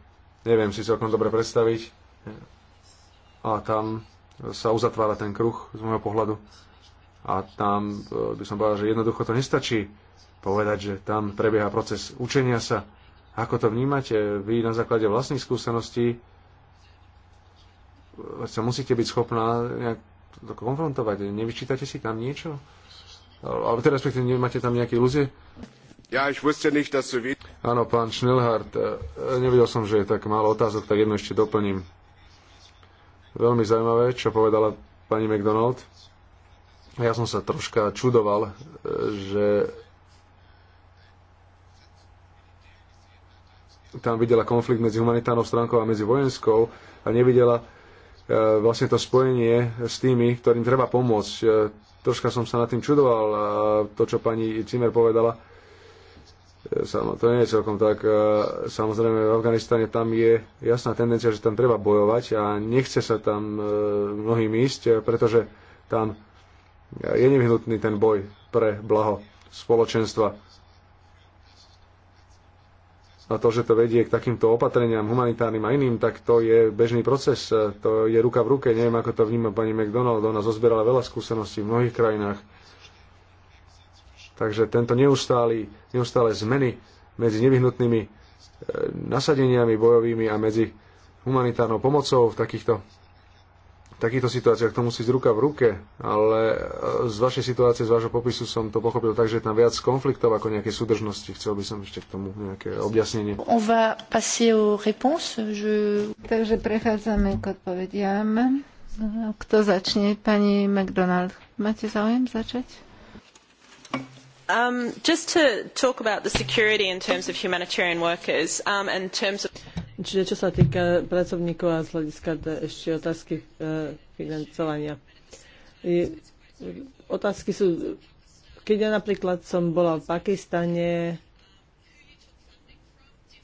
neviem si celkom dobre predstaviť. A tam sa uzatvára ten kruh z môjho pohľadu a tam e, by som povedal, že jednoducho to nestačí povedať, že tam prebieha proces učenia sa. Ako to vnímate? Vy na základe vlastných skúseností e, sa musíte byť schopná nejak to konfrontovať. Nevyčítate si tam niečo? Ale teraz respektíve nemáte tam nejaké ilúzie? Ja, ich wusste nicht, dass du... Áno, pán Schnellhardt, e, nevidel som, že je tak málo otázok, tak jedno ešte doplním. Veľmi zaujímavé, čo povedala pani McDonald ja som sa troška čudoval, e, že tam videla konflikt medzi humanitárnou stránkou a medzi vojenskou a nevidela e, vlastne to spojenie s tými, ktorým treba pomôcť. E, troška som sa nad tým čudoval a to, čo pani Cimer povedala, to nie je celkom tak. Samozrejme, v Afganistane tam je jasná tendencia, že tam treba bojovať a nechce sa tam mnohým ísť, pretože tam je nevyhnutný ten boj pre blaho spoločenstva. A to, že to vedie k takýmto opatreniam humanitárnym a iným, tak to je bežný proces. E, to je ruka v ruke. Neviem, ako to vníma pani McDonald. Ona zozbierala veľa skúseností v mnohých krajinách. Takže tento neustály, neustále zmeny medzi nevyhnutnými e, nasadeniami bojovými a medzi humanitárnou pomocou v takýchto takýchto situáciách to musí z ruka v ruke, ale e, z vašej situácie, z vášho popisu som to pochopil tak, že je tam viac konfliktov ako nejaké súdržnosti. Chcel by som ešte k tomu nejaké objasnenie. On va passer aux réponses. Je... Takže prechádzame k odpovediam. Kto začne? Pani McDonald. Máte záujem začať? Um, just to talk about the security in terms of humanitarian workers um, in terms of Čiže čo sa týka pracovníkov a z hľadiska ešte otázky e, financovania. I, otázky sú, keď ja napríklad som bola v Pakistane,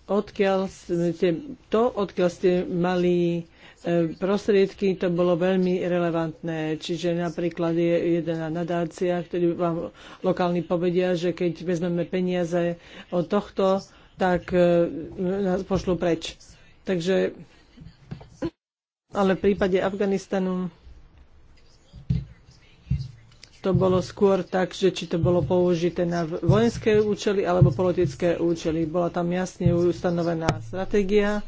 odkiaľ ste, to, odkiaľ ste mali E, prostriedky, to bolo veľmi relevantné. Čiže napríklad je jedna nadácia, ktorý vám lokálni povedia, že keď vezmeme peniaze od tohto, tak e, nás pošlú preč. Takže, ale v prípade Afganistanu to bolo skôr tak, že či to bolo použité na vojenské účely alebo politické účely. Bola tam jasne ustanovená stratégia,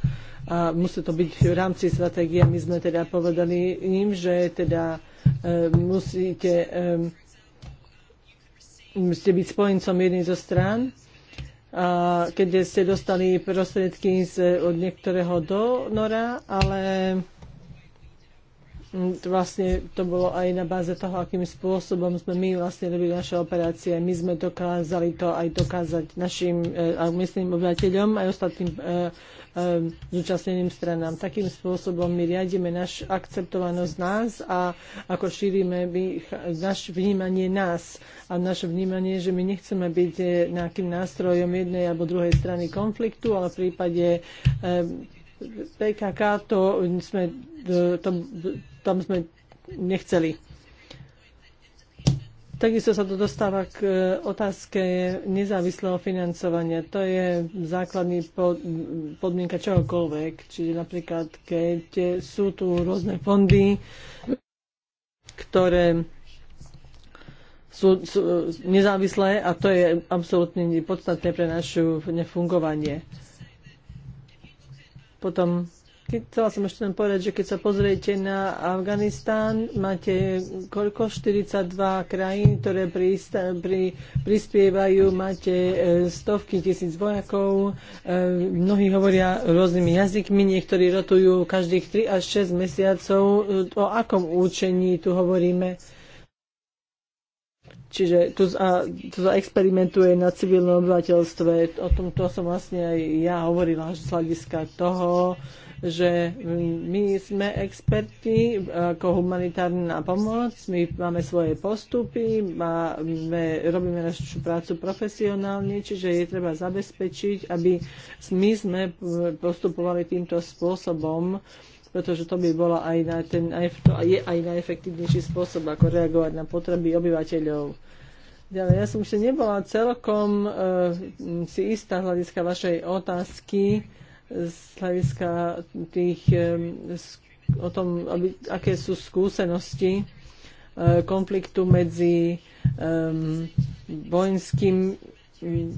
a musí to byť v rámci stratégie. My sme teda povedali im, že teda e, musíte e, musíte byť spojencom jednej zo strán a keď ste dostali prostriedky z, od niektorého donora, ale Mm, vlastne to bolo aj na báze toho, akým spôsobom sme my vlastne robili naše operácie. My sme dokázali to aj dokázať našim e, a miestnym obyvateľom aj ostatným e, e, zúčastneným stranám. Takým spôsobom my riadíme naš akceptovanosť nás a ako šírime my, naš vnímanie nás a naše vnímanie, že my nechceme byť nejakým nástrojom jednej alebo druhej strany konfliktu, ale v prípade PKK to sme to tam sme nechceli. Takisto sa to dostáva k e, otázke nezávislého financovania. To je základný podmienka čohokoľvek. Čiže napríklad, keď sú tu rôzne fondy, ktoré sú, sú nezávislé a to je absolútne podstatné pre naše fungovanie. Potom Chcela som ešte len povedať, že keď sa pozriete na Afganistán, máte koľko? 42 krajín, ktoré pri, prispievajú, máte e, stovky tisíc vojakov, e, mnohí hovoria rôznymi jazykmi, niektorí rotujú každých 3 až 6 mesiacov. E, o akom účení tu hovoríme? Čiže tu, a, tu sa experimentuje na civilnom obyvateľstve. O tomto som vlastne aj ja hovorila z hľadiska toho, že my sme experti ako humanitárna pomoc, my máme svoje postupy, máme, robíme našu prácu profesionálne, čiže je treba zabezpečiť, aby my sme postupovali týmto spôsobom, pretože to by bolo aj na ten, aj, to je aj najefektívnejší spôsob, ako reagovať na potreby obyvateľov. Ďalej, ja som ešte nebola celkom uh, si istá hľadiska vašej otázky z hľadiska tých, o tom, aby, aké sú skúsenosti e, konfliktu medzi vojenským mm,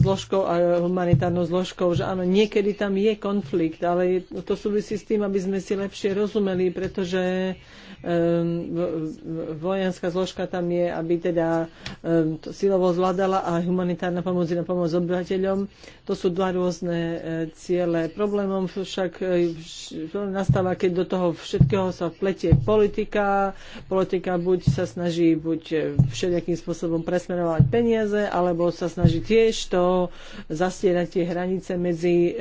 zložkou a humanitárnou zložkou, že áno, niekedy tam je konflikt, ale to súvisí s tým, aby sme si lepšie rozumeli, pretože uh, Ehm, vojenská zložka tam je, aby teda ehm, to silovo zvládala a humanitárna pomoc na pomoc obyvateľom. To sú dva rôzne e, ciele. Problémom však e, nastáva, keď do toho všetkého sa pletie politika. Politika buď sa snaží buď e, všelijakým spôsobom presmerovať peniaze, alebo sa snaží tiež to zastierať tie hranice medzi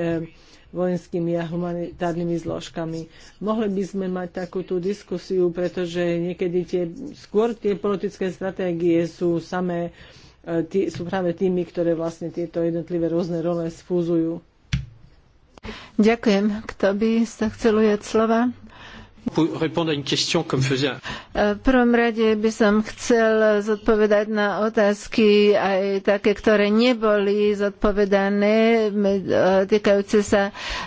vojenskými a humanitárnymi zložkami. Mohli by sme mať takú tú diskusiu, pretože niekedy tie, skôr tie politické stratégie sú samé, e, tí, sú práve tými, ktoré vlastne tieto jednotlivé rôzne role sfúzujú. Ďakujem. Kto by sa chcel ujať slova? V prvom rade by som chcel zodpovedať na otázky aj také, ktoré neboli zodpovedané, týkajúce sa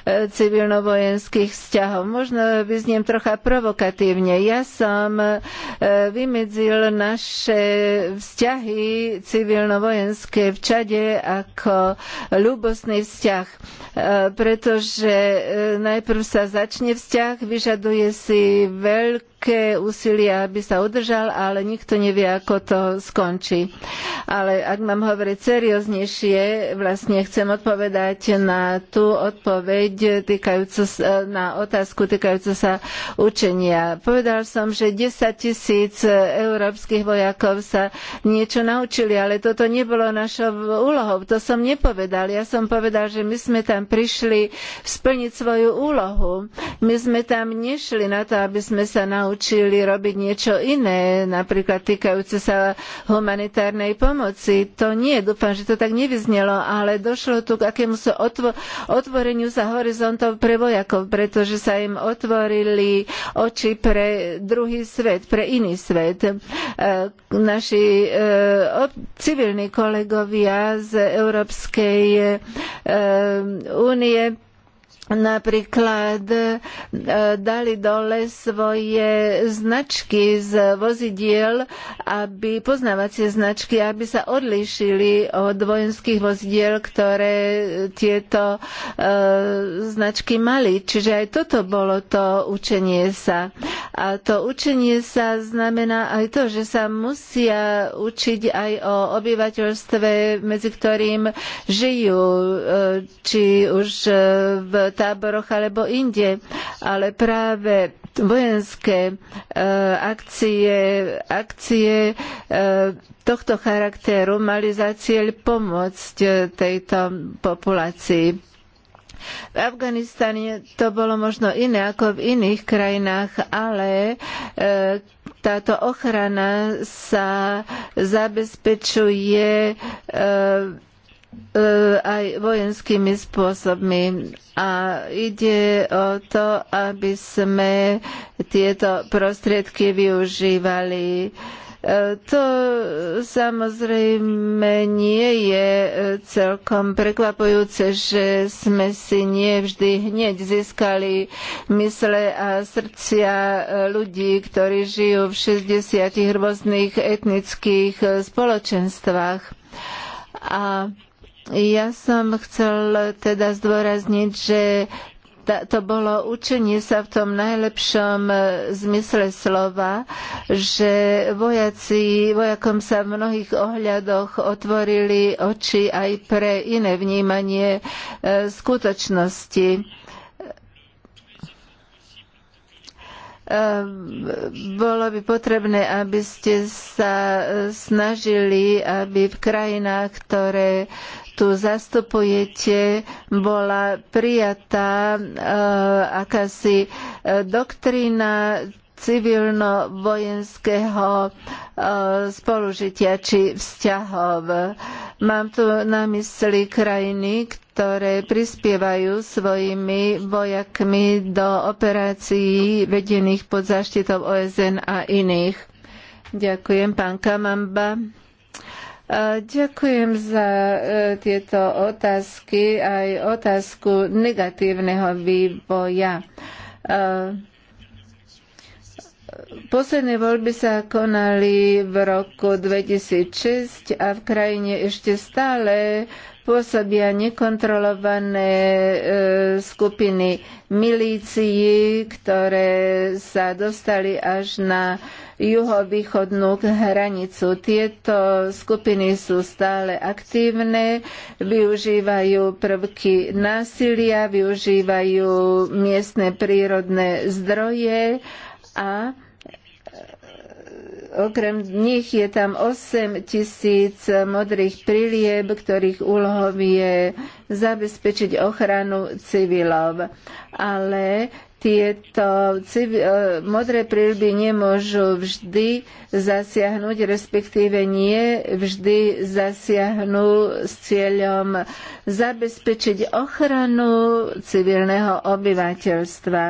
e, civilno-vojenských vzťahov. Možno vyzniem trocha provokatívne. Ja som e, vymedzil naše vzťahy civilno-vojenské v Čade ako ľúbosný vzťah, e, pretože najprv sa začne vzťah, vyžaduje sa si veľký veľké úsilie, aby sa udržal, ale nikto nevie, ako to skončí. Ale ak mám hovoriť serióznejšie, vlastne chcem odpovedať na tú odpoveď týkajúcu, na otázku týkajúcu sa učenia. Povedal som, že 10 tisíc európskych vojakov sa niečo naučili, ale toto nebolo našou úlohou. To som nepovedal. Ja som povedal, že my sme tam prišli splniť svoju úlohu. My sme tam nešli na to, aby sme sa naučili naučili robiť niečo iné, napríklad týkajúce sa humanitárnej pomoci. To nie, dúfam, že to tak nevyznelo, ale došlo tu k akémusi otvo- otvoreniu sa horizontov pre vojakov, pretože sa im otvorili oči pre druhý svet, pre iný svet. E, naši e, civilní kolegovia z Európskej e, únie napríklad e, dali dole svoje značky z vozidiel, aby poznávacie značky, aby sa odlíšili od vojenských vozidiel, ktoré tieto e, značky mali. Čiže aj toto bolo to učenie sa. A to učenie sa znamená aj to, že sa musia učiť aj o obyvateľstve, medzi ktorým žijú, e, či už v táboroch alebo inde. Ale práve vojenské e, akcie, akcie e, tohto charakteru mali za cieľ pomôcť e, tejto populácii. V Afganistane to bolo možno iné ako v iných krajinách, ale e, táto ochrana sa zabezpečuje e, E, aj vojenskými spôsobmi. A ide o to, aby sme tieto prostriedky využívali. E, to samozrejme nie je e, celkom prekvapujúce, že sme si nie vždy hneď získali mysle a srdcia ľudí, ktorí žijú v 60 rôznych etnických spoločenstvách. A ja som chcel teda zdôrazniť, že to bolo učenie sa v tom najlepšom e, zmysle slova, že vojaci, vojakom sa v mnohých ohľadoch otvorili oči aj pre iné vnímanie e, skutočnosti. E, bolo by potrebné, aby ste sa snažili, aby v krajinách, ktoré tu zastupujete, bola prijatá uh, akási uh, doktrína civilno-vojenského eh, spolužitia či vzťahov. Mám tu na mysli krajiny, ktoré prispievajú svojimi vojakmi do operácií vedených pod záštitou OSN a iných. Ďakujem, pán Kamamba. Ďakujem za e, tieto otázky, aj otázku negatívneho vývoja. E, posledné voľby sa konali v roku 2006 a v krajine ešte stále pôsobia nekontrolované e, skupiny milícií, ktoré sa dostali až na juhovýchodnú hranicu. Tieto skupiny sú stále aktívne, využívajú prvky násilia, využívajú miestne prírodné zdroje a e, okrem nich je tam 8 tisíc modrých prilieb, ktorých úlohou je zabezpečiť ochranu civilov. Ale tieto e, modré príľby nemôžu vždy zasiahnuť, respektíve nie vždy zasiahnu s cieľom zabezpečiť ochranu civilného obyvateľstva.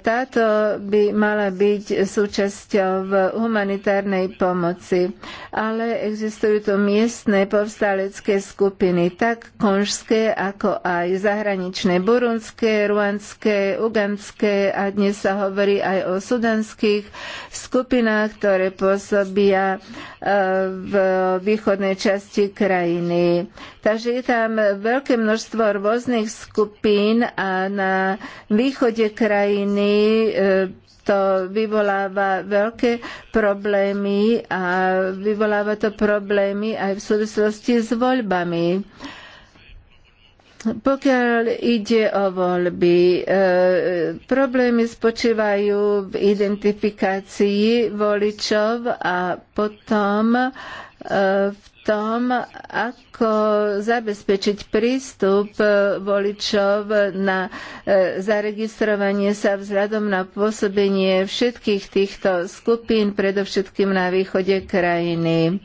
Táto by mala byť súčasťou humanitárnej pomoci, ale existujú tu miestne povstalecké skupiny, tak konžské, ako aj zahraničné, burundské, ruanské, ugandské a dnes sa hovorí aj o sudanských skupinách, ktoré pôsobia e, v východnej časti krajiny. Takže je tam veľké množstvo rôznych skupín a na východe krajiny potraviny e, to vyvoláva veľké problémy a vyvoláva to problémy aj v súvislosti s voľbami. Pokiaľ ide o voľby, e, problémy spočívajú v identifikácii voličov a potom e, v tom, ako zabezpečiť prístup e, voličov na e, zaregistrovanie sa vzhľadom na pôsobenie všetkých týchto skupín, predovšetkým na východe krajiny.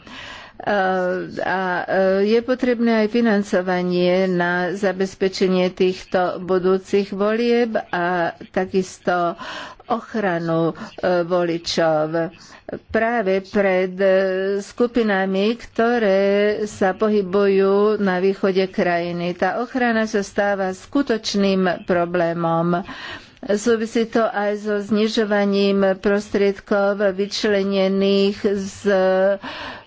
Eh, a eh, je potrebné aj financovanie na zabezpečenie týchto budúcich volieb a takisto ochranu eh, voličov práve pred skupinami, ktoré sa pohybujú na východe krajiny. Tá ochrana sa stáva skutočným problémom. Súvisí to aj so znižovaním prostriedkov vyčlenených z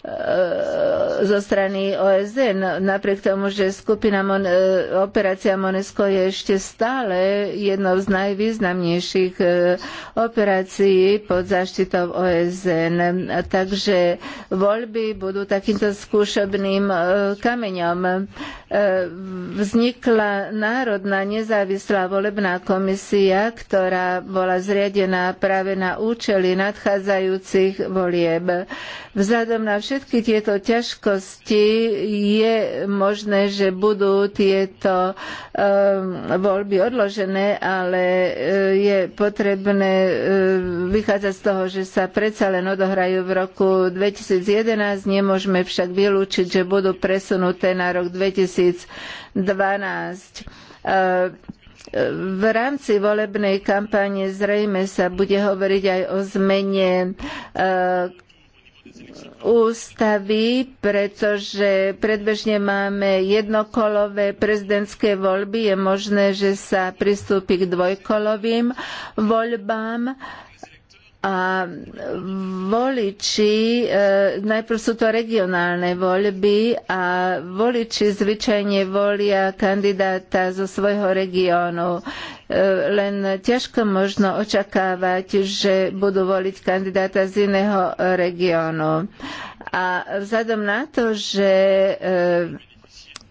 E, zo strany OSN. Napriek tomu, že skupina Mon, e, operácia Monesko je ešte stále jednou z najvýznamnejších e, operácií pod záštitou OSN. Takže voľby budú takýmto skúšobným kameňom. Vznikla Národná nezávislá volebná komisia, ktorá bola zriadená práve na účely nadchádzajúcich volieb. Vzhľadom na všetko všetky tieto ťažkosti je možné, že budú tieto ehm, voľby odložené, ale e, je potrebné e, vychádzať z toho, že sa predsa len odohrajú v roku 2011. Nemôžeme však vylúčiť, že budú presunuté na rok 2012 e, v rámci volebnej kampane zrejme sa bude hovoriť aj o zmene ústavy, pretože predbežne máme jednokolové prezidentské voľby. Je možné, že sa pristúpi k dvojkolovým voľbám a voliči, e, najprv sú to regionálne voľby a voliči zvyčajne volia kandidáta zo svojho regiónu. E, len ťažko možno očakávať, že budú voliť kandidáta z iného regiónu. A vzhľadom na to, že e,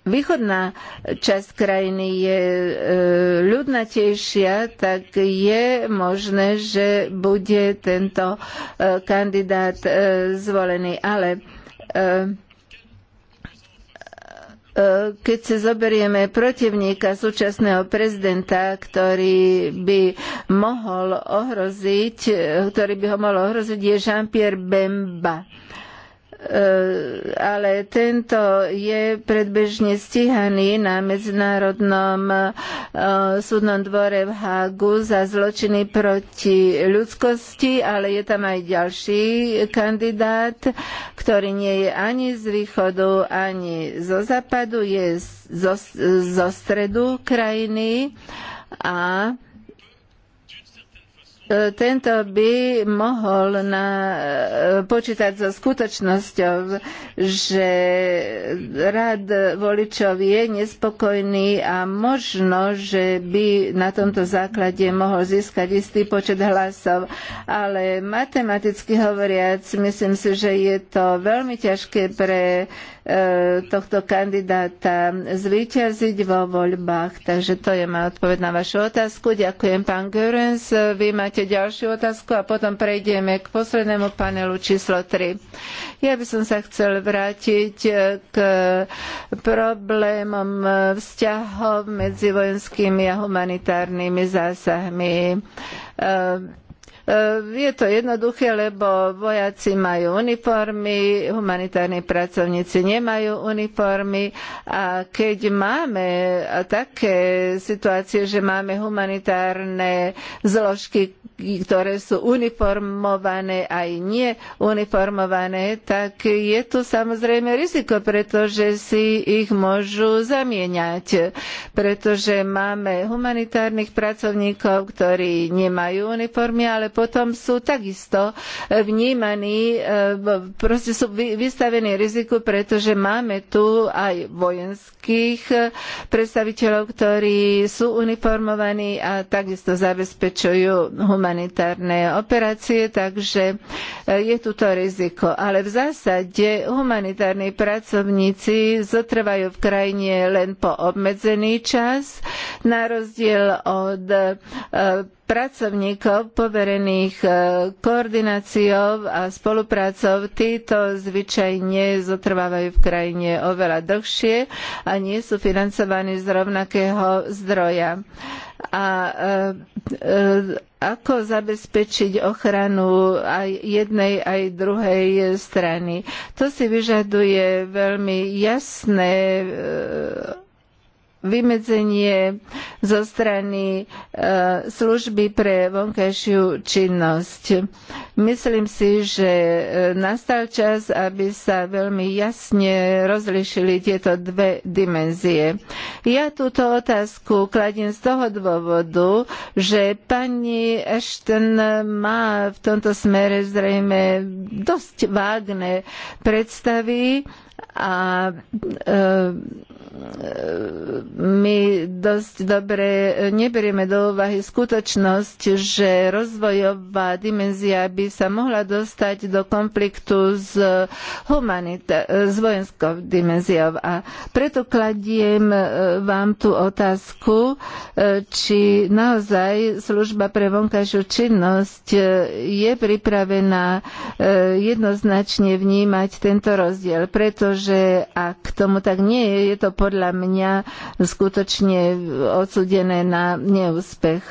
východná časť krajiny je e, ľudnatejšia, tak je možné, že bude tento e, kandidát e, zvolený. Ale keď sa zoberieme protivníka súčasného prezidenta, ktorý by mohol ohroziť, ktorý by ho mohol ohroziť, je Jean-Pierre Bemba Eh, ale tento je predbežne stíhaný na Medzinárodnom eh, súdnom dvore v Hágu za zločiny proti ľudskosti, ale je tam aj ďalší kandidát, ktorý nie je ani z východu, ani zo západu, je zo, zo stredu krajiny a tento by mohol na, e, počítať so skutočnosťou, že rad voličov je nespokojný a možno, že by na tomto základe mohol získať istý počet hlasov. Ale matematicky hovoriac, myslím si, že je to veľmi ťažké pre E, tohto kandidáta zvíťaziť vo voľbách. Takže to je moja odpoveď na vašu otázku. Ďakujem, pán Görens. Vy máte ďalšiu otázku a potom prejdeme k poslednému panelu číslo 3. Ja by som sa chcel vrátiť k problémom vzťahov medzi vojenskými a humanitárnymi zásahmi e, Eh, je to jednoduché, lebo vojaci majú uniformy, humanitárni pracovníci nemajú uniformy a keď máme také situácie, že máme humanitárne zložky, ktoré sú uniformované aj neuniformované, tak je tu samozrejme riziko, pretože si ich môžu zamieňať. Pretože máme humanitárnych pracovníkov, ktorí nemajú uniformy, ale potom sú takisto vnímaní, e, proste sú vystavení riziku, pretože máme tu aj vojenských e, predstaviteľov, ktorí sú uniformovaní a takisto zabezpečujú humanitárne humanitárne operácie, takže e, je tu to riziko. Ale v zásade humanitárni pracovníci zotrvajú v krajine len po obmedzený čas, na rozdiel od e, pracovníkov poverených e, koordináciou a spoluprácou, títo zvyčajne zotrvávajú v krajine oveľa dlhšie a nie sú financovaní z rovnakého zdroja a e, e, ako zabezpečiť ochranu aj jednej, aj druhej strany. To si vyžaduje veľmi jasné e, vymedzenie zo strany e, služby pre vonkajšiu činnosť. Myslím si, že e, nastal čas, aby sa veľmi jasne rozlišili tieto dve dimenzie. Ja túto otázku kladiem z toho dôvodu, že pani Ashton má v tomto smere zrejme dosť vágne predstavy, a e, e, my dosť dobre neberieme do úvahy skutočnosť, že rozvojová dimenzia by sa mohla dostať do konfliktu s, humanita- s vojenskou dimenziou. A preto kladiem e, vám tú otázku, či naozaj služba pre vonkajšiu činnosť je pripravená jednoznačne vnímať tento rozdiel. Preto pretože ak tomu tak nie je, je to podľa mňa skutočne odsudené na neúspech.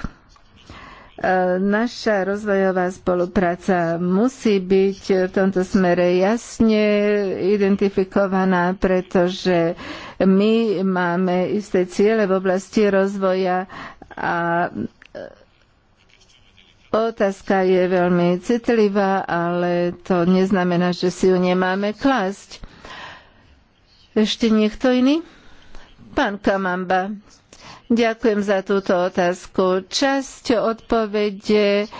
Naša rozvojová spolupráca musí byť v tomto smere jasne identifikovaná, pretože my máme isté ciele v oblasti rozvoja a Otázka je veľmi citlivá, ale to neznamená, že si ju nemáme klásť. Ešte niekto iný? Pán Kamamba. Ďakujem za túto otázku. Časť odpovede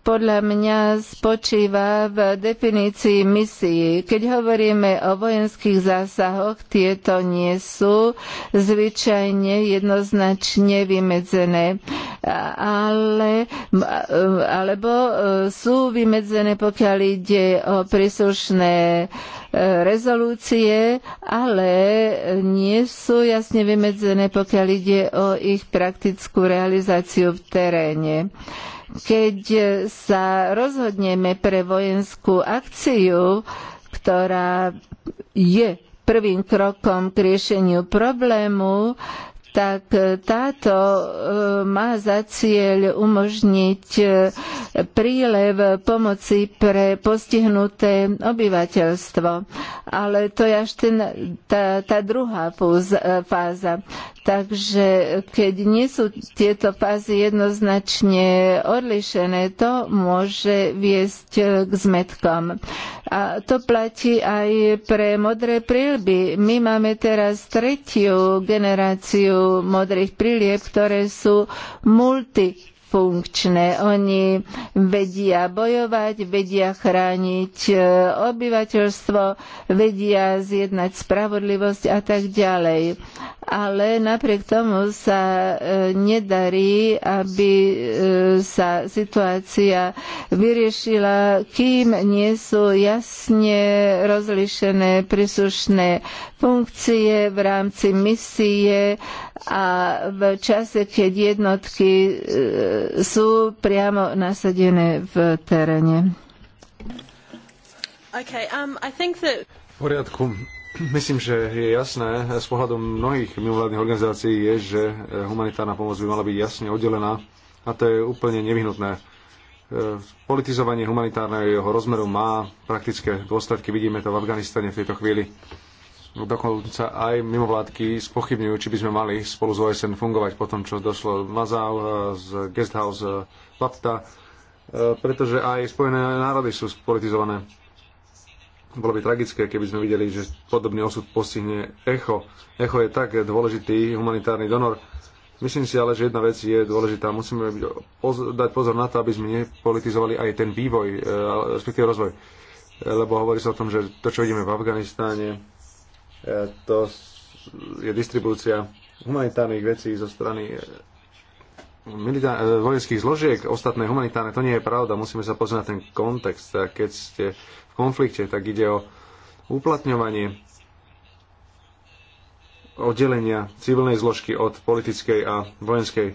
podľa mňa spočíva v definícii misií. Keď hovoríme o vojenských zásahoch, tieto nie sú zvyčajne jednoznačne vymedzené, ale, alebo sú vymedzené, pokiaľ ide o príslušné rezolúcie, ale nie sú jasne vymedzené, pokiaľ ide o ich praktickú realizáciu v teréne keď sa rozhodneme pre vojenskú akciu, ktorá je prvým krokom k riešeniu problému, tak e, táto e, má za cieľ umožniť e, prílev pomoci pre postihnuté obyvateľstvo. Ale to je až ten, tá, tá druhá fáza. Takže keď nie sú tieto fázy jednoznačne odlišené, to môže viesť k zmetkom. A to platí aj pre modré prílby. My máme teraz tretiu generáciu modrých prilieb, ktoré sú multi funkčné. Oni vedia bojovať, vedia chrániť e, obyvateľstvo, vedia zjednať spravodlivosť a tak ďalej. Ale napriek tomu sa e, nedarí, aby e, sa situácia vyriešila, kým nie sú jasne rozlišené príslušné funkcie, v rámci misie a v čase, keď jednotky e, sú priamo nasadené v teréne. Okay, um, I think that... V poriadku. Myslím, že je jasné z pohľadom mnohých mimovládnych organizácií je, že humanitárna pomoc by mala byť jasne oddelená a to je úplne nevyhnutné. E, politizovanie humanitárneho jeho rozmeru má praktické dôsledky. Vidíme to v Afganistane v tejto chvíli dokonca aj mimovládky spochybňujú, či by sme mali spolu s OSN fungovať po tom, čo došlo Mazau eh, z Guesthouse Lapta, eh, eh, pretože aj Spojené národy sú spolitizované. Bolo by tragické, keby sme videli, že podobný osud postihne ECHO. ECHO je tak dôležitý humanitárny donor. Myslím si ale, že jedna vec je dôležitá. Musíme dať pozor na to, aby sme nepolitizovali aj ten vývoj, respektíve rozvoj. Lebo hovorí sa o tom, že to, čo vidíme v Afganistáne, E, to je distribúcia humanitárnych vecí zo strany e, e, vojenských zložiek, ostatné humanitárne, to nie je pravda, musíme sa pozrieť na ten kontext. A keď ste v konflikte, tak ide o uplatňovanie oddelenia civilnej zložky od politickej a vojenskej.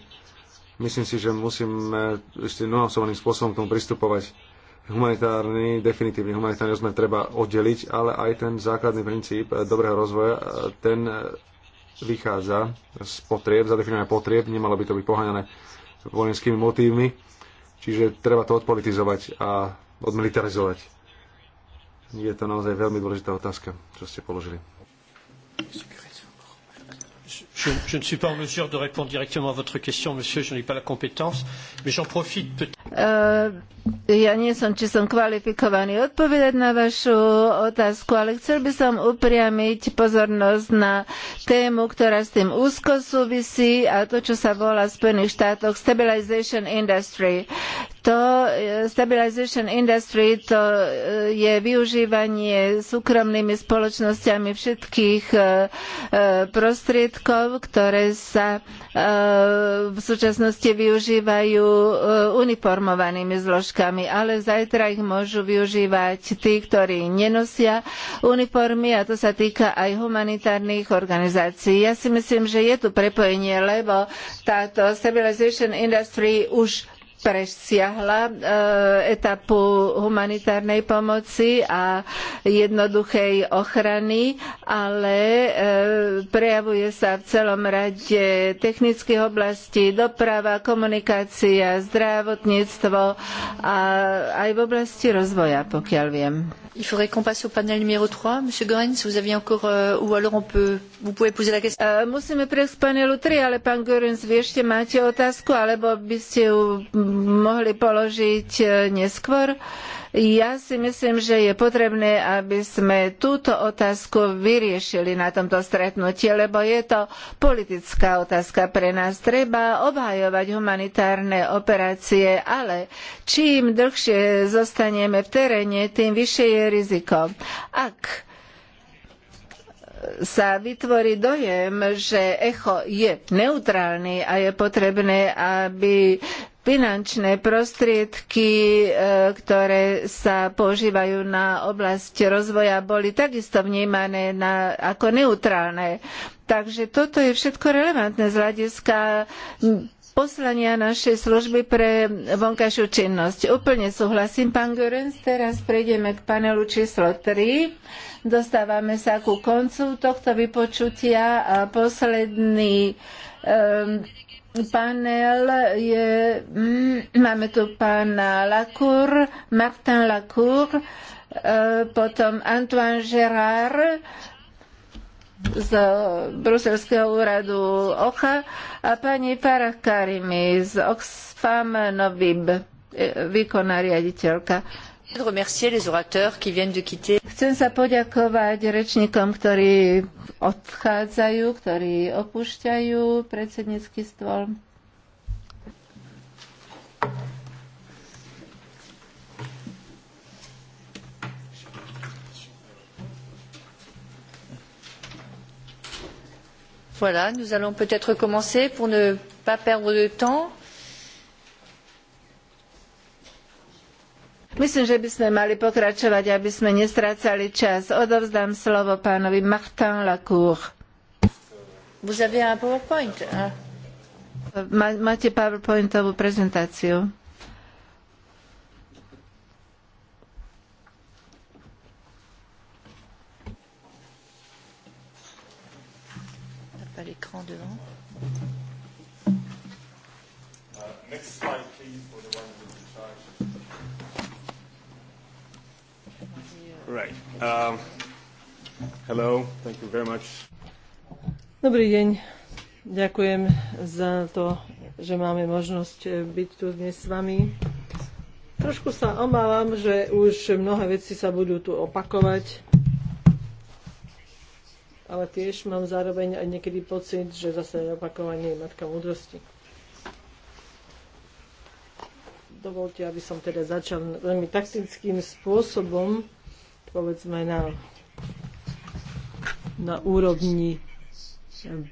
Myslím si, že musíme ešte nuansovaným spôsobom k tomu pristupovať humanitárny, definitívny humanitárny rozmer treba oddeliť, ale aj ten základný princíp dobrého rozvoja, ten vychádza z potrieb, zadefinovania potrieb, nemalo by to byť poháňané vojenskými motívmi, čiže treba to odpolitizovať a odmilitarizovať. Je to naozaj veľmi dôležitá otázka, čo ste položili. Je, je ne suis pas en mesure de répondre directement à votre question, monsieur, je n'ai pas la compétence, mais j'en profite peut-être. Uh, ja nie som, či som kvalifikovaný odpovedať na vašu otázku, ale chcel by som upriamiť pozornosť na tému, ktorá s tým úzko súvisí a to, čo sa volá v Spojených štátoch Stabilization Industry. To e, Stabilization Industry to e, je využívanie súkromnými spoločnosťami všetkých e, prostriedkov, ktoré sa v súčasnosti využívajú uniformovanými zložkami, ale zajtra ich môžu využívať tí, ktorí nenosia uniformy a to sa týka aj humanitárnych organizácií. Ja si myslím, že je tu prepojenie, lebo táto Stabilization Industry už presiahla e, etapu humanitárnej pomoci a jednoduchej ochrany, ale e, prejavuje sa v celom rade technických oblastí, doprava, komunikácia, zdravotníctvo a aj v oblasti rozvoja, pokiaľ viem. Il faudrait qu'on passe au panel numéro 3. Monsieur Goren, si vous aviez encore, euh, ou alors on peut, vous pouvez poser la question. Uh, musíme prejsť k panelu 3, ale pán Goren, vy ešte máte otázku, alebo by ste ju mohli položiť e, neskôr. Ja si myslím, že je potrebné, aby sme túto otázku vyriešili na tomto stretnutí, lebo je to politická otázka pre nás. Treba obhajovať humanitárne operácie, ale čím dlhšie zostaneme v teréne, tým vyššie je riziko. Ak sa vytvorí dojem, že echo je neutrálny a je potrebné, aby finančné prostriedky, e, ktoré sa používajú na oblasť rozvoja, boli takisto vnímané na, ako neutrálne. Takže toto je všetko relevantné z hľadiska poslania našej služby pre vonkajšiu činnosť. Úplne súhlasím, pán Görens. Teraz prejdeme k panelu číslo 3. Dostávame sa ku koncu tohto vypočutia a posledný um, panel je, mm, máme tu pána Lacour, Martin Lacour, e, potom Antoine Gérard z Bruselského úradu OCHA a pani Farah Karimi z Oxfam Novib, e, výkonná riaditeľka. Chcem sa poďakovať rečníkom, ktorí odchádzajú, ktorí opúšťajú predsednícky stôl. Voilà, nous allons peut-être commencer pour ne pas perdre de temps. Myslím, že by sme mali pokračovať, aby sme nestrácali čas. Odovzdám slovo pánovi Martin Lacour. Vous avez un PowerPoint? máte PowerPointovú prezentáciu. l'écran devant. Um, Dobrý deň. Ďakujem za to, že máme možnosť eh, byť tu dnes s vami. Trošku sa obávam, že už mnohé veci sa budú tu opakovať, ale tiež mám zároveň aj niekedy pocit, že zase opakovanie je matka múdrosti. Dovolte, aby som teda začal veľmi taktickým spôsobom, povedzme na, na úrovni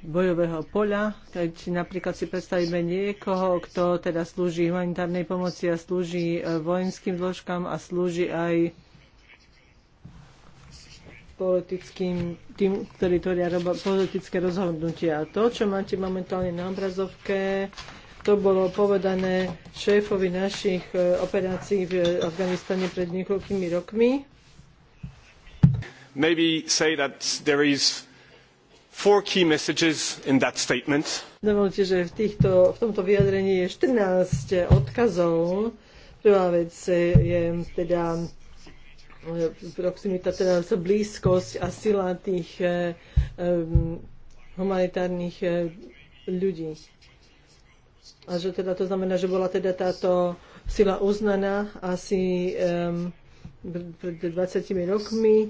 bojového poľa. Či napríklad si predstavíme niekoho, kto teda slúži humanitárnej pomoci a slúži e, vojenským zložkám a slúži aj politickým, tým, ktorí tvoria politické rozhodnutia. To, čo máte momentálne na obrazovke, to bolo povedané šéfovi našich e, operácií v Afganistane pred niekoľkými rokmi maybe say that there is four key messages in that statement. Dovolte, že v, týchto, v tomto vyjadrení je 14 odkazov. Prvá vec je teda eh, proximita, teda blízkosť a sila tých um, humanitárnych ľudí. A že teda to znamená, že bola teda táto sila uznaná asi um, pred 20 rokmi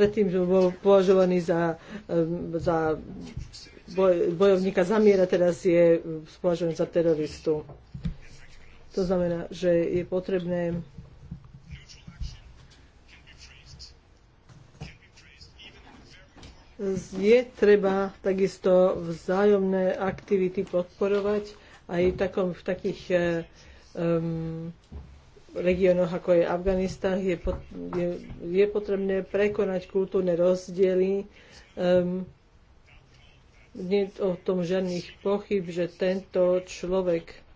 predtým bol považovaný za, za boj, bojovníka za mier a teraz je považovaný za teroristu. To znamená, že je potrebné je treba takisto vzájomné aktivity podporovať aj v, takom, v takých um, regiónoch, ako je Afganistan, je, pot, je, je potrebné prekonať kultúrne rozdiely. Um, nie je o tom žiadnych pochyb, že tento človek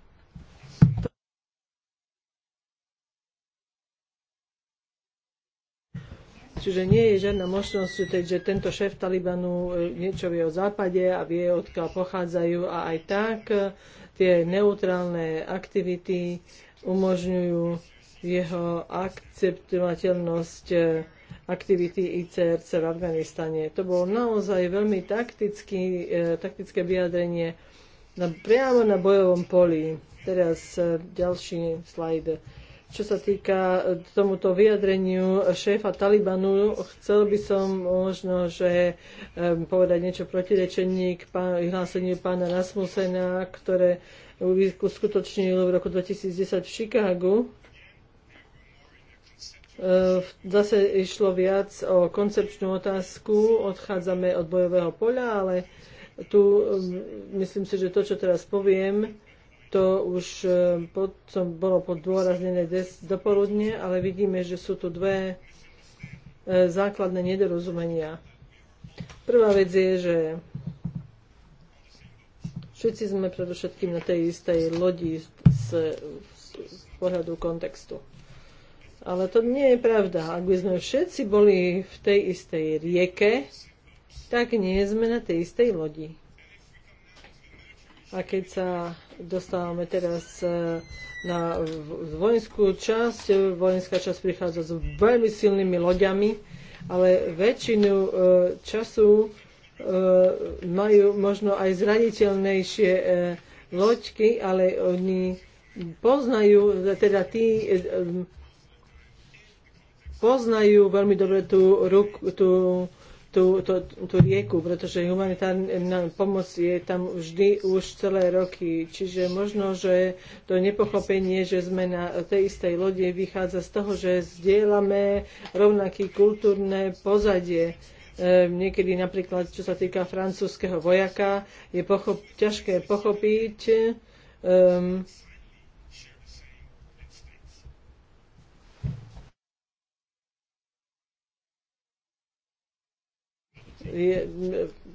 Čiže nie je žiadna možnosť, že tento šéf Talibanu e, niečo vie o západe a vie, odkiaľ pochádzajú a aj tak e, tie neutrálne aktivity umožňujú jeho akceptovateľnosť eh, aktivity ICRC v Afganistane. To bolo naozaj veľmi taktický, eh, taktické vyjadrenie na, priamo na bojovom poli. Teraz eh, ďalší slajd. Čo sa týka tomuto vyjadreniu šéfa Talibanu, chcel by som možno, že povedať niečo protirečení k pán, vyhláseniu pána Rasmusena, ktoré uskutočnil v roku 2010 v Chicagu. E, zase išlo viac o koncepčnú otázku, odchádzame od bojového poľa, ale tu myslím si, že to, čo teraz poviem, to už e, pod, som, bolo poddôraznené dnes dopoludne, ale vidíme, že sú tu dve e, základné nedorozumenia. Prvá vec je, že Všetci sme predovšetkým na tej istej lodi z, z, z pohľadu kontextu. Ale to nie je pravda. Ak by sme všetci boli v tej istej rieke, tak nie sme na tej istej lodi. A keď sa dostávame teraz e, na vojenskú časť, vojenská časť prichádza s veľmi silnými loďami, ale väčšinu e, času E, majú možno aj zraniteľnejšie e, loďky, ale oni poznajú, teda tí e, poznajú veľmi dobre tú, tú, tú, tú, tú rieku, pretože humanitárna pomoc je tam vždy už celé roky. Čiže možno, že to nepochopenie, že sme na tej istej lode, vychádza z toho, že zdieľame rovnaké kultúrne pozadie. E, niekedy napríklad, čo sa týka francúzského vojaka, je pochop, ťažké pochopiť, um, je,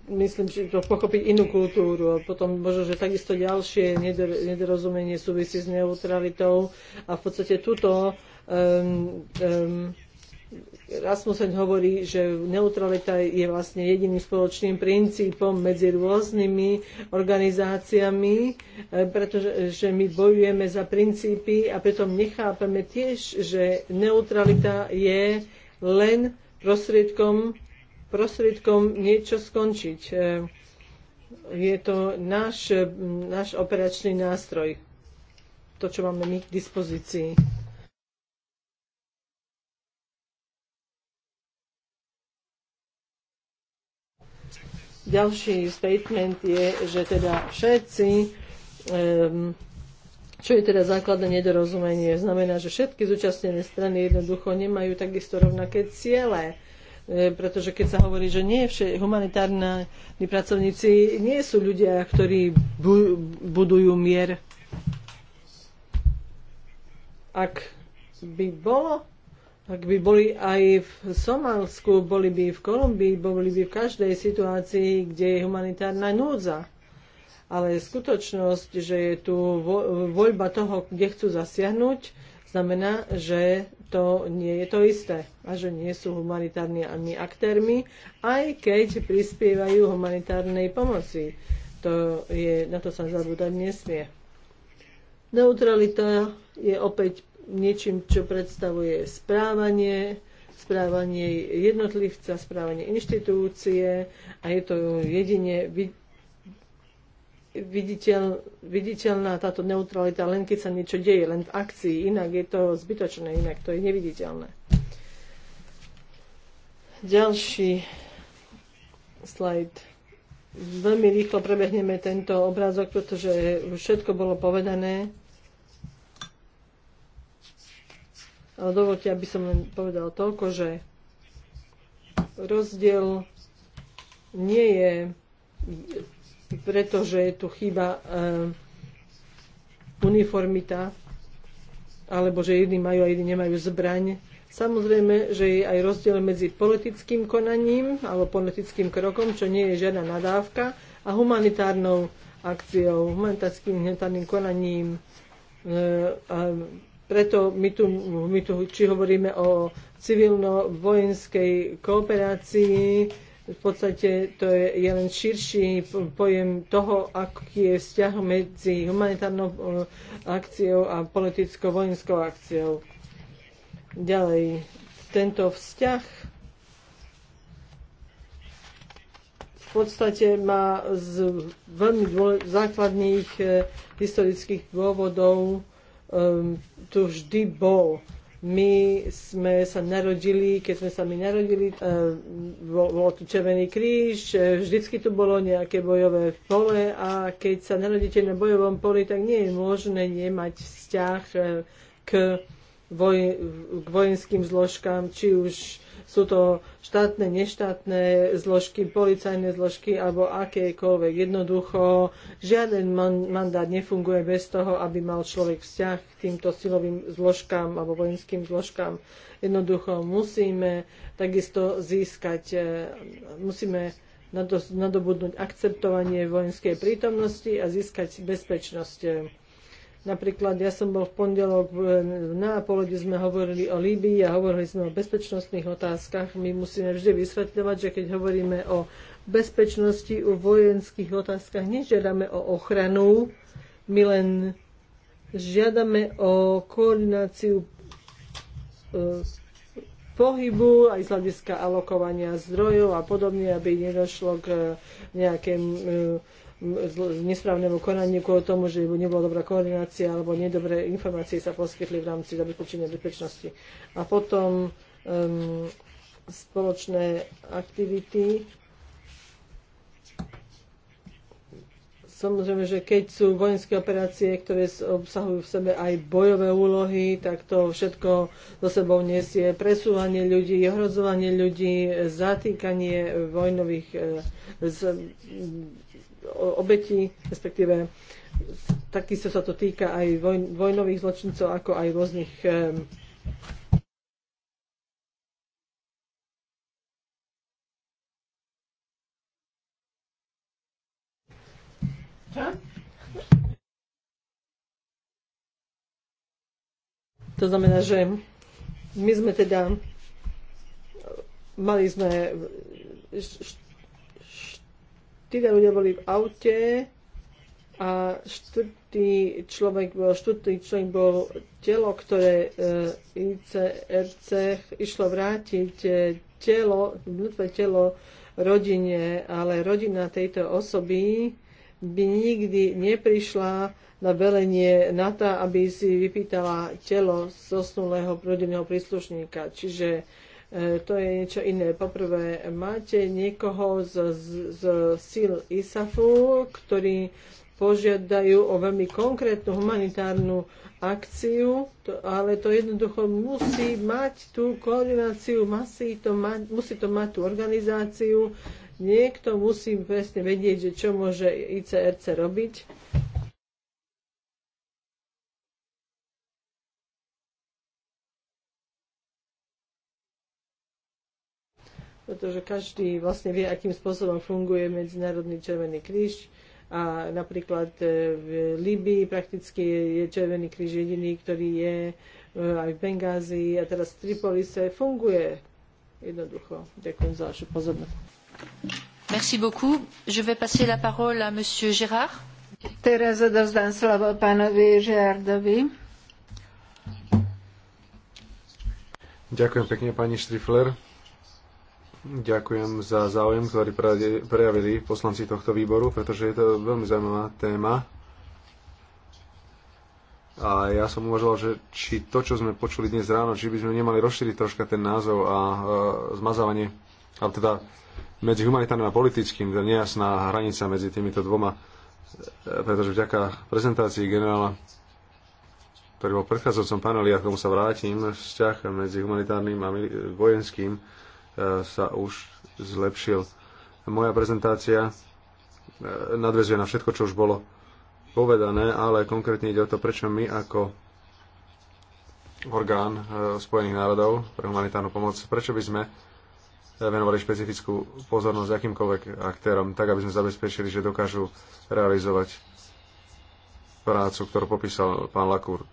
myslím, že to pochopiť inú kultúru. A potom možno, že takisto ďalšie nedorozumenie súvisí s neutralitou a v podstate túto um, ehm, um, ehm, Rasmussen hovorí, že neutralita je vlastne jediným spoločným princípom medzi rôznymi organizáciami, e, pretože že my bojujeme za princípy a preto nechápame tiež, že neutralita je len prostriedkom, prostriedkom niečo skončiť. E, je to náš, náš operačný nástroj, to, čo máme my k dispozícii. Ďalší statement je, že teda všetci čo je teda základné nedorozumenie. Znamená, že všetky zúčastnené strany jednoducho nemajú takisto rovnaké ciele. E, pretože keď sa hovorí, že nie vše, humanitárni pracovníci nie sú ľudia, ktorí bu- budujú mier. Ak by bolo ak by boli aj v Somálsku, boli by v Kolumbii, boli by v každej situácii, kde je humanitárna núdza. Ale skutočnosť, že je tu voľba toho, kde chcú zasiahnuť, znamená, že to nie je to isté a že nie sú humanitárnymi aktérmi, aj keď prispievajú humanitárnej pomoci. To je, na to sa zabúdať nesmie. Neutralita je opäť niečím, čo predstavuje správanie, správanie jednotlivca, správanie inštitúcie a je to jedine viditeľ, viditeľná táto neutralita, len keď sa niečo deje, len v akcii, inak je to zbytočné, inak to je neviditeľné. Ďalší slajd. Veľmi rýchlo prebehneme tento obrázok, pretože všetko bolo povedané. Ale dovolte, aby som len povedal toľko, že rozdiel nie je preto, že je tu chyba eh, uniformita, alebo že jedni majú a jedni nemajú zbraň. Samozrejme, že je aj rozdiel medzi politickým konaním alebo politickým krokom, čo nie je žiadna nadávka, a humanitárnou akciou, humanitárským, humanitárnym konaním, eh, preto my tu, my tu či hovoríme o civilno-vojenskej kooperácii, v podstate to je, je len širší pojem toho, aký je vzťah medzi humanitárnou eh, akciou a politickou vojenskou akciou. Ďalej, tento vzťah v podstate má z veľmi dôle, základných e, historických dôvodov um, ehm, tu vždy bol. My sme sa narodili, keď sme sa my narodili, eh, bol, bol tu Červený kríž, eh, vždycky tu bolo nejaké bojové pole a keď sa narodíte na bojovom poli, tak nie je možné nemať vzťah eh, k, voj, k vojenským zložkám, či už sú to štátne, neštátne zložky, policajné zložky alebo akékoľvek. Jednoducho žiaden man- mandát nefunguje bez toho, aby mal človek vzťah k týmto silovým zložkám alebo vojenským zložkám. Jednoducho musíme takisto získať, e, musíme nadobudnúť akceptovanie vojenskej prítomnosti a získať bezpečnosť Napríklad ja som bol v pondelok v e, Nápole, kde sme hovorili o Líbii a hovorili sme o bezpečnostných otázkach. My musíme vždy vysvetľovať, že keď hovoríme o bezpečnosti, o vojenských otázkach, nežiadame o ochranu, my len žiadame o koordináciu e, pohybu, aj z hľadiska alokovania zdrojov a podobne, aby nedošlo k nejakému e, nesprávnemu konaniu kvôli tomu, že nebola dobrá koordinácia alebo nedobré informácie sa poskytli v rámci zabezpečenia bezpečnosti. A potom um, spoločné aktivity. Samozrejme, že keď sú vojenské operácie, ktoré obsahujú v sebe aj bojové úlohy, tak to všetko so sebou nesie presúvanie ľudí, ohrozovanie ľudí, zatýkanie vojnových eh, z, obeti, respektíve takisto sa to týka aj vojn, vojnových zločincov, ako aj rôznych um, To znamená, že my sme teda mali sme Títo ľudia boli v aute a štvrtý človek bol, štvrtý človek bol telo, ktoré e, ICRC išlo vrátiť e, telo, mŕtve telo rodine, ale rodina tejto osoby by nikdy neprišla na velenie na to, aby si vypýtala telo zosnulého rodinného príslušníka. Čiže E, to je niečo iné. Poprvé, máte niekoho z, z, z síl ISAFu, ktorí požiadajú o veľmi konkrétnu humanitárnu akciu, to, ale to jednoducho musí mať tú koordináciu, musí to mať, musí to mať tú organizáciu. Niekto musí presne vedieť, že čo môže ICRC robiť pretože každý vlastne vie, akým spôsobom funguje Medzinárodný Červený kríž. A napríklad e, v Libii prakticky je Červený kríž jediný, ktorý je e, aj v Bengázii a teraz v Tripolise funguje. Jednoducho. Ďakujem za vašu pozornosť. Merci beaucoup. Je vais passer la parole à monsieur Gérard. Teraz odovzdám slovo pánovi Gérardovi. Ďakujem pekne, pani Štrifler. Ďakujem za záujem, ktorý prejavili poslanci tohto výboru, pretože je to veľmi zaujímavá téma. A ja som uvažoval, že či to, čo sme počuli dnes ráno, či by sme nemali rozšíriť troška ten názov a e, zmazávanie, ale teda medzi humanitárnym a politickým, to teda nejasná hranica medzi týmito dvoma, e, pretože vďaka prezentácii generála, ktorý bol v predchádzajúcom paneli, a k tomu sa vrátim, vzťah medzi humanitárnym a vojenským, sa už zlepšil. Moja prezentácia e, nadvezuje na všetko, čo už bolo povedané, ale konkrétne ide o to, prečo my ako orgán e, Spojených národov pre humanitárnu pomoc, prečo by sme venovali špecifickú pozornosť akýmkoľvek aktérom, tak aby sme zabezpečili, že dokážu realizovať prácu, ktorú popísal pán Lakúr.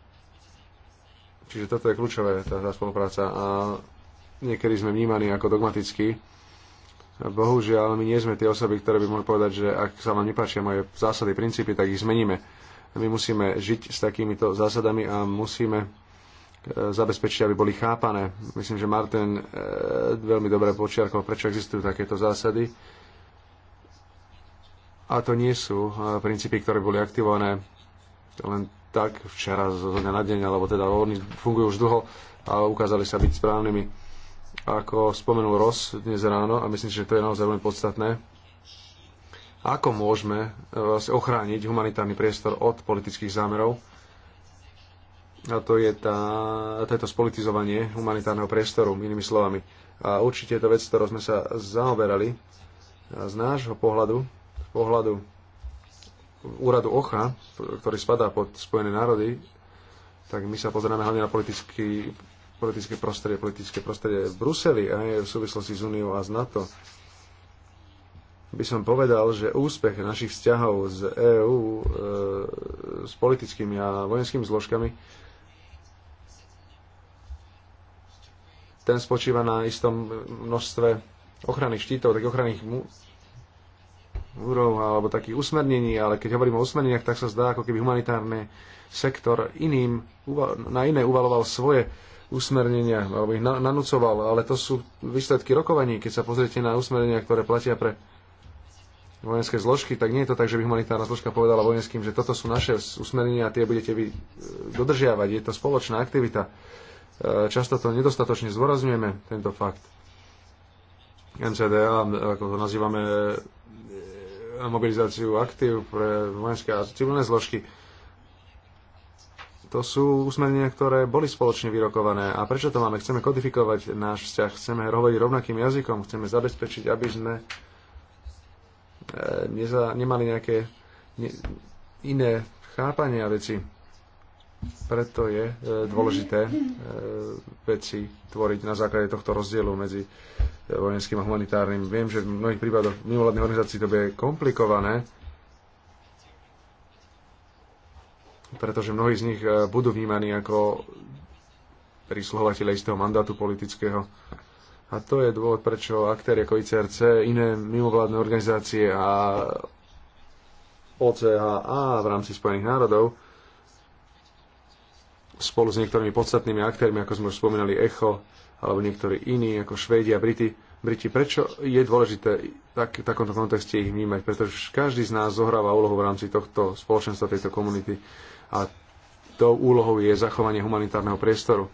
Čiže toto je kľúčové, tá, tá spolupráca. A niekedy sme vnímaní ako dogmatickí. Bohužiaľ, my nie sme tie osoby, ktoré by mohli povedať, že ak sa vám nepáčia moje zásady, princípy, tak ich zmeníme. My musíme žiť s takýmito zásadami a musíme e, zabezpečiť, aby boli chápané. Myslím, že Martin e, veľmi dobre počiarkol, prečo existujú takéto zásady. A to nie sú e, princípy, ktoré boli aktivované len tak včera zo dňa na deň, alebo teda oni fungujú už dlho a ukázali sa byť správnymi ako spomenul Ross dnes ráno, a myslím, že to je naozaj veľmi podstatné, ako môžeme e, vlastne ochrániť humanitárny priestor od politických zámerov. A to je tá, toto spolitizovanie humanitárneho priestoru, inými slovami. A určite je to vec, ktorou sme sa zaoberali z nášho pohľadu, z pohľadu úradu OCHA, ktorý spadá pod Spojené národy, tak my sa pozeráme hlavne na politický politické prostredie, politické prostredie v Bruseli a aj v súvislosti s Uniou a s NATO, by som povedal, že úspech našich vzťahov z EÚ e, s politickými a vojenskými zložkami ten spočíva na istom množstve ochranných štítov, tak ochranných úrov alebo takých usmernení, ale keď hovorím o usmerneniach, tak sa zdá, ako keby humanitárny sektor iným, na iné uvaloval svoje usmernenia, alebo ich na, nanúcoval, ale to sú výsledky rokovaní. Keď sa pozriete na usmernenia, ktoré platia pre vojenské zložky, tak nie je to tak, že by humanitárna zložka povedala vojenským, že toto sú naše usmernenia a tie budete vy e, dodržiavať. Je to spoločná aktivita. E, často to nedostatočne zdôrazňujeme, tento fakt. NCDA, ako to nazývame, e, mobilizáciu aktív pre vojenské a civilné zložky to sú usmernenia, ktoré boli spoločne vyrokované. A prečo to máme? Chceme kodifikovať náš vzťah, chceme hovoriť rovnakým jazykom, chceme zabezpečiť, aby sme e, neza, nemali nejaké ne, iné chápania veci. Preto je e, dôležité e, veci tvoriť na základe tohto rozdielu medzi e, vojenským a humanitárnym. Viem, že v mnohých prípadoch mimovládnych organizácií to bude komplikované, pretože mnohí z nich e, budú vnímaní ako prísluhovateľe istého mandátu politického. A to je dôvod, prečo aktéry ako ICRC, iné mimovládne organizácie a OCHA v rámci Spojených národov spolu s niektorými podstatnými aktérmi, ako sme už spomínali, ECHO alebo niektorí iní, ako Švédi a Briti, Briti, prečo je dôležité tak, v takomto kontexte ich vnímať? Pretože každý z nás zohráva úlohu v rámci tohto spoločenstva, tejto komunity a tou úlohou je zachovanie humanitárneho priestoru.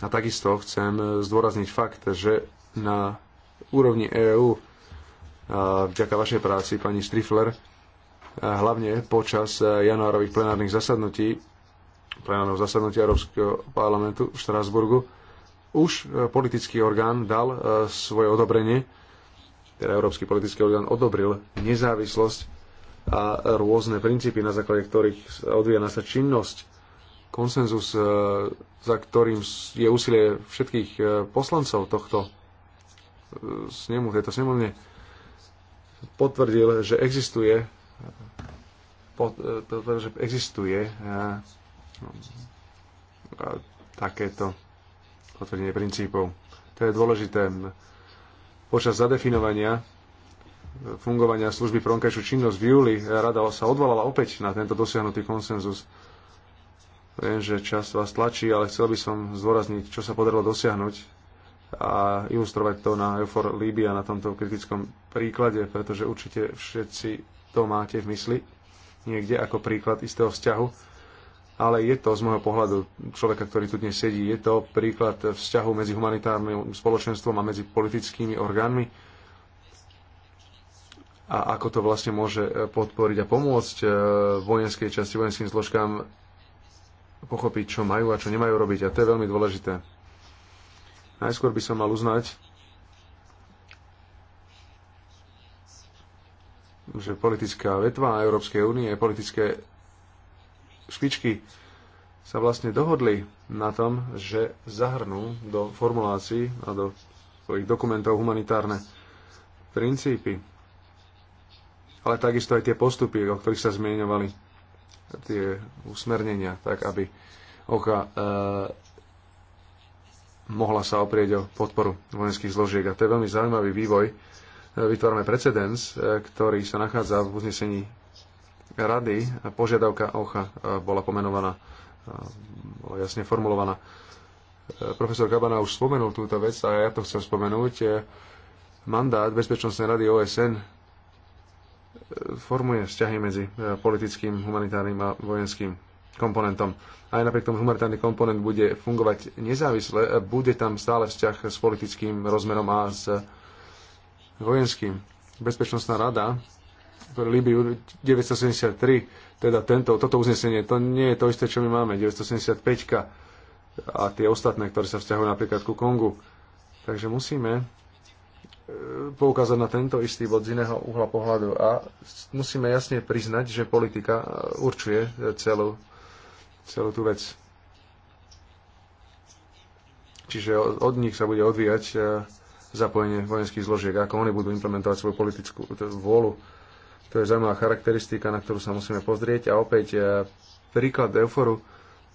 A takisto chcem zdôrazniť fakt, že na úrovni EÚ vďaka vašej práci, pani Strifler, hlavne počas januárových plenárnych zasadnutí, plenárneho zasadnutia Európskeho parlamentu v Štrásburgu, už politický orgán dal e, svoje odobrenie, teda Európsky politický orgán odobril nezávislosť a rôzne princípy, na základe ktorých odvíja naša činnosť. Konsenzus, e, za ktorým je úsilie všetkých e, poslancov tohto e, snemu, tejto snemovne, potvrdil, že existuje potvrdil, že existuje a, a takéto potvrdenie princípov. To je dôležité. Počas zadefinovania fungovania služby pre vonkajšiu činnosť v júli rada sa odvolala opäť na tento dosiahnutý konsenzus. Viem, že čas vás tlačí, ale chcel by som zdôrazniť, čo sa podarilo dosiahnuť a ilustrovať to na Eufor Líbia na tomto kritickom príklade, pretože určite všetci to máte v mysli niekde ako príklad istého vzťahu. Ale je to z môjho pohľadu človeka, ktorý tu dnes sedí, je to príklad vzťahu medzi humanitárnym spoločenstvom a medzi politickými orgánmi a ako to vlastne môže e, podporiť a pomôcť e, vojenskej časti, vojenským zložkám pochopiť, čo majú a čo nemajú robiť. A to je veľmi dôležité. Najskôr by som mal uznať, že politická vetva Európskej únie, politické špičky sa vlastne dohodli na tom, že zahrnú do formulácií a do svojich dokumentov humanitárne princípy ale takisto aj tie postupy, o ktorých sa zmieňovali, tie usmernenia, tak aby OCHA e, mohla sa oprieť o podporu vojenských zložiek. A to je veľmi zaujímavý vývoj. E, vytvárame precedens, e, ktorý sa nachádza v uznesení rady. Požiadavka OCHA e, bola pomenovaná, bola jasne formulovaná. Profesor Kabana už spomenul túto vec a ja to chcem spomenúť. Mandát Bezpečnostnej rady OSN formuje vzťahy medzi e, politickým, humanitárnym a vojenským komponentom. Aj napriek tomu humanitárny komponent bude fungovať nezávisle, bude tam stále vzťah s politickým rozmerom a s vojenským. Bezpečnostná rada pre Libiu 973, teda tento, toto uznesenie, to nie je to isté, čo my máme, 975 a tie ostatné, ktoré sa vzťahujú napríklad ku Kongu. Takže musíme poukázať na tento istý bod z iného uhla pohľadu a musíme jasne priznať, že politika e, určuje celú, celú tú vec. Čiže od nich sa bude odvíjať e, zapojenie vojenských zložiek, ako oni budú implementovať svoju politickú vôľu. To je zaujímavá charakteristika, na ktorú sa musíme pozrieť. A opäť e, príklad Euforu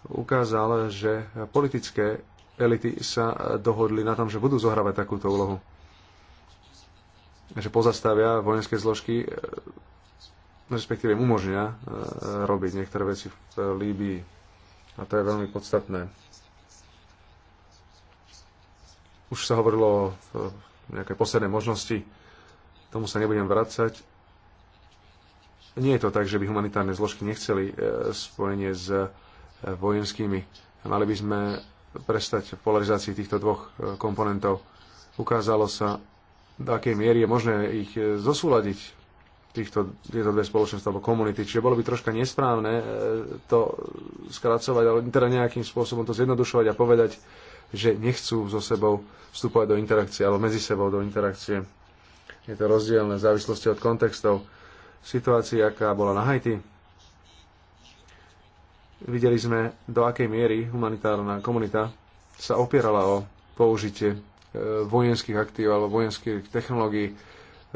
ukázal, že politické elity sa dohodli na tom, že budú zohrávať takúto úlohu že pozastavia vojenské zložky, e, respektíve im umožnia e, robiť niektoré veci v e, Líbii. A to je veľmi podstatné. Už sa hovorilo o nejakej poslednej možnosti, tomu sa nebudem vrácať. Nie je to tak, že by humanitárne zložky nechceli spojenie s vojenskými. Mali by sme prestať v polarizácii týchto dvoch komponentov. Ukázalo sa, do akej miery je možné ich e, zosúľadiť, týchto, tieto dve spoločenstva alebo komunity. Čiže bolo by troška nesprávne e, to skracovať, ale teda nejakým spôsobom to zjednodušovať a povedať, že nechcú so sebou vstupovať do interakcie alebo medzi sebou do interakcie. Je to rozdielne v závislosti od kontextov. Situácia, aká bola na Haiti, videli sme, do akej miery humanitárna komunita sa opierala o použitie E, vojenských aktív alebo vojenských technológií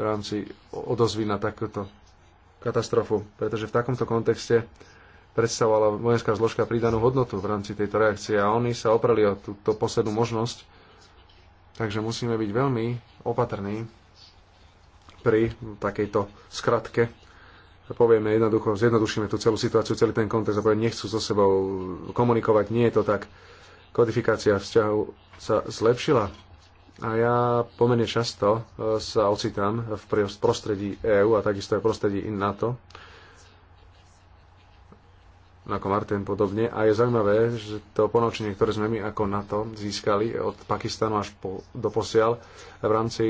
v rámci odozvy na takúto katastrofu. Pretože v takomto kontexte predstavovala vojenská zložka pridanú hodnotu v rámci tejto reakcie a oni sa opreli o túto poslednú možnosť. Takže musíme byť veľmi opatrní pri takejto skratke. Povieme jednoducho, zjednodušíme tú celú situáciu, celý ten kontext a povieme, nechcú so sebou komunikovať, nie je to tak. Kodifikácia vzťahu sa zlepšila, a ja pomerne často e, sa ocitám v prostredí EÚ a takisto aj v prostredí NATO, ako Martin podobne. A je zaujímavé, že to ponaučenie, ktoré sme my ako NATO získali od Pakistanu až po, do posiaľ v rámci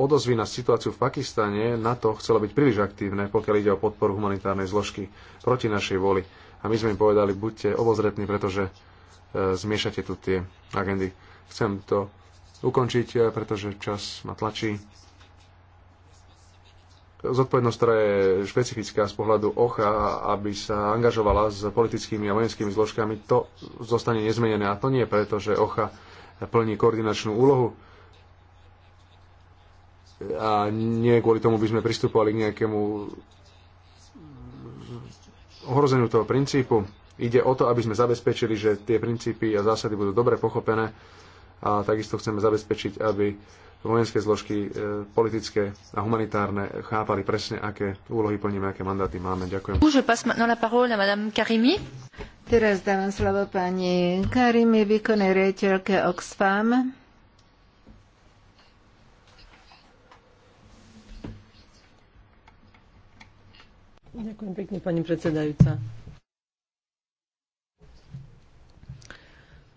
odozvy na situáciu v Pakistane, NATO chcelo byť príliš aktívne, pokiaľ ide o podporu humanitárnej zložky proti našej voli. A my sme im povedali, buďte obozretní, pretože e, zmiešate tu tie agendy. Chcem to ukončiť, eh, pretože čas ma tlačí. Zodpovednosť, ktorá je špecifická z pohľadu OCHA, aby sa angažovala s politickými a vojenskými zložkami, to zostane nezmenené. A to nie preto, že OCHA plní koordinačnú úlohu, a nie kvôli tomu by sme pristupovali k nejakému ohrozeniu toho princípu. Ide o to, aby sme zabezpečili, že tie princípy a zásady budú dobre pochopené a takisto chceme zabezpečiť, aby vojenské zložky e, politické a humanitárne chápali presne, aké úlohy plníme, aké mandáty máme. Ďakujem. Už madame Karimi. Teraz dávam slovo pani Karimi, výkonnej riaditeľke Oxfam. Ďakujem pekne, pani predsedajúca.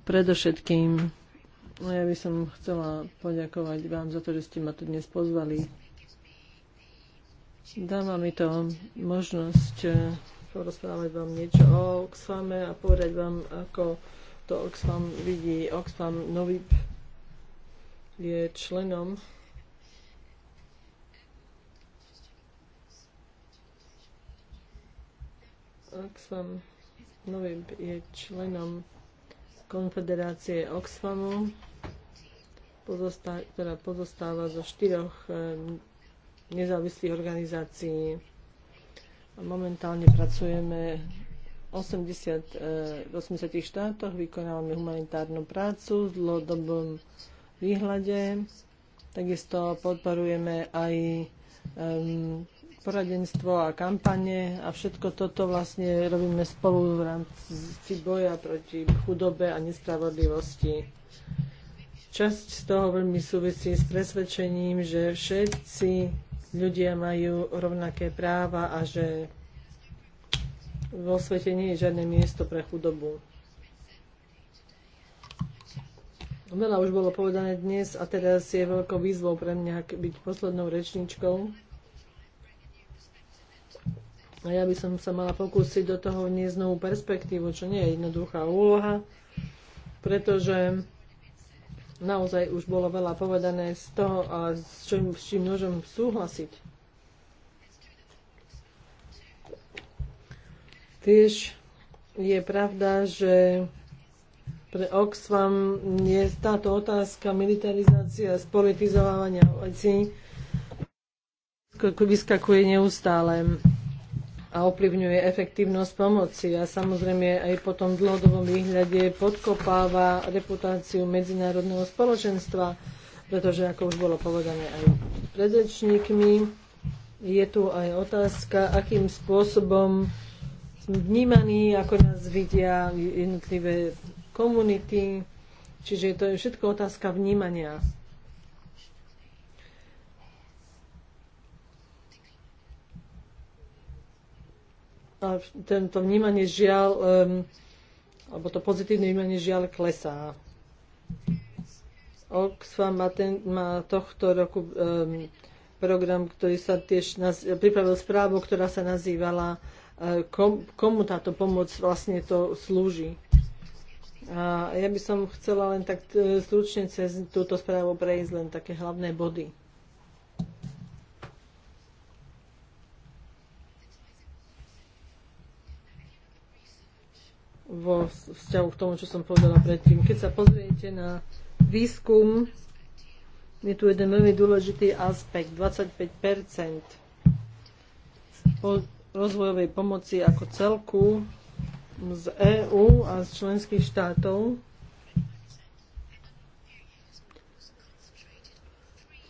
Predovšetkým No ja by som chcela poďakovať vám za to, že ste ma tu dnes pozvali. Dáva mi to možnosť e, porozprávať vám niečo o Oxfame a povedať vám, ako to Oxfam vidí. Oxfam nový je členom Oxfam Novib je členom Konfederácie Oxfamu pozostá, ktorá pozostáva zo štyroch eh, nezávislých organizácií. momentálne pracujeme 80, v 80 eh, štátoch, vykonávame humanitárnu prácu v dlhodobom výhľade. Takisto podporujeme aj poradenstvo a kampane a všetko toto vlastne robíme spolu v rámci boja proti chudobe a nespravodlivosti. Časť z toho veľmi súvisí s presvedčením, že všetci ľudia majú rovnaké práva a že vo svete nie je žiadne miesto pre chudobu. Veľa už bolo povedané dnes a teraz je veľkou výzvou pre mňa byť poslednou rečničkou. A ja by som sa mala pokúsiť do toho vniesť novú perspektívu, čo nie je jednoduchá úloha, pretože Naozaj už bolo veľa povedané z toho, s čím, s čím môžem súhlasiť. Tiež je pravda, že pre Oxfam je táto otázka militarizácia, spolitizovania veci vyskakuje neustále a ovplyvňuje efektívnosť pomoci a samozrejme aj potom v dlhodobom výhľade podkopáva reputáciu medzinárodného spoločenstva, pretože ako už bolo povedané aj predrečníkmi, je tu aj otázka, akým spôsobom sme vnímaní, ako nás vidia jednotlivé komunity, čiže to je všetko otázka vnímania. a tento vnímanie žiaľ, um, alebo to pozitívne vnímanie žiaľ klesá. Oxfam má, ten, má tohto roku um, program, ktorý sa tiež naz, pripravil správu, ktorá sa nazývala uh, kom, komu táto pomoc vlastne to slúži. A ja by som chcela len tak e, stručne cez túto správu prejsť len také hlavné body. vo vzťahu k tomu, čo som povedala predtým. Keď sa pozriete na výskum, je tu jeden veľmi dôležitý aspekt, 25 po rozvojovej pomoci ako celku z EÚ a z členských štátov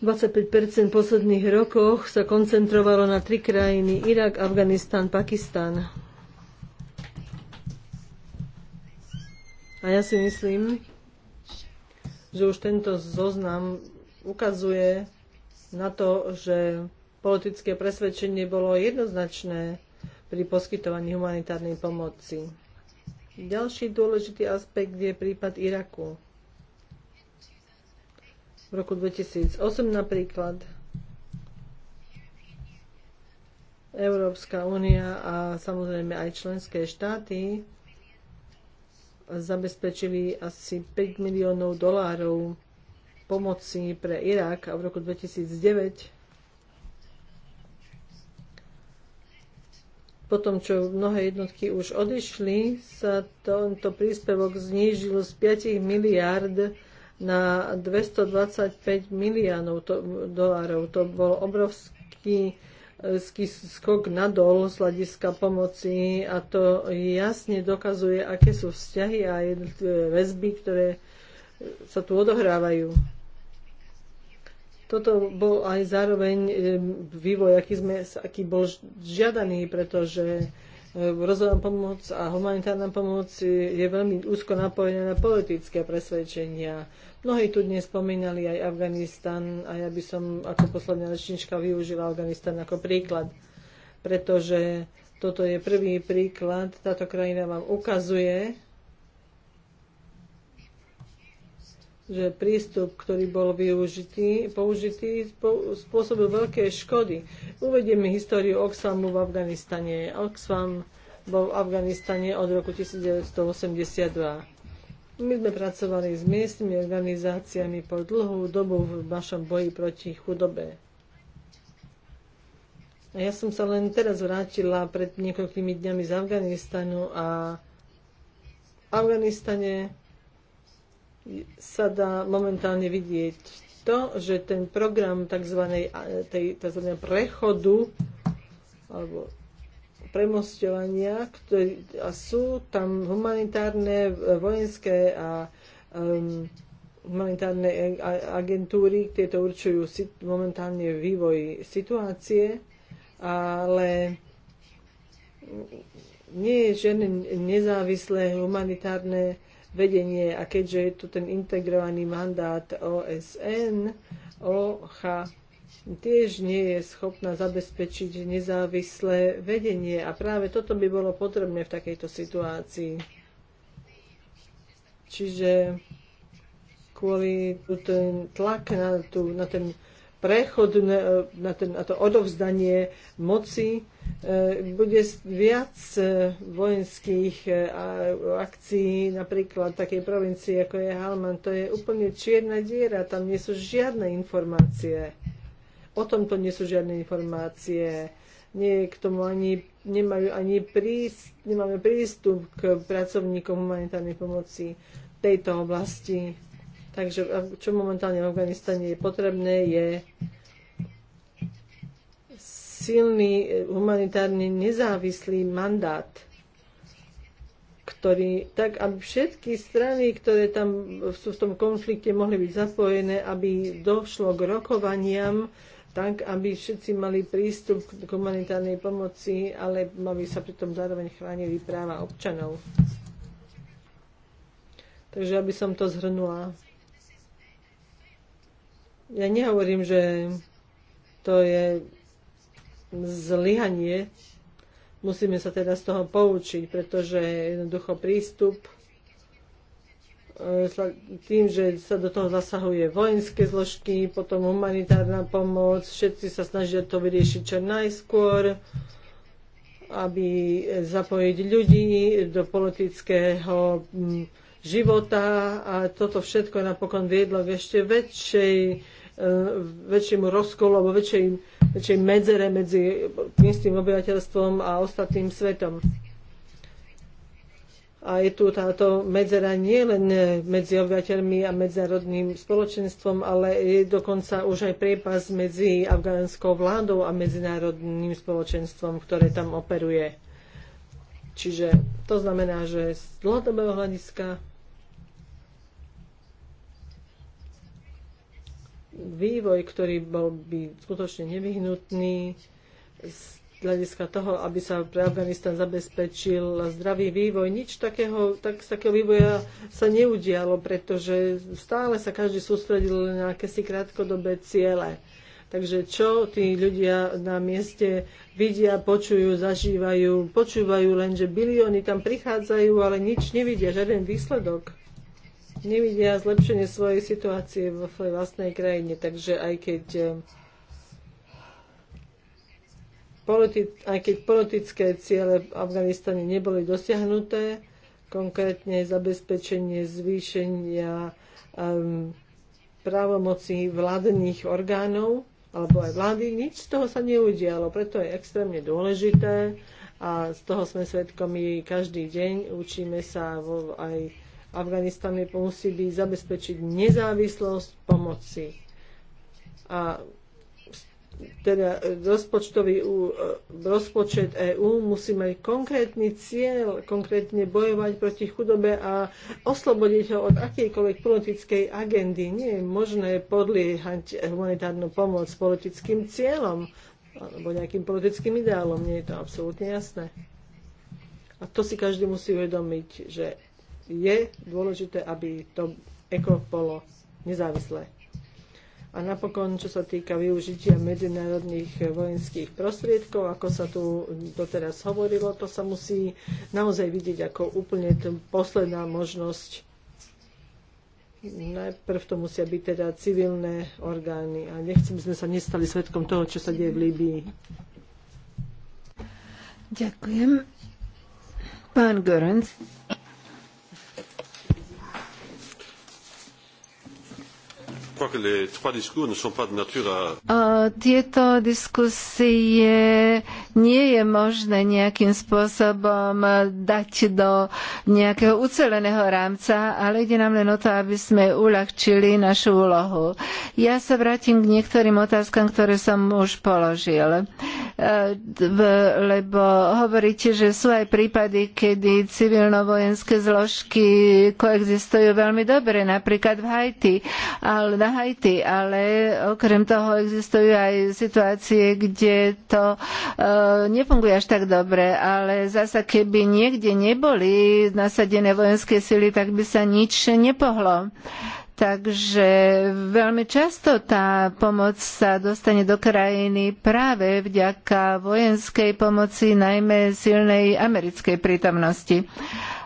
25 v posledných rokoch sa koncentrovalo na tri krajiny Irak, Afganistan, Pakistan. A ja si myslím, že už tento zoznam ukazuje na to, že politické presvedčenie bolo jednoznačné pri poskytovaní humanitárnej pomoci. Ďalší dôležitý aspekt je prípad Iraku. V roku 2008 napríklad Európska únia a samozrejme aj členské štáty zabezpečili asi 5 miliónov dolárov pomoci pre Irak a v roku 2009 Po tom, čo mnohé jednotky už odišli, sa tento príspevok znížil z 5 miliárd na 225 miliónov dolárov. To bol obrovský skok nadol z hľadiska pomoci a to jasne dokazuje, aké sú vzťahy a väzby, ktoré sa tu odohrávajú. Toto bol aj zároveň e, vývoj, aký, sme, aký bol žiadaný, pretože Eh, rozvojom pomoc a humanitárna pomoc je veľmi úzko napojená na politické presvedčenia. Mnohí tu dnes spomínali aj Afganistan a ja by som ako posledná rečnička využila Afganistan ako príklad, pretože toto je prvý príklad. Táto krajina vám ukazuje, že prístup, ktorý bol využitý, použitý, spôsobil veľké škody. Uvedieme históriu Oxfamu v Afganistane. Oxfam bol v Afganistane od roku 1982. My sme pracovali s miestnymi organizáciami po dlhú dobu v našom boji proti chudobe. A ja som sa len teraz vrátila pred niekoľkými dňami z Afganistanu a v Afganistane sa dá momentálne vidieť to, že ten program tzv. Tej, tzv. prechodu alebo premostovania ktorý, a sú tam humanitárne, vojenské a um, humanitárne agentúry, tieto určujú momentálne vývoj situácie, ale nie je žiadne nezávislé humanitárne vedenie a keďže je tu ten integrovaný mandát OSN, OHA, tiež nie je schopná zabezpečiť nezávislé vedenie a práve toto by bolo potrebné v takejto situácii. Čiže kvôli ten tlak na, tú, na ten prechod, na, ten, na to odovzdanie moci, E, bude viac e, vojenských e, akcií, napríklad takej provincii, ako je Halman. To je úplne čierna diera, tam nie sú žiadne informácie. O tomto nie sú žiadne informácie. Nie je k tomu ani, nemajú ani príst, nemáme prístup k pracovníkom humanitárnej pomoci tejto oblasti. Takže čo momentálne v Afganistane je potrebné, je silný eh, humanitárny nezávislý mandát, ktorý, tak aby všetky strany, ktoré tam sú v tom konflikte, mohli byť zapojené, aby došlo k rokovaniam, tak aby všetci mali prístup k humanitárnej pomoci, ale aby sa pritom zároveň chránili práva občanov. Takže aby som to zhrnula. Ja nehovorím, že to je zlyhanie. Musíme sa teda z toho poučiť, pretože jednoducho prístup e, tým, že sa do toho zasahuje vojenské zložky, potom humanitárna pomoc, všetci sa snažia to vyriešiť čo najskôr, aby zapojiť ľudí do politického života a toto všetko napokon viedlo k ešte väčšej, e, väčšiemu rozkolu alebo väčšej väčšej medzere medzi miestnym obyvateľstvom a ostatným svetom. A je tu táto medzera nie len medzi obyvateľmi a medzinárodným spoločenstvom, ale je dokonca už aj priepas medzi afgánskou vládou a medzinárodným spoločenstvom, ktoré tam operuje. Čiže to znamená, že z dlhodobého hľadiska vývoj, ktorý bol by skutočne nevyhnutný z hľadiska toho, aby sa pre Afganistan zabezpečil zdravý vývoj. Nič takého, tak, z takého vývoja sa neudialo, pretože stále sa každý sústredil na akési krátkodobé ciele. Takže čo tí ľudia na mieste vidia, počujú, zažívajú, počúvajú len, že bilióny tam prichádzajú, ale nič nevidia, žiaden výsledok nevidia zlepšenie svojej situácie vo svojej vlastnej krajine. Takže aj keď, eh, politi- aj keď politické ciele v Afganistane neboli dosiahnuté, konkrétne zabezpečenie zvýšenia um, právomocí vládnych orgánov alebo aj vlády, nič z toho sa neudialo. Preto je extrémne dôležité a z toho sme svedkom každý deň. Učíme sa vo, aj Afganistan musí byť zabezpečiť nezávislosť pomoci. A teda e, rozpočtový e, rozpočet EÚ musí mať konkrétny cieľ, konkrétne bojovať proti chudobe a oslobodiť ho od akejkoľvek politickej agendy. Nie je možné podliehať humanitárnu pomoc politickým cieľom alebo nejakým politickým ideálom. Nie je to absolútne jasné. A to si každý musí uvedomiť, že je dôležité, aby to eko bolo nezávislé. A napokon, čo sa týka využitia medzinárodných vojenských prostriedkov, ako sa tu doteraz hovorilo, to sa musí naozaj vidieť ako úplne posledná možnosť. Najprv to musia byť teda civilné orgány a nechcem, sme sa nestali svetkom toho, čo sa deje v Líbii. Ďakujem. Pán Görens. Tieto diskusie nie je možné nejakým spôsobom dať do nejakého uceleného rámca, ale ide nám len o to, aby sme uľahčili našu úlohu. Ja sa vrátim k niektorým otázkam, ktoré som už položil. Lebo hovoríte, že sú aj prípady, kedy civilno-vojenské zložky koexistujú veľmi dobre, napríklad v Haiti, ale na Haiti, ale okrem toho existujú aj situácie, kde to e, nefunguje až tak dobre, ale zasa keby niekde neboli nasadené vojenské sily, tak by sa nič nepohlo. Takže veľmi často tá pomoc sa dostane do krajiny práve vďaka vojenskej pomoci, najmä silnej americkej prítomnosti.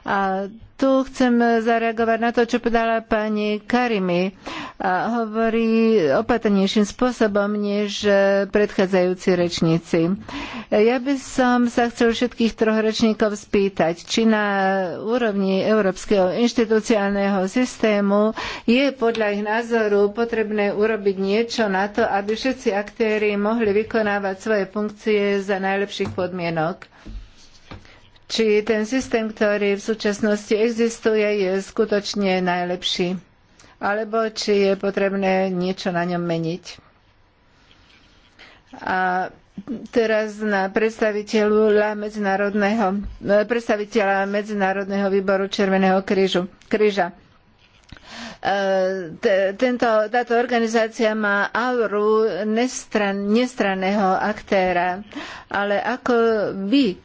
A tu chcem zareagovať na to, čo povedala pani Karimi a hovorí opatrnejším spôsobom než predchádzajúci rečníci. Ja by som sa chcel všetkých troch rečníkov spýtať, či na úrovni Európskeho inštitucionálneho systému je podľa ich názoru potrebné urobiť niečo na to, aby všetci aktéri mohli vykonávať svoje funkcie za najlepších podmienok či ten systém, ktorý v súčasnosti existuje, je skutočne najlepší, alebo či je potrebné niečo na ňom meniť. A teraz na predstaviteľa medzinárodného, predstaviteľa medzinárodného výboru Červeného krížu, kríža. E, tento, táto organizácia má auru nestran, nestranného aktéra, ale ako vy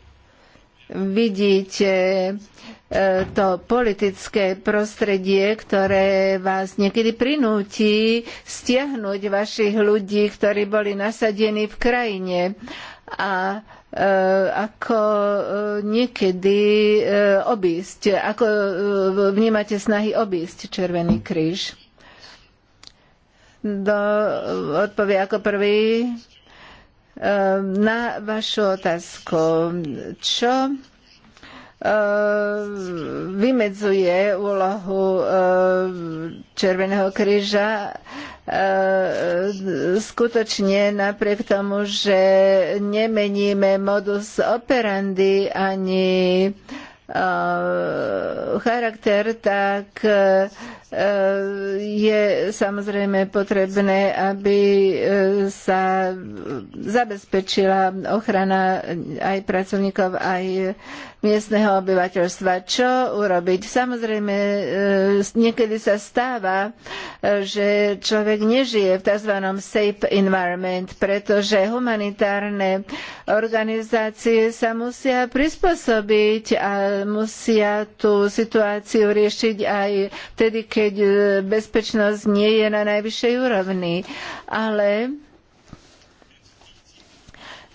vidíte e, to politické prostredie, ktoré vás niekedy prinúti stiahnuť vašich ľudí, ktorí boli nasadení v krajine. A e, ako e, niekedy obísť, ako vnímate snahy obísť Červený kríž? Do, odpovie ako prvý Ehm, na vašu otázku. Čo ehm, vymedzuje úlohu ehm, Červeného kríža skutočne napriek tomu, že nemeníme modus operandi ani charakter, tak Eh, je samozrejme potrebné, aby eh, sa zabezpečila ochrana aj pracovníkov, aj miestneho obyvateľstva. Čo urobiť? Samozrejme, eh, niekedy sa stáva, že človek nežije v tzv. safe environment, pretože humanitárne organizácie sa musia prispôsobiť a musia tú situáciu riešiť aj vtedy, keď keď e, bezpečnosť nie je na najvyššej úrovni. Ale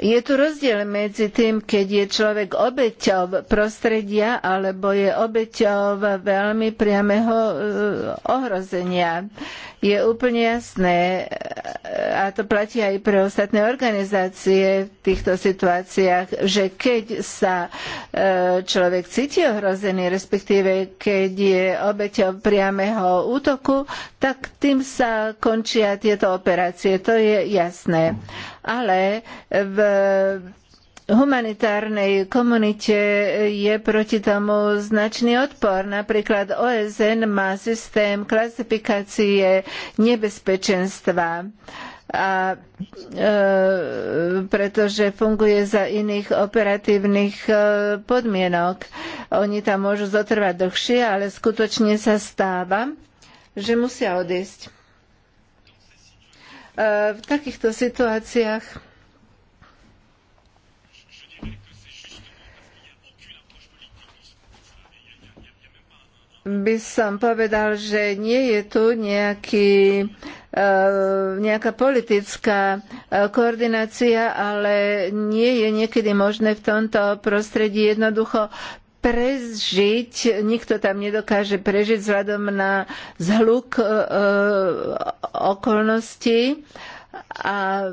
je tu rozdiel medzi tým, keď je človek obeťou prostredia alebo je obeťou veľmi priameho e, ohrozenia je úplne jasné, a to platí aj pre ostatné organizácie v týchto situáciách, že keď sa e, človek cíti ohrozený, respektíve keď je obeťou priameho útoku, tak tým sa končia tieto operácie. To je jasné. Ale v humanitárnej komunite je proti tomu značný odpor. Napríklad OSN má systém klasifikácie nebezpečenstva a e, pretože funguje za iných operatívnych e, podmienok. Oni tam môžu zotrvať dlhšie, ale skutočne sa stáva, že musia odísť. E, v takýchto situáciách by som povedal, že nie je tu nejaký, eh, nejaká politická eh, koordinácia, ale nie je niekedy možné v tomto prostredí jednoducho prežiť, nikto tam nedokáže prežiť vzhľadom na zhluk eh, okolností. A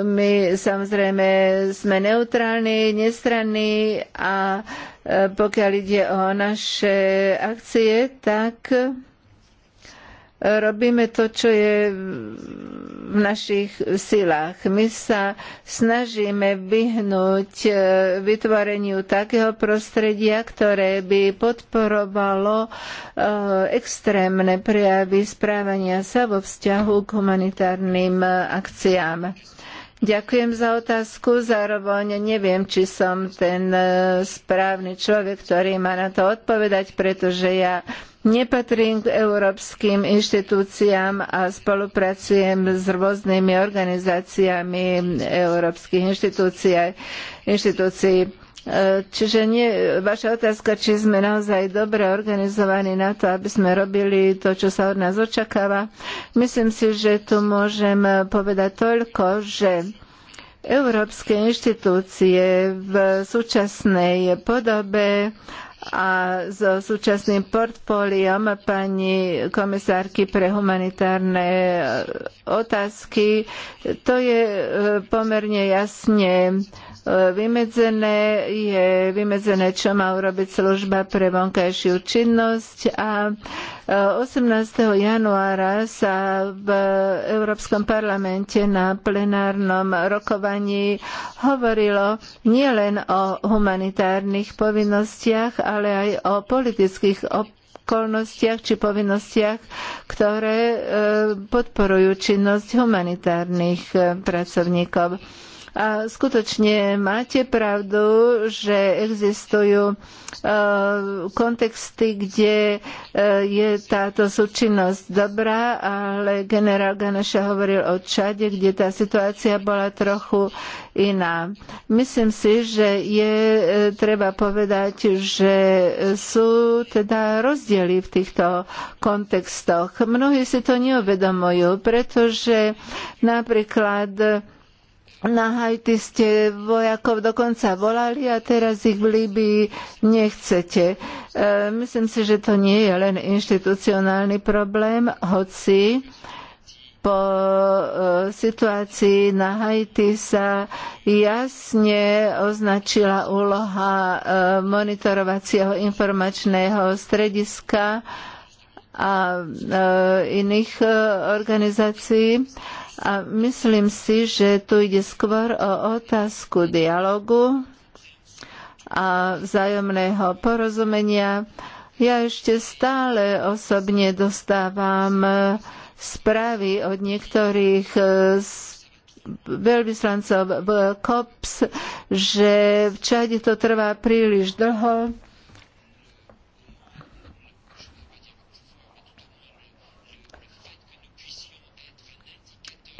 my samozrejme sme neutrálni, nestranní a pokiaľ ide o naše akcie, tak e, robíme to, čo je v našich silách. My sa snažíme vyhnúť e, vytvoreniu takého prostredia, ktoré by podporovalo e, extrémne prejavy správania sa vo vzťahu k humanitárnym akciám. Ďakujem za otázku, zároveň neviem, či som ten e, správny človek, ktorý má na to odpovedať, pretože ja nepatrím k európskym inštitúciám a spolupracujem s rôznymi organizáciami európskych inštitúcií. Čiže nie, vaša otázka, či sme naozaj dobre organizovaní na to, aby sme robili to, čo sa od nás očakáva. Myslím si, že tu môžem povedať toľko, že európske inštitúcie v súčasnej podobe a so súčasným portfóliom pani komisárky pre humanitárne otázky. To je pomerne jasne vymedzené, je vymedzené, čo má urobiť služba pre vonkajšiu činnosť a 18. E, januára sa v Európskom parlamente na plenárnom rokovaní hovorilo nielen o humanitárnych povinnostiach, ale aj o politických op- okolnostiach či povinnostiach, ktoré e, podporujú činnosť humanitárnych e, pracovníkov. A skutočne máte pravdu, že existujú e, kontexty, kde e, je táto súčinnosť dobrá, ale generál Ganeša hovoril o Čade, kde tá situácia bola trochu iná. Myslím si, že je e, treba povedať, že sú teda rozdiely v týchto kontextoch. Mnohí si to neuvedomujú, pretože napríklad na Haiti ste vojakov dokonca volali a teraz ich v Líbii nechcete. E, myslím si, že to nie je len inštitucionálny problém, hoci po e, situácii na Haiti sa jasne označila úloha e, monitorovacieho informačného strediska a e, iných organizácií. A myslím si, že tu ide skôr o otázku dialogu a vzájomného porozumenia. Ja ešte stále osobne dostávam správy od niektorých e, veľvyslancov v COPS, že v Čade to trvá príliš dlho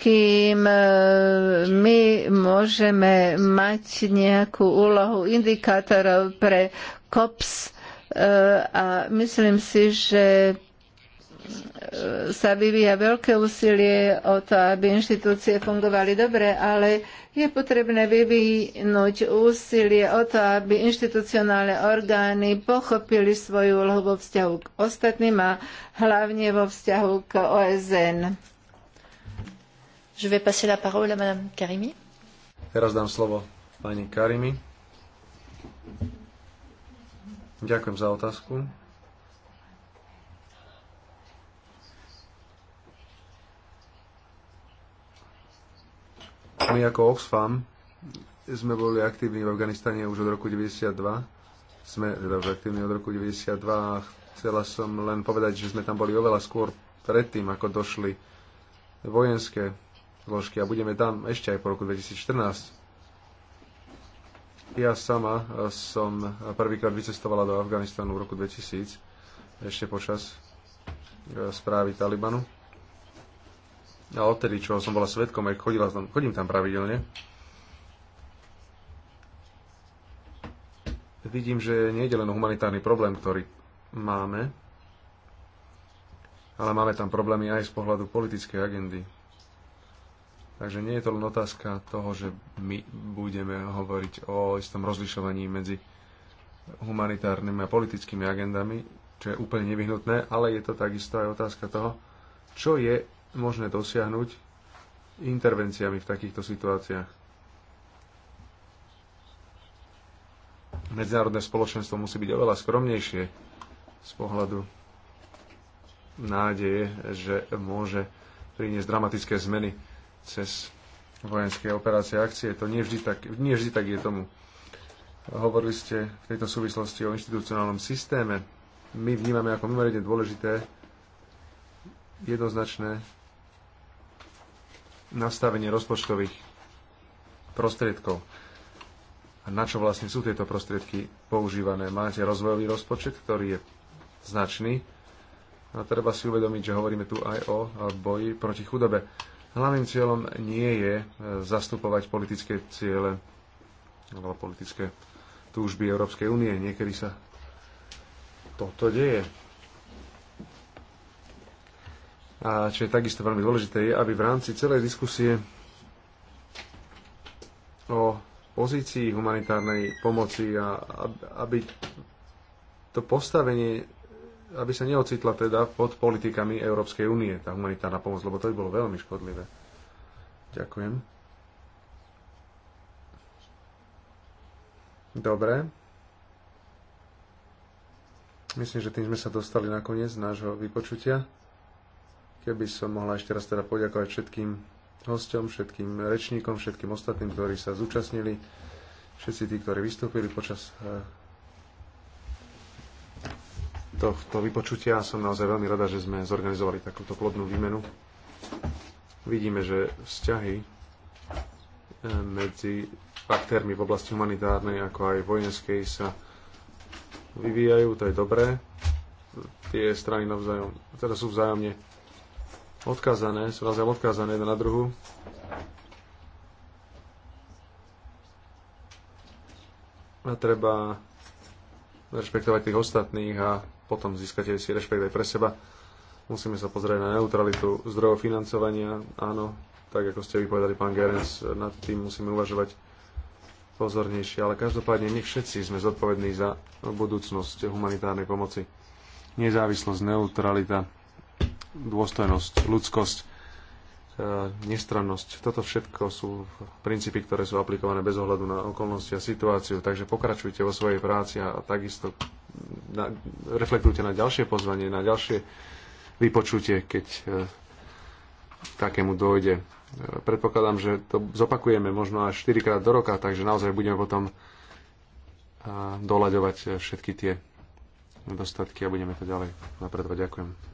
kým e, my môžeme mať nejakú úlohu indikátorov pre COPS e, a myslím si, že e, sa vyvíja veľké úsilie o to, aby inštitúcie fungovali dobre, ale je potrebné vyvinúť úsilie o to, aby inštitucionálne orgány pochopili svoju úlohu vo vzťahu k ostatným a hlavne vo vzťahu k OSN. Je vais passer la parole à madame Karimi. Teraz dám slovo pani Karimi. Ďakujem za otázku. My ako Oxfam sme boli aktívni v Afganistane už od roku 92. Sme teda aktívni od roku 92 a chcela som len povedať, že sme tam boli oveľa skôr predtým, ako došli vojenské zložky a budeme tam ešte aj po roku 2014. Ja sama e, som prvýkrát vycestovala do Afganistanu v roku 2000, ešte počas e, správy Talibanu. A odtedy, čo som bola svetkom, aj chodila tam, chodím tam pravidelne. Vidím, že nie je len humanitárny problém, ktorý máme, ale máme tam problémy aj z pohľadu politickej agendy. Takže nie je to len otázka toho, že my budeme hovoriť o istom rozlišovaní medzi humanitárnymi a politickými agendami, čo je úplne nevyhnutné, ale je to takisto aj otázka toho, čo je možné dosiahnuť intervenciami v takýchto situáciách. Medzinárodné spoločenstvo musí byť oveľa skromnejšie z pohľadu nádeje, že môže priniesť dramatické zmeny cez vojenské operácie a akcie. To nie vždy tak, nie vždy tak je tomu. Hovorili ste v tejto súvislosti o inštitucionálnom systéme. My vnímame ako mimoriadne dôležité jednoznačné nastavenie rozpočtových prostriedkov. A na čo vlastne sú tieto prostriedky používané? Máte rozvojový rozpočet, ktorý je značný. A treba si uvedomiť, že hovoríme tu aj o boji proti chudobe Hlavným cieľom nie je e, zastupovať politické ciele alebo politické túžby Európskej únie. Niekedy sa toto deje. A čo je takisto veľmi dôležité, je, aby v rámci celej diskusie o pozícii humanitárnej pomoci a aby to postavenie aby sa neocitla teda pod politikami Európskej únie, tá humanitárna pomoc, lebo to by bolo veľmi škodlivé. Ďakujem. Dobre. Myslím, že tým sme sa dostali na koniec nášho vypočutia. Keby som mohla ešte raz teda poďakovať všetkým hostom, všetkým rečníkom, všetkým ostatným, ktorí sa zúčastnili, všetci tí, ktorí vystúpili počas eh, tohto vypočutia. Som naozaj veľmi rada, že sme zorganizovali takúto plodnú výmenu. Vidíme, že vzťahy eh, medzi aktérmi v oblasti humanitárnej ako aj vojenskej sa vyvíjajú, to je dobré. Tie strany navzájom, teda sú vzájomne odkázané, sú vzájom odkázané jedna na druhu. A treba rešpektovať tých ostatných a potom získate si rešpekt aj pre seba. Musíme sa pozrieť na neutralitu zdrojov financovania. Áno, tak ako ste vypovedali, pán Gerens, nad tým musíme uvažovať pozornejšie. Ale každopádne, my všetci sme zodpovední za budúcnosť humanitárnej pomoci. Nezávislosť, neutralita, dôstojnosť, ľudskosť E, nestrannosť. Toto všetko sú princípy, ktoré sú aplikované bez ohľadu na okolnosti a situáciu. Takže pokračujte vo svojej práci a takisto na, reflektujte na ďalšie pozvanie, na ďalšie vypočutie, keď e, takému dojde. E, predpokladám, že to zopakujeme možno až 4 krát do roka, takže naozaj budeme potom doľaďovať všetky tie nedostatky a budeme to ďalej napredovať. Ďakujem.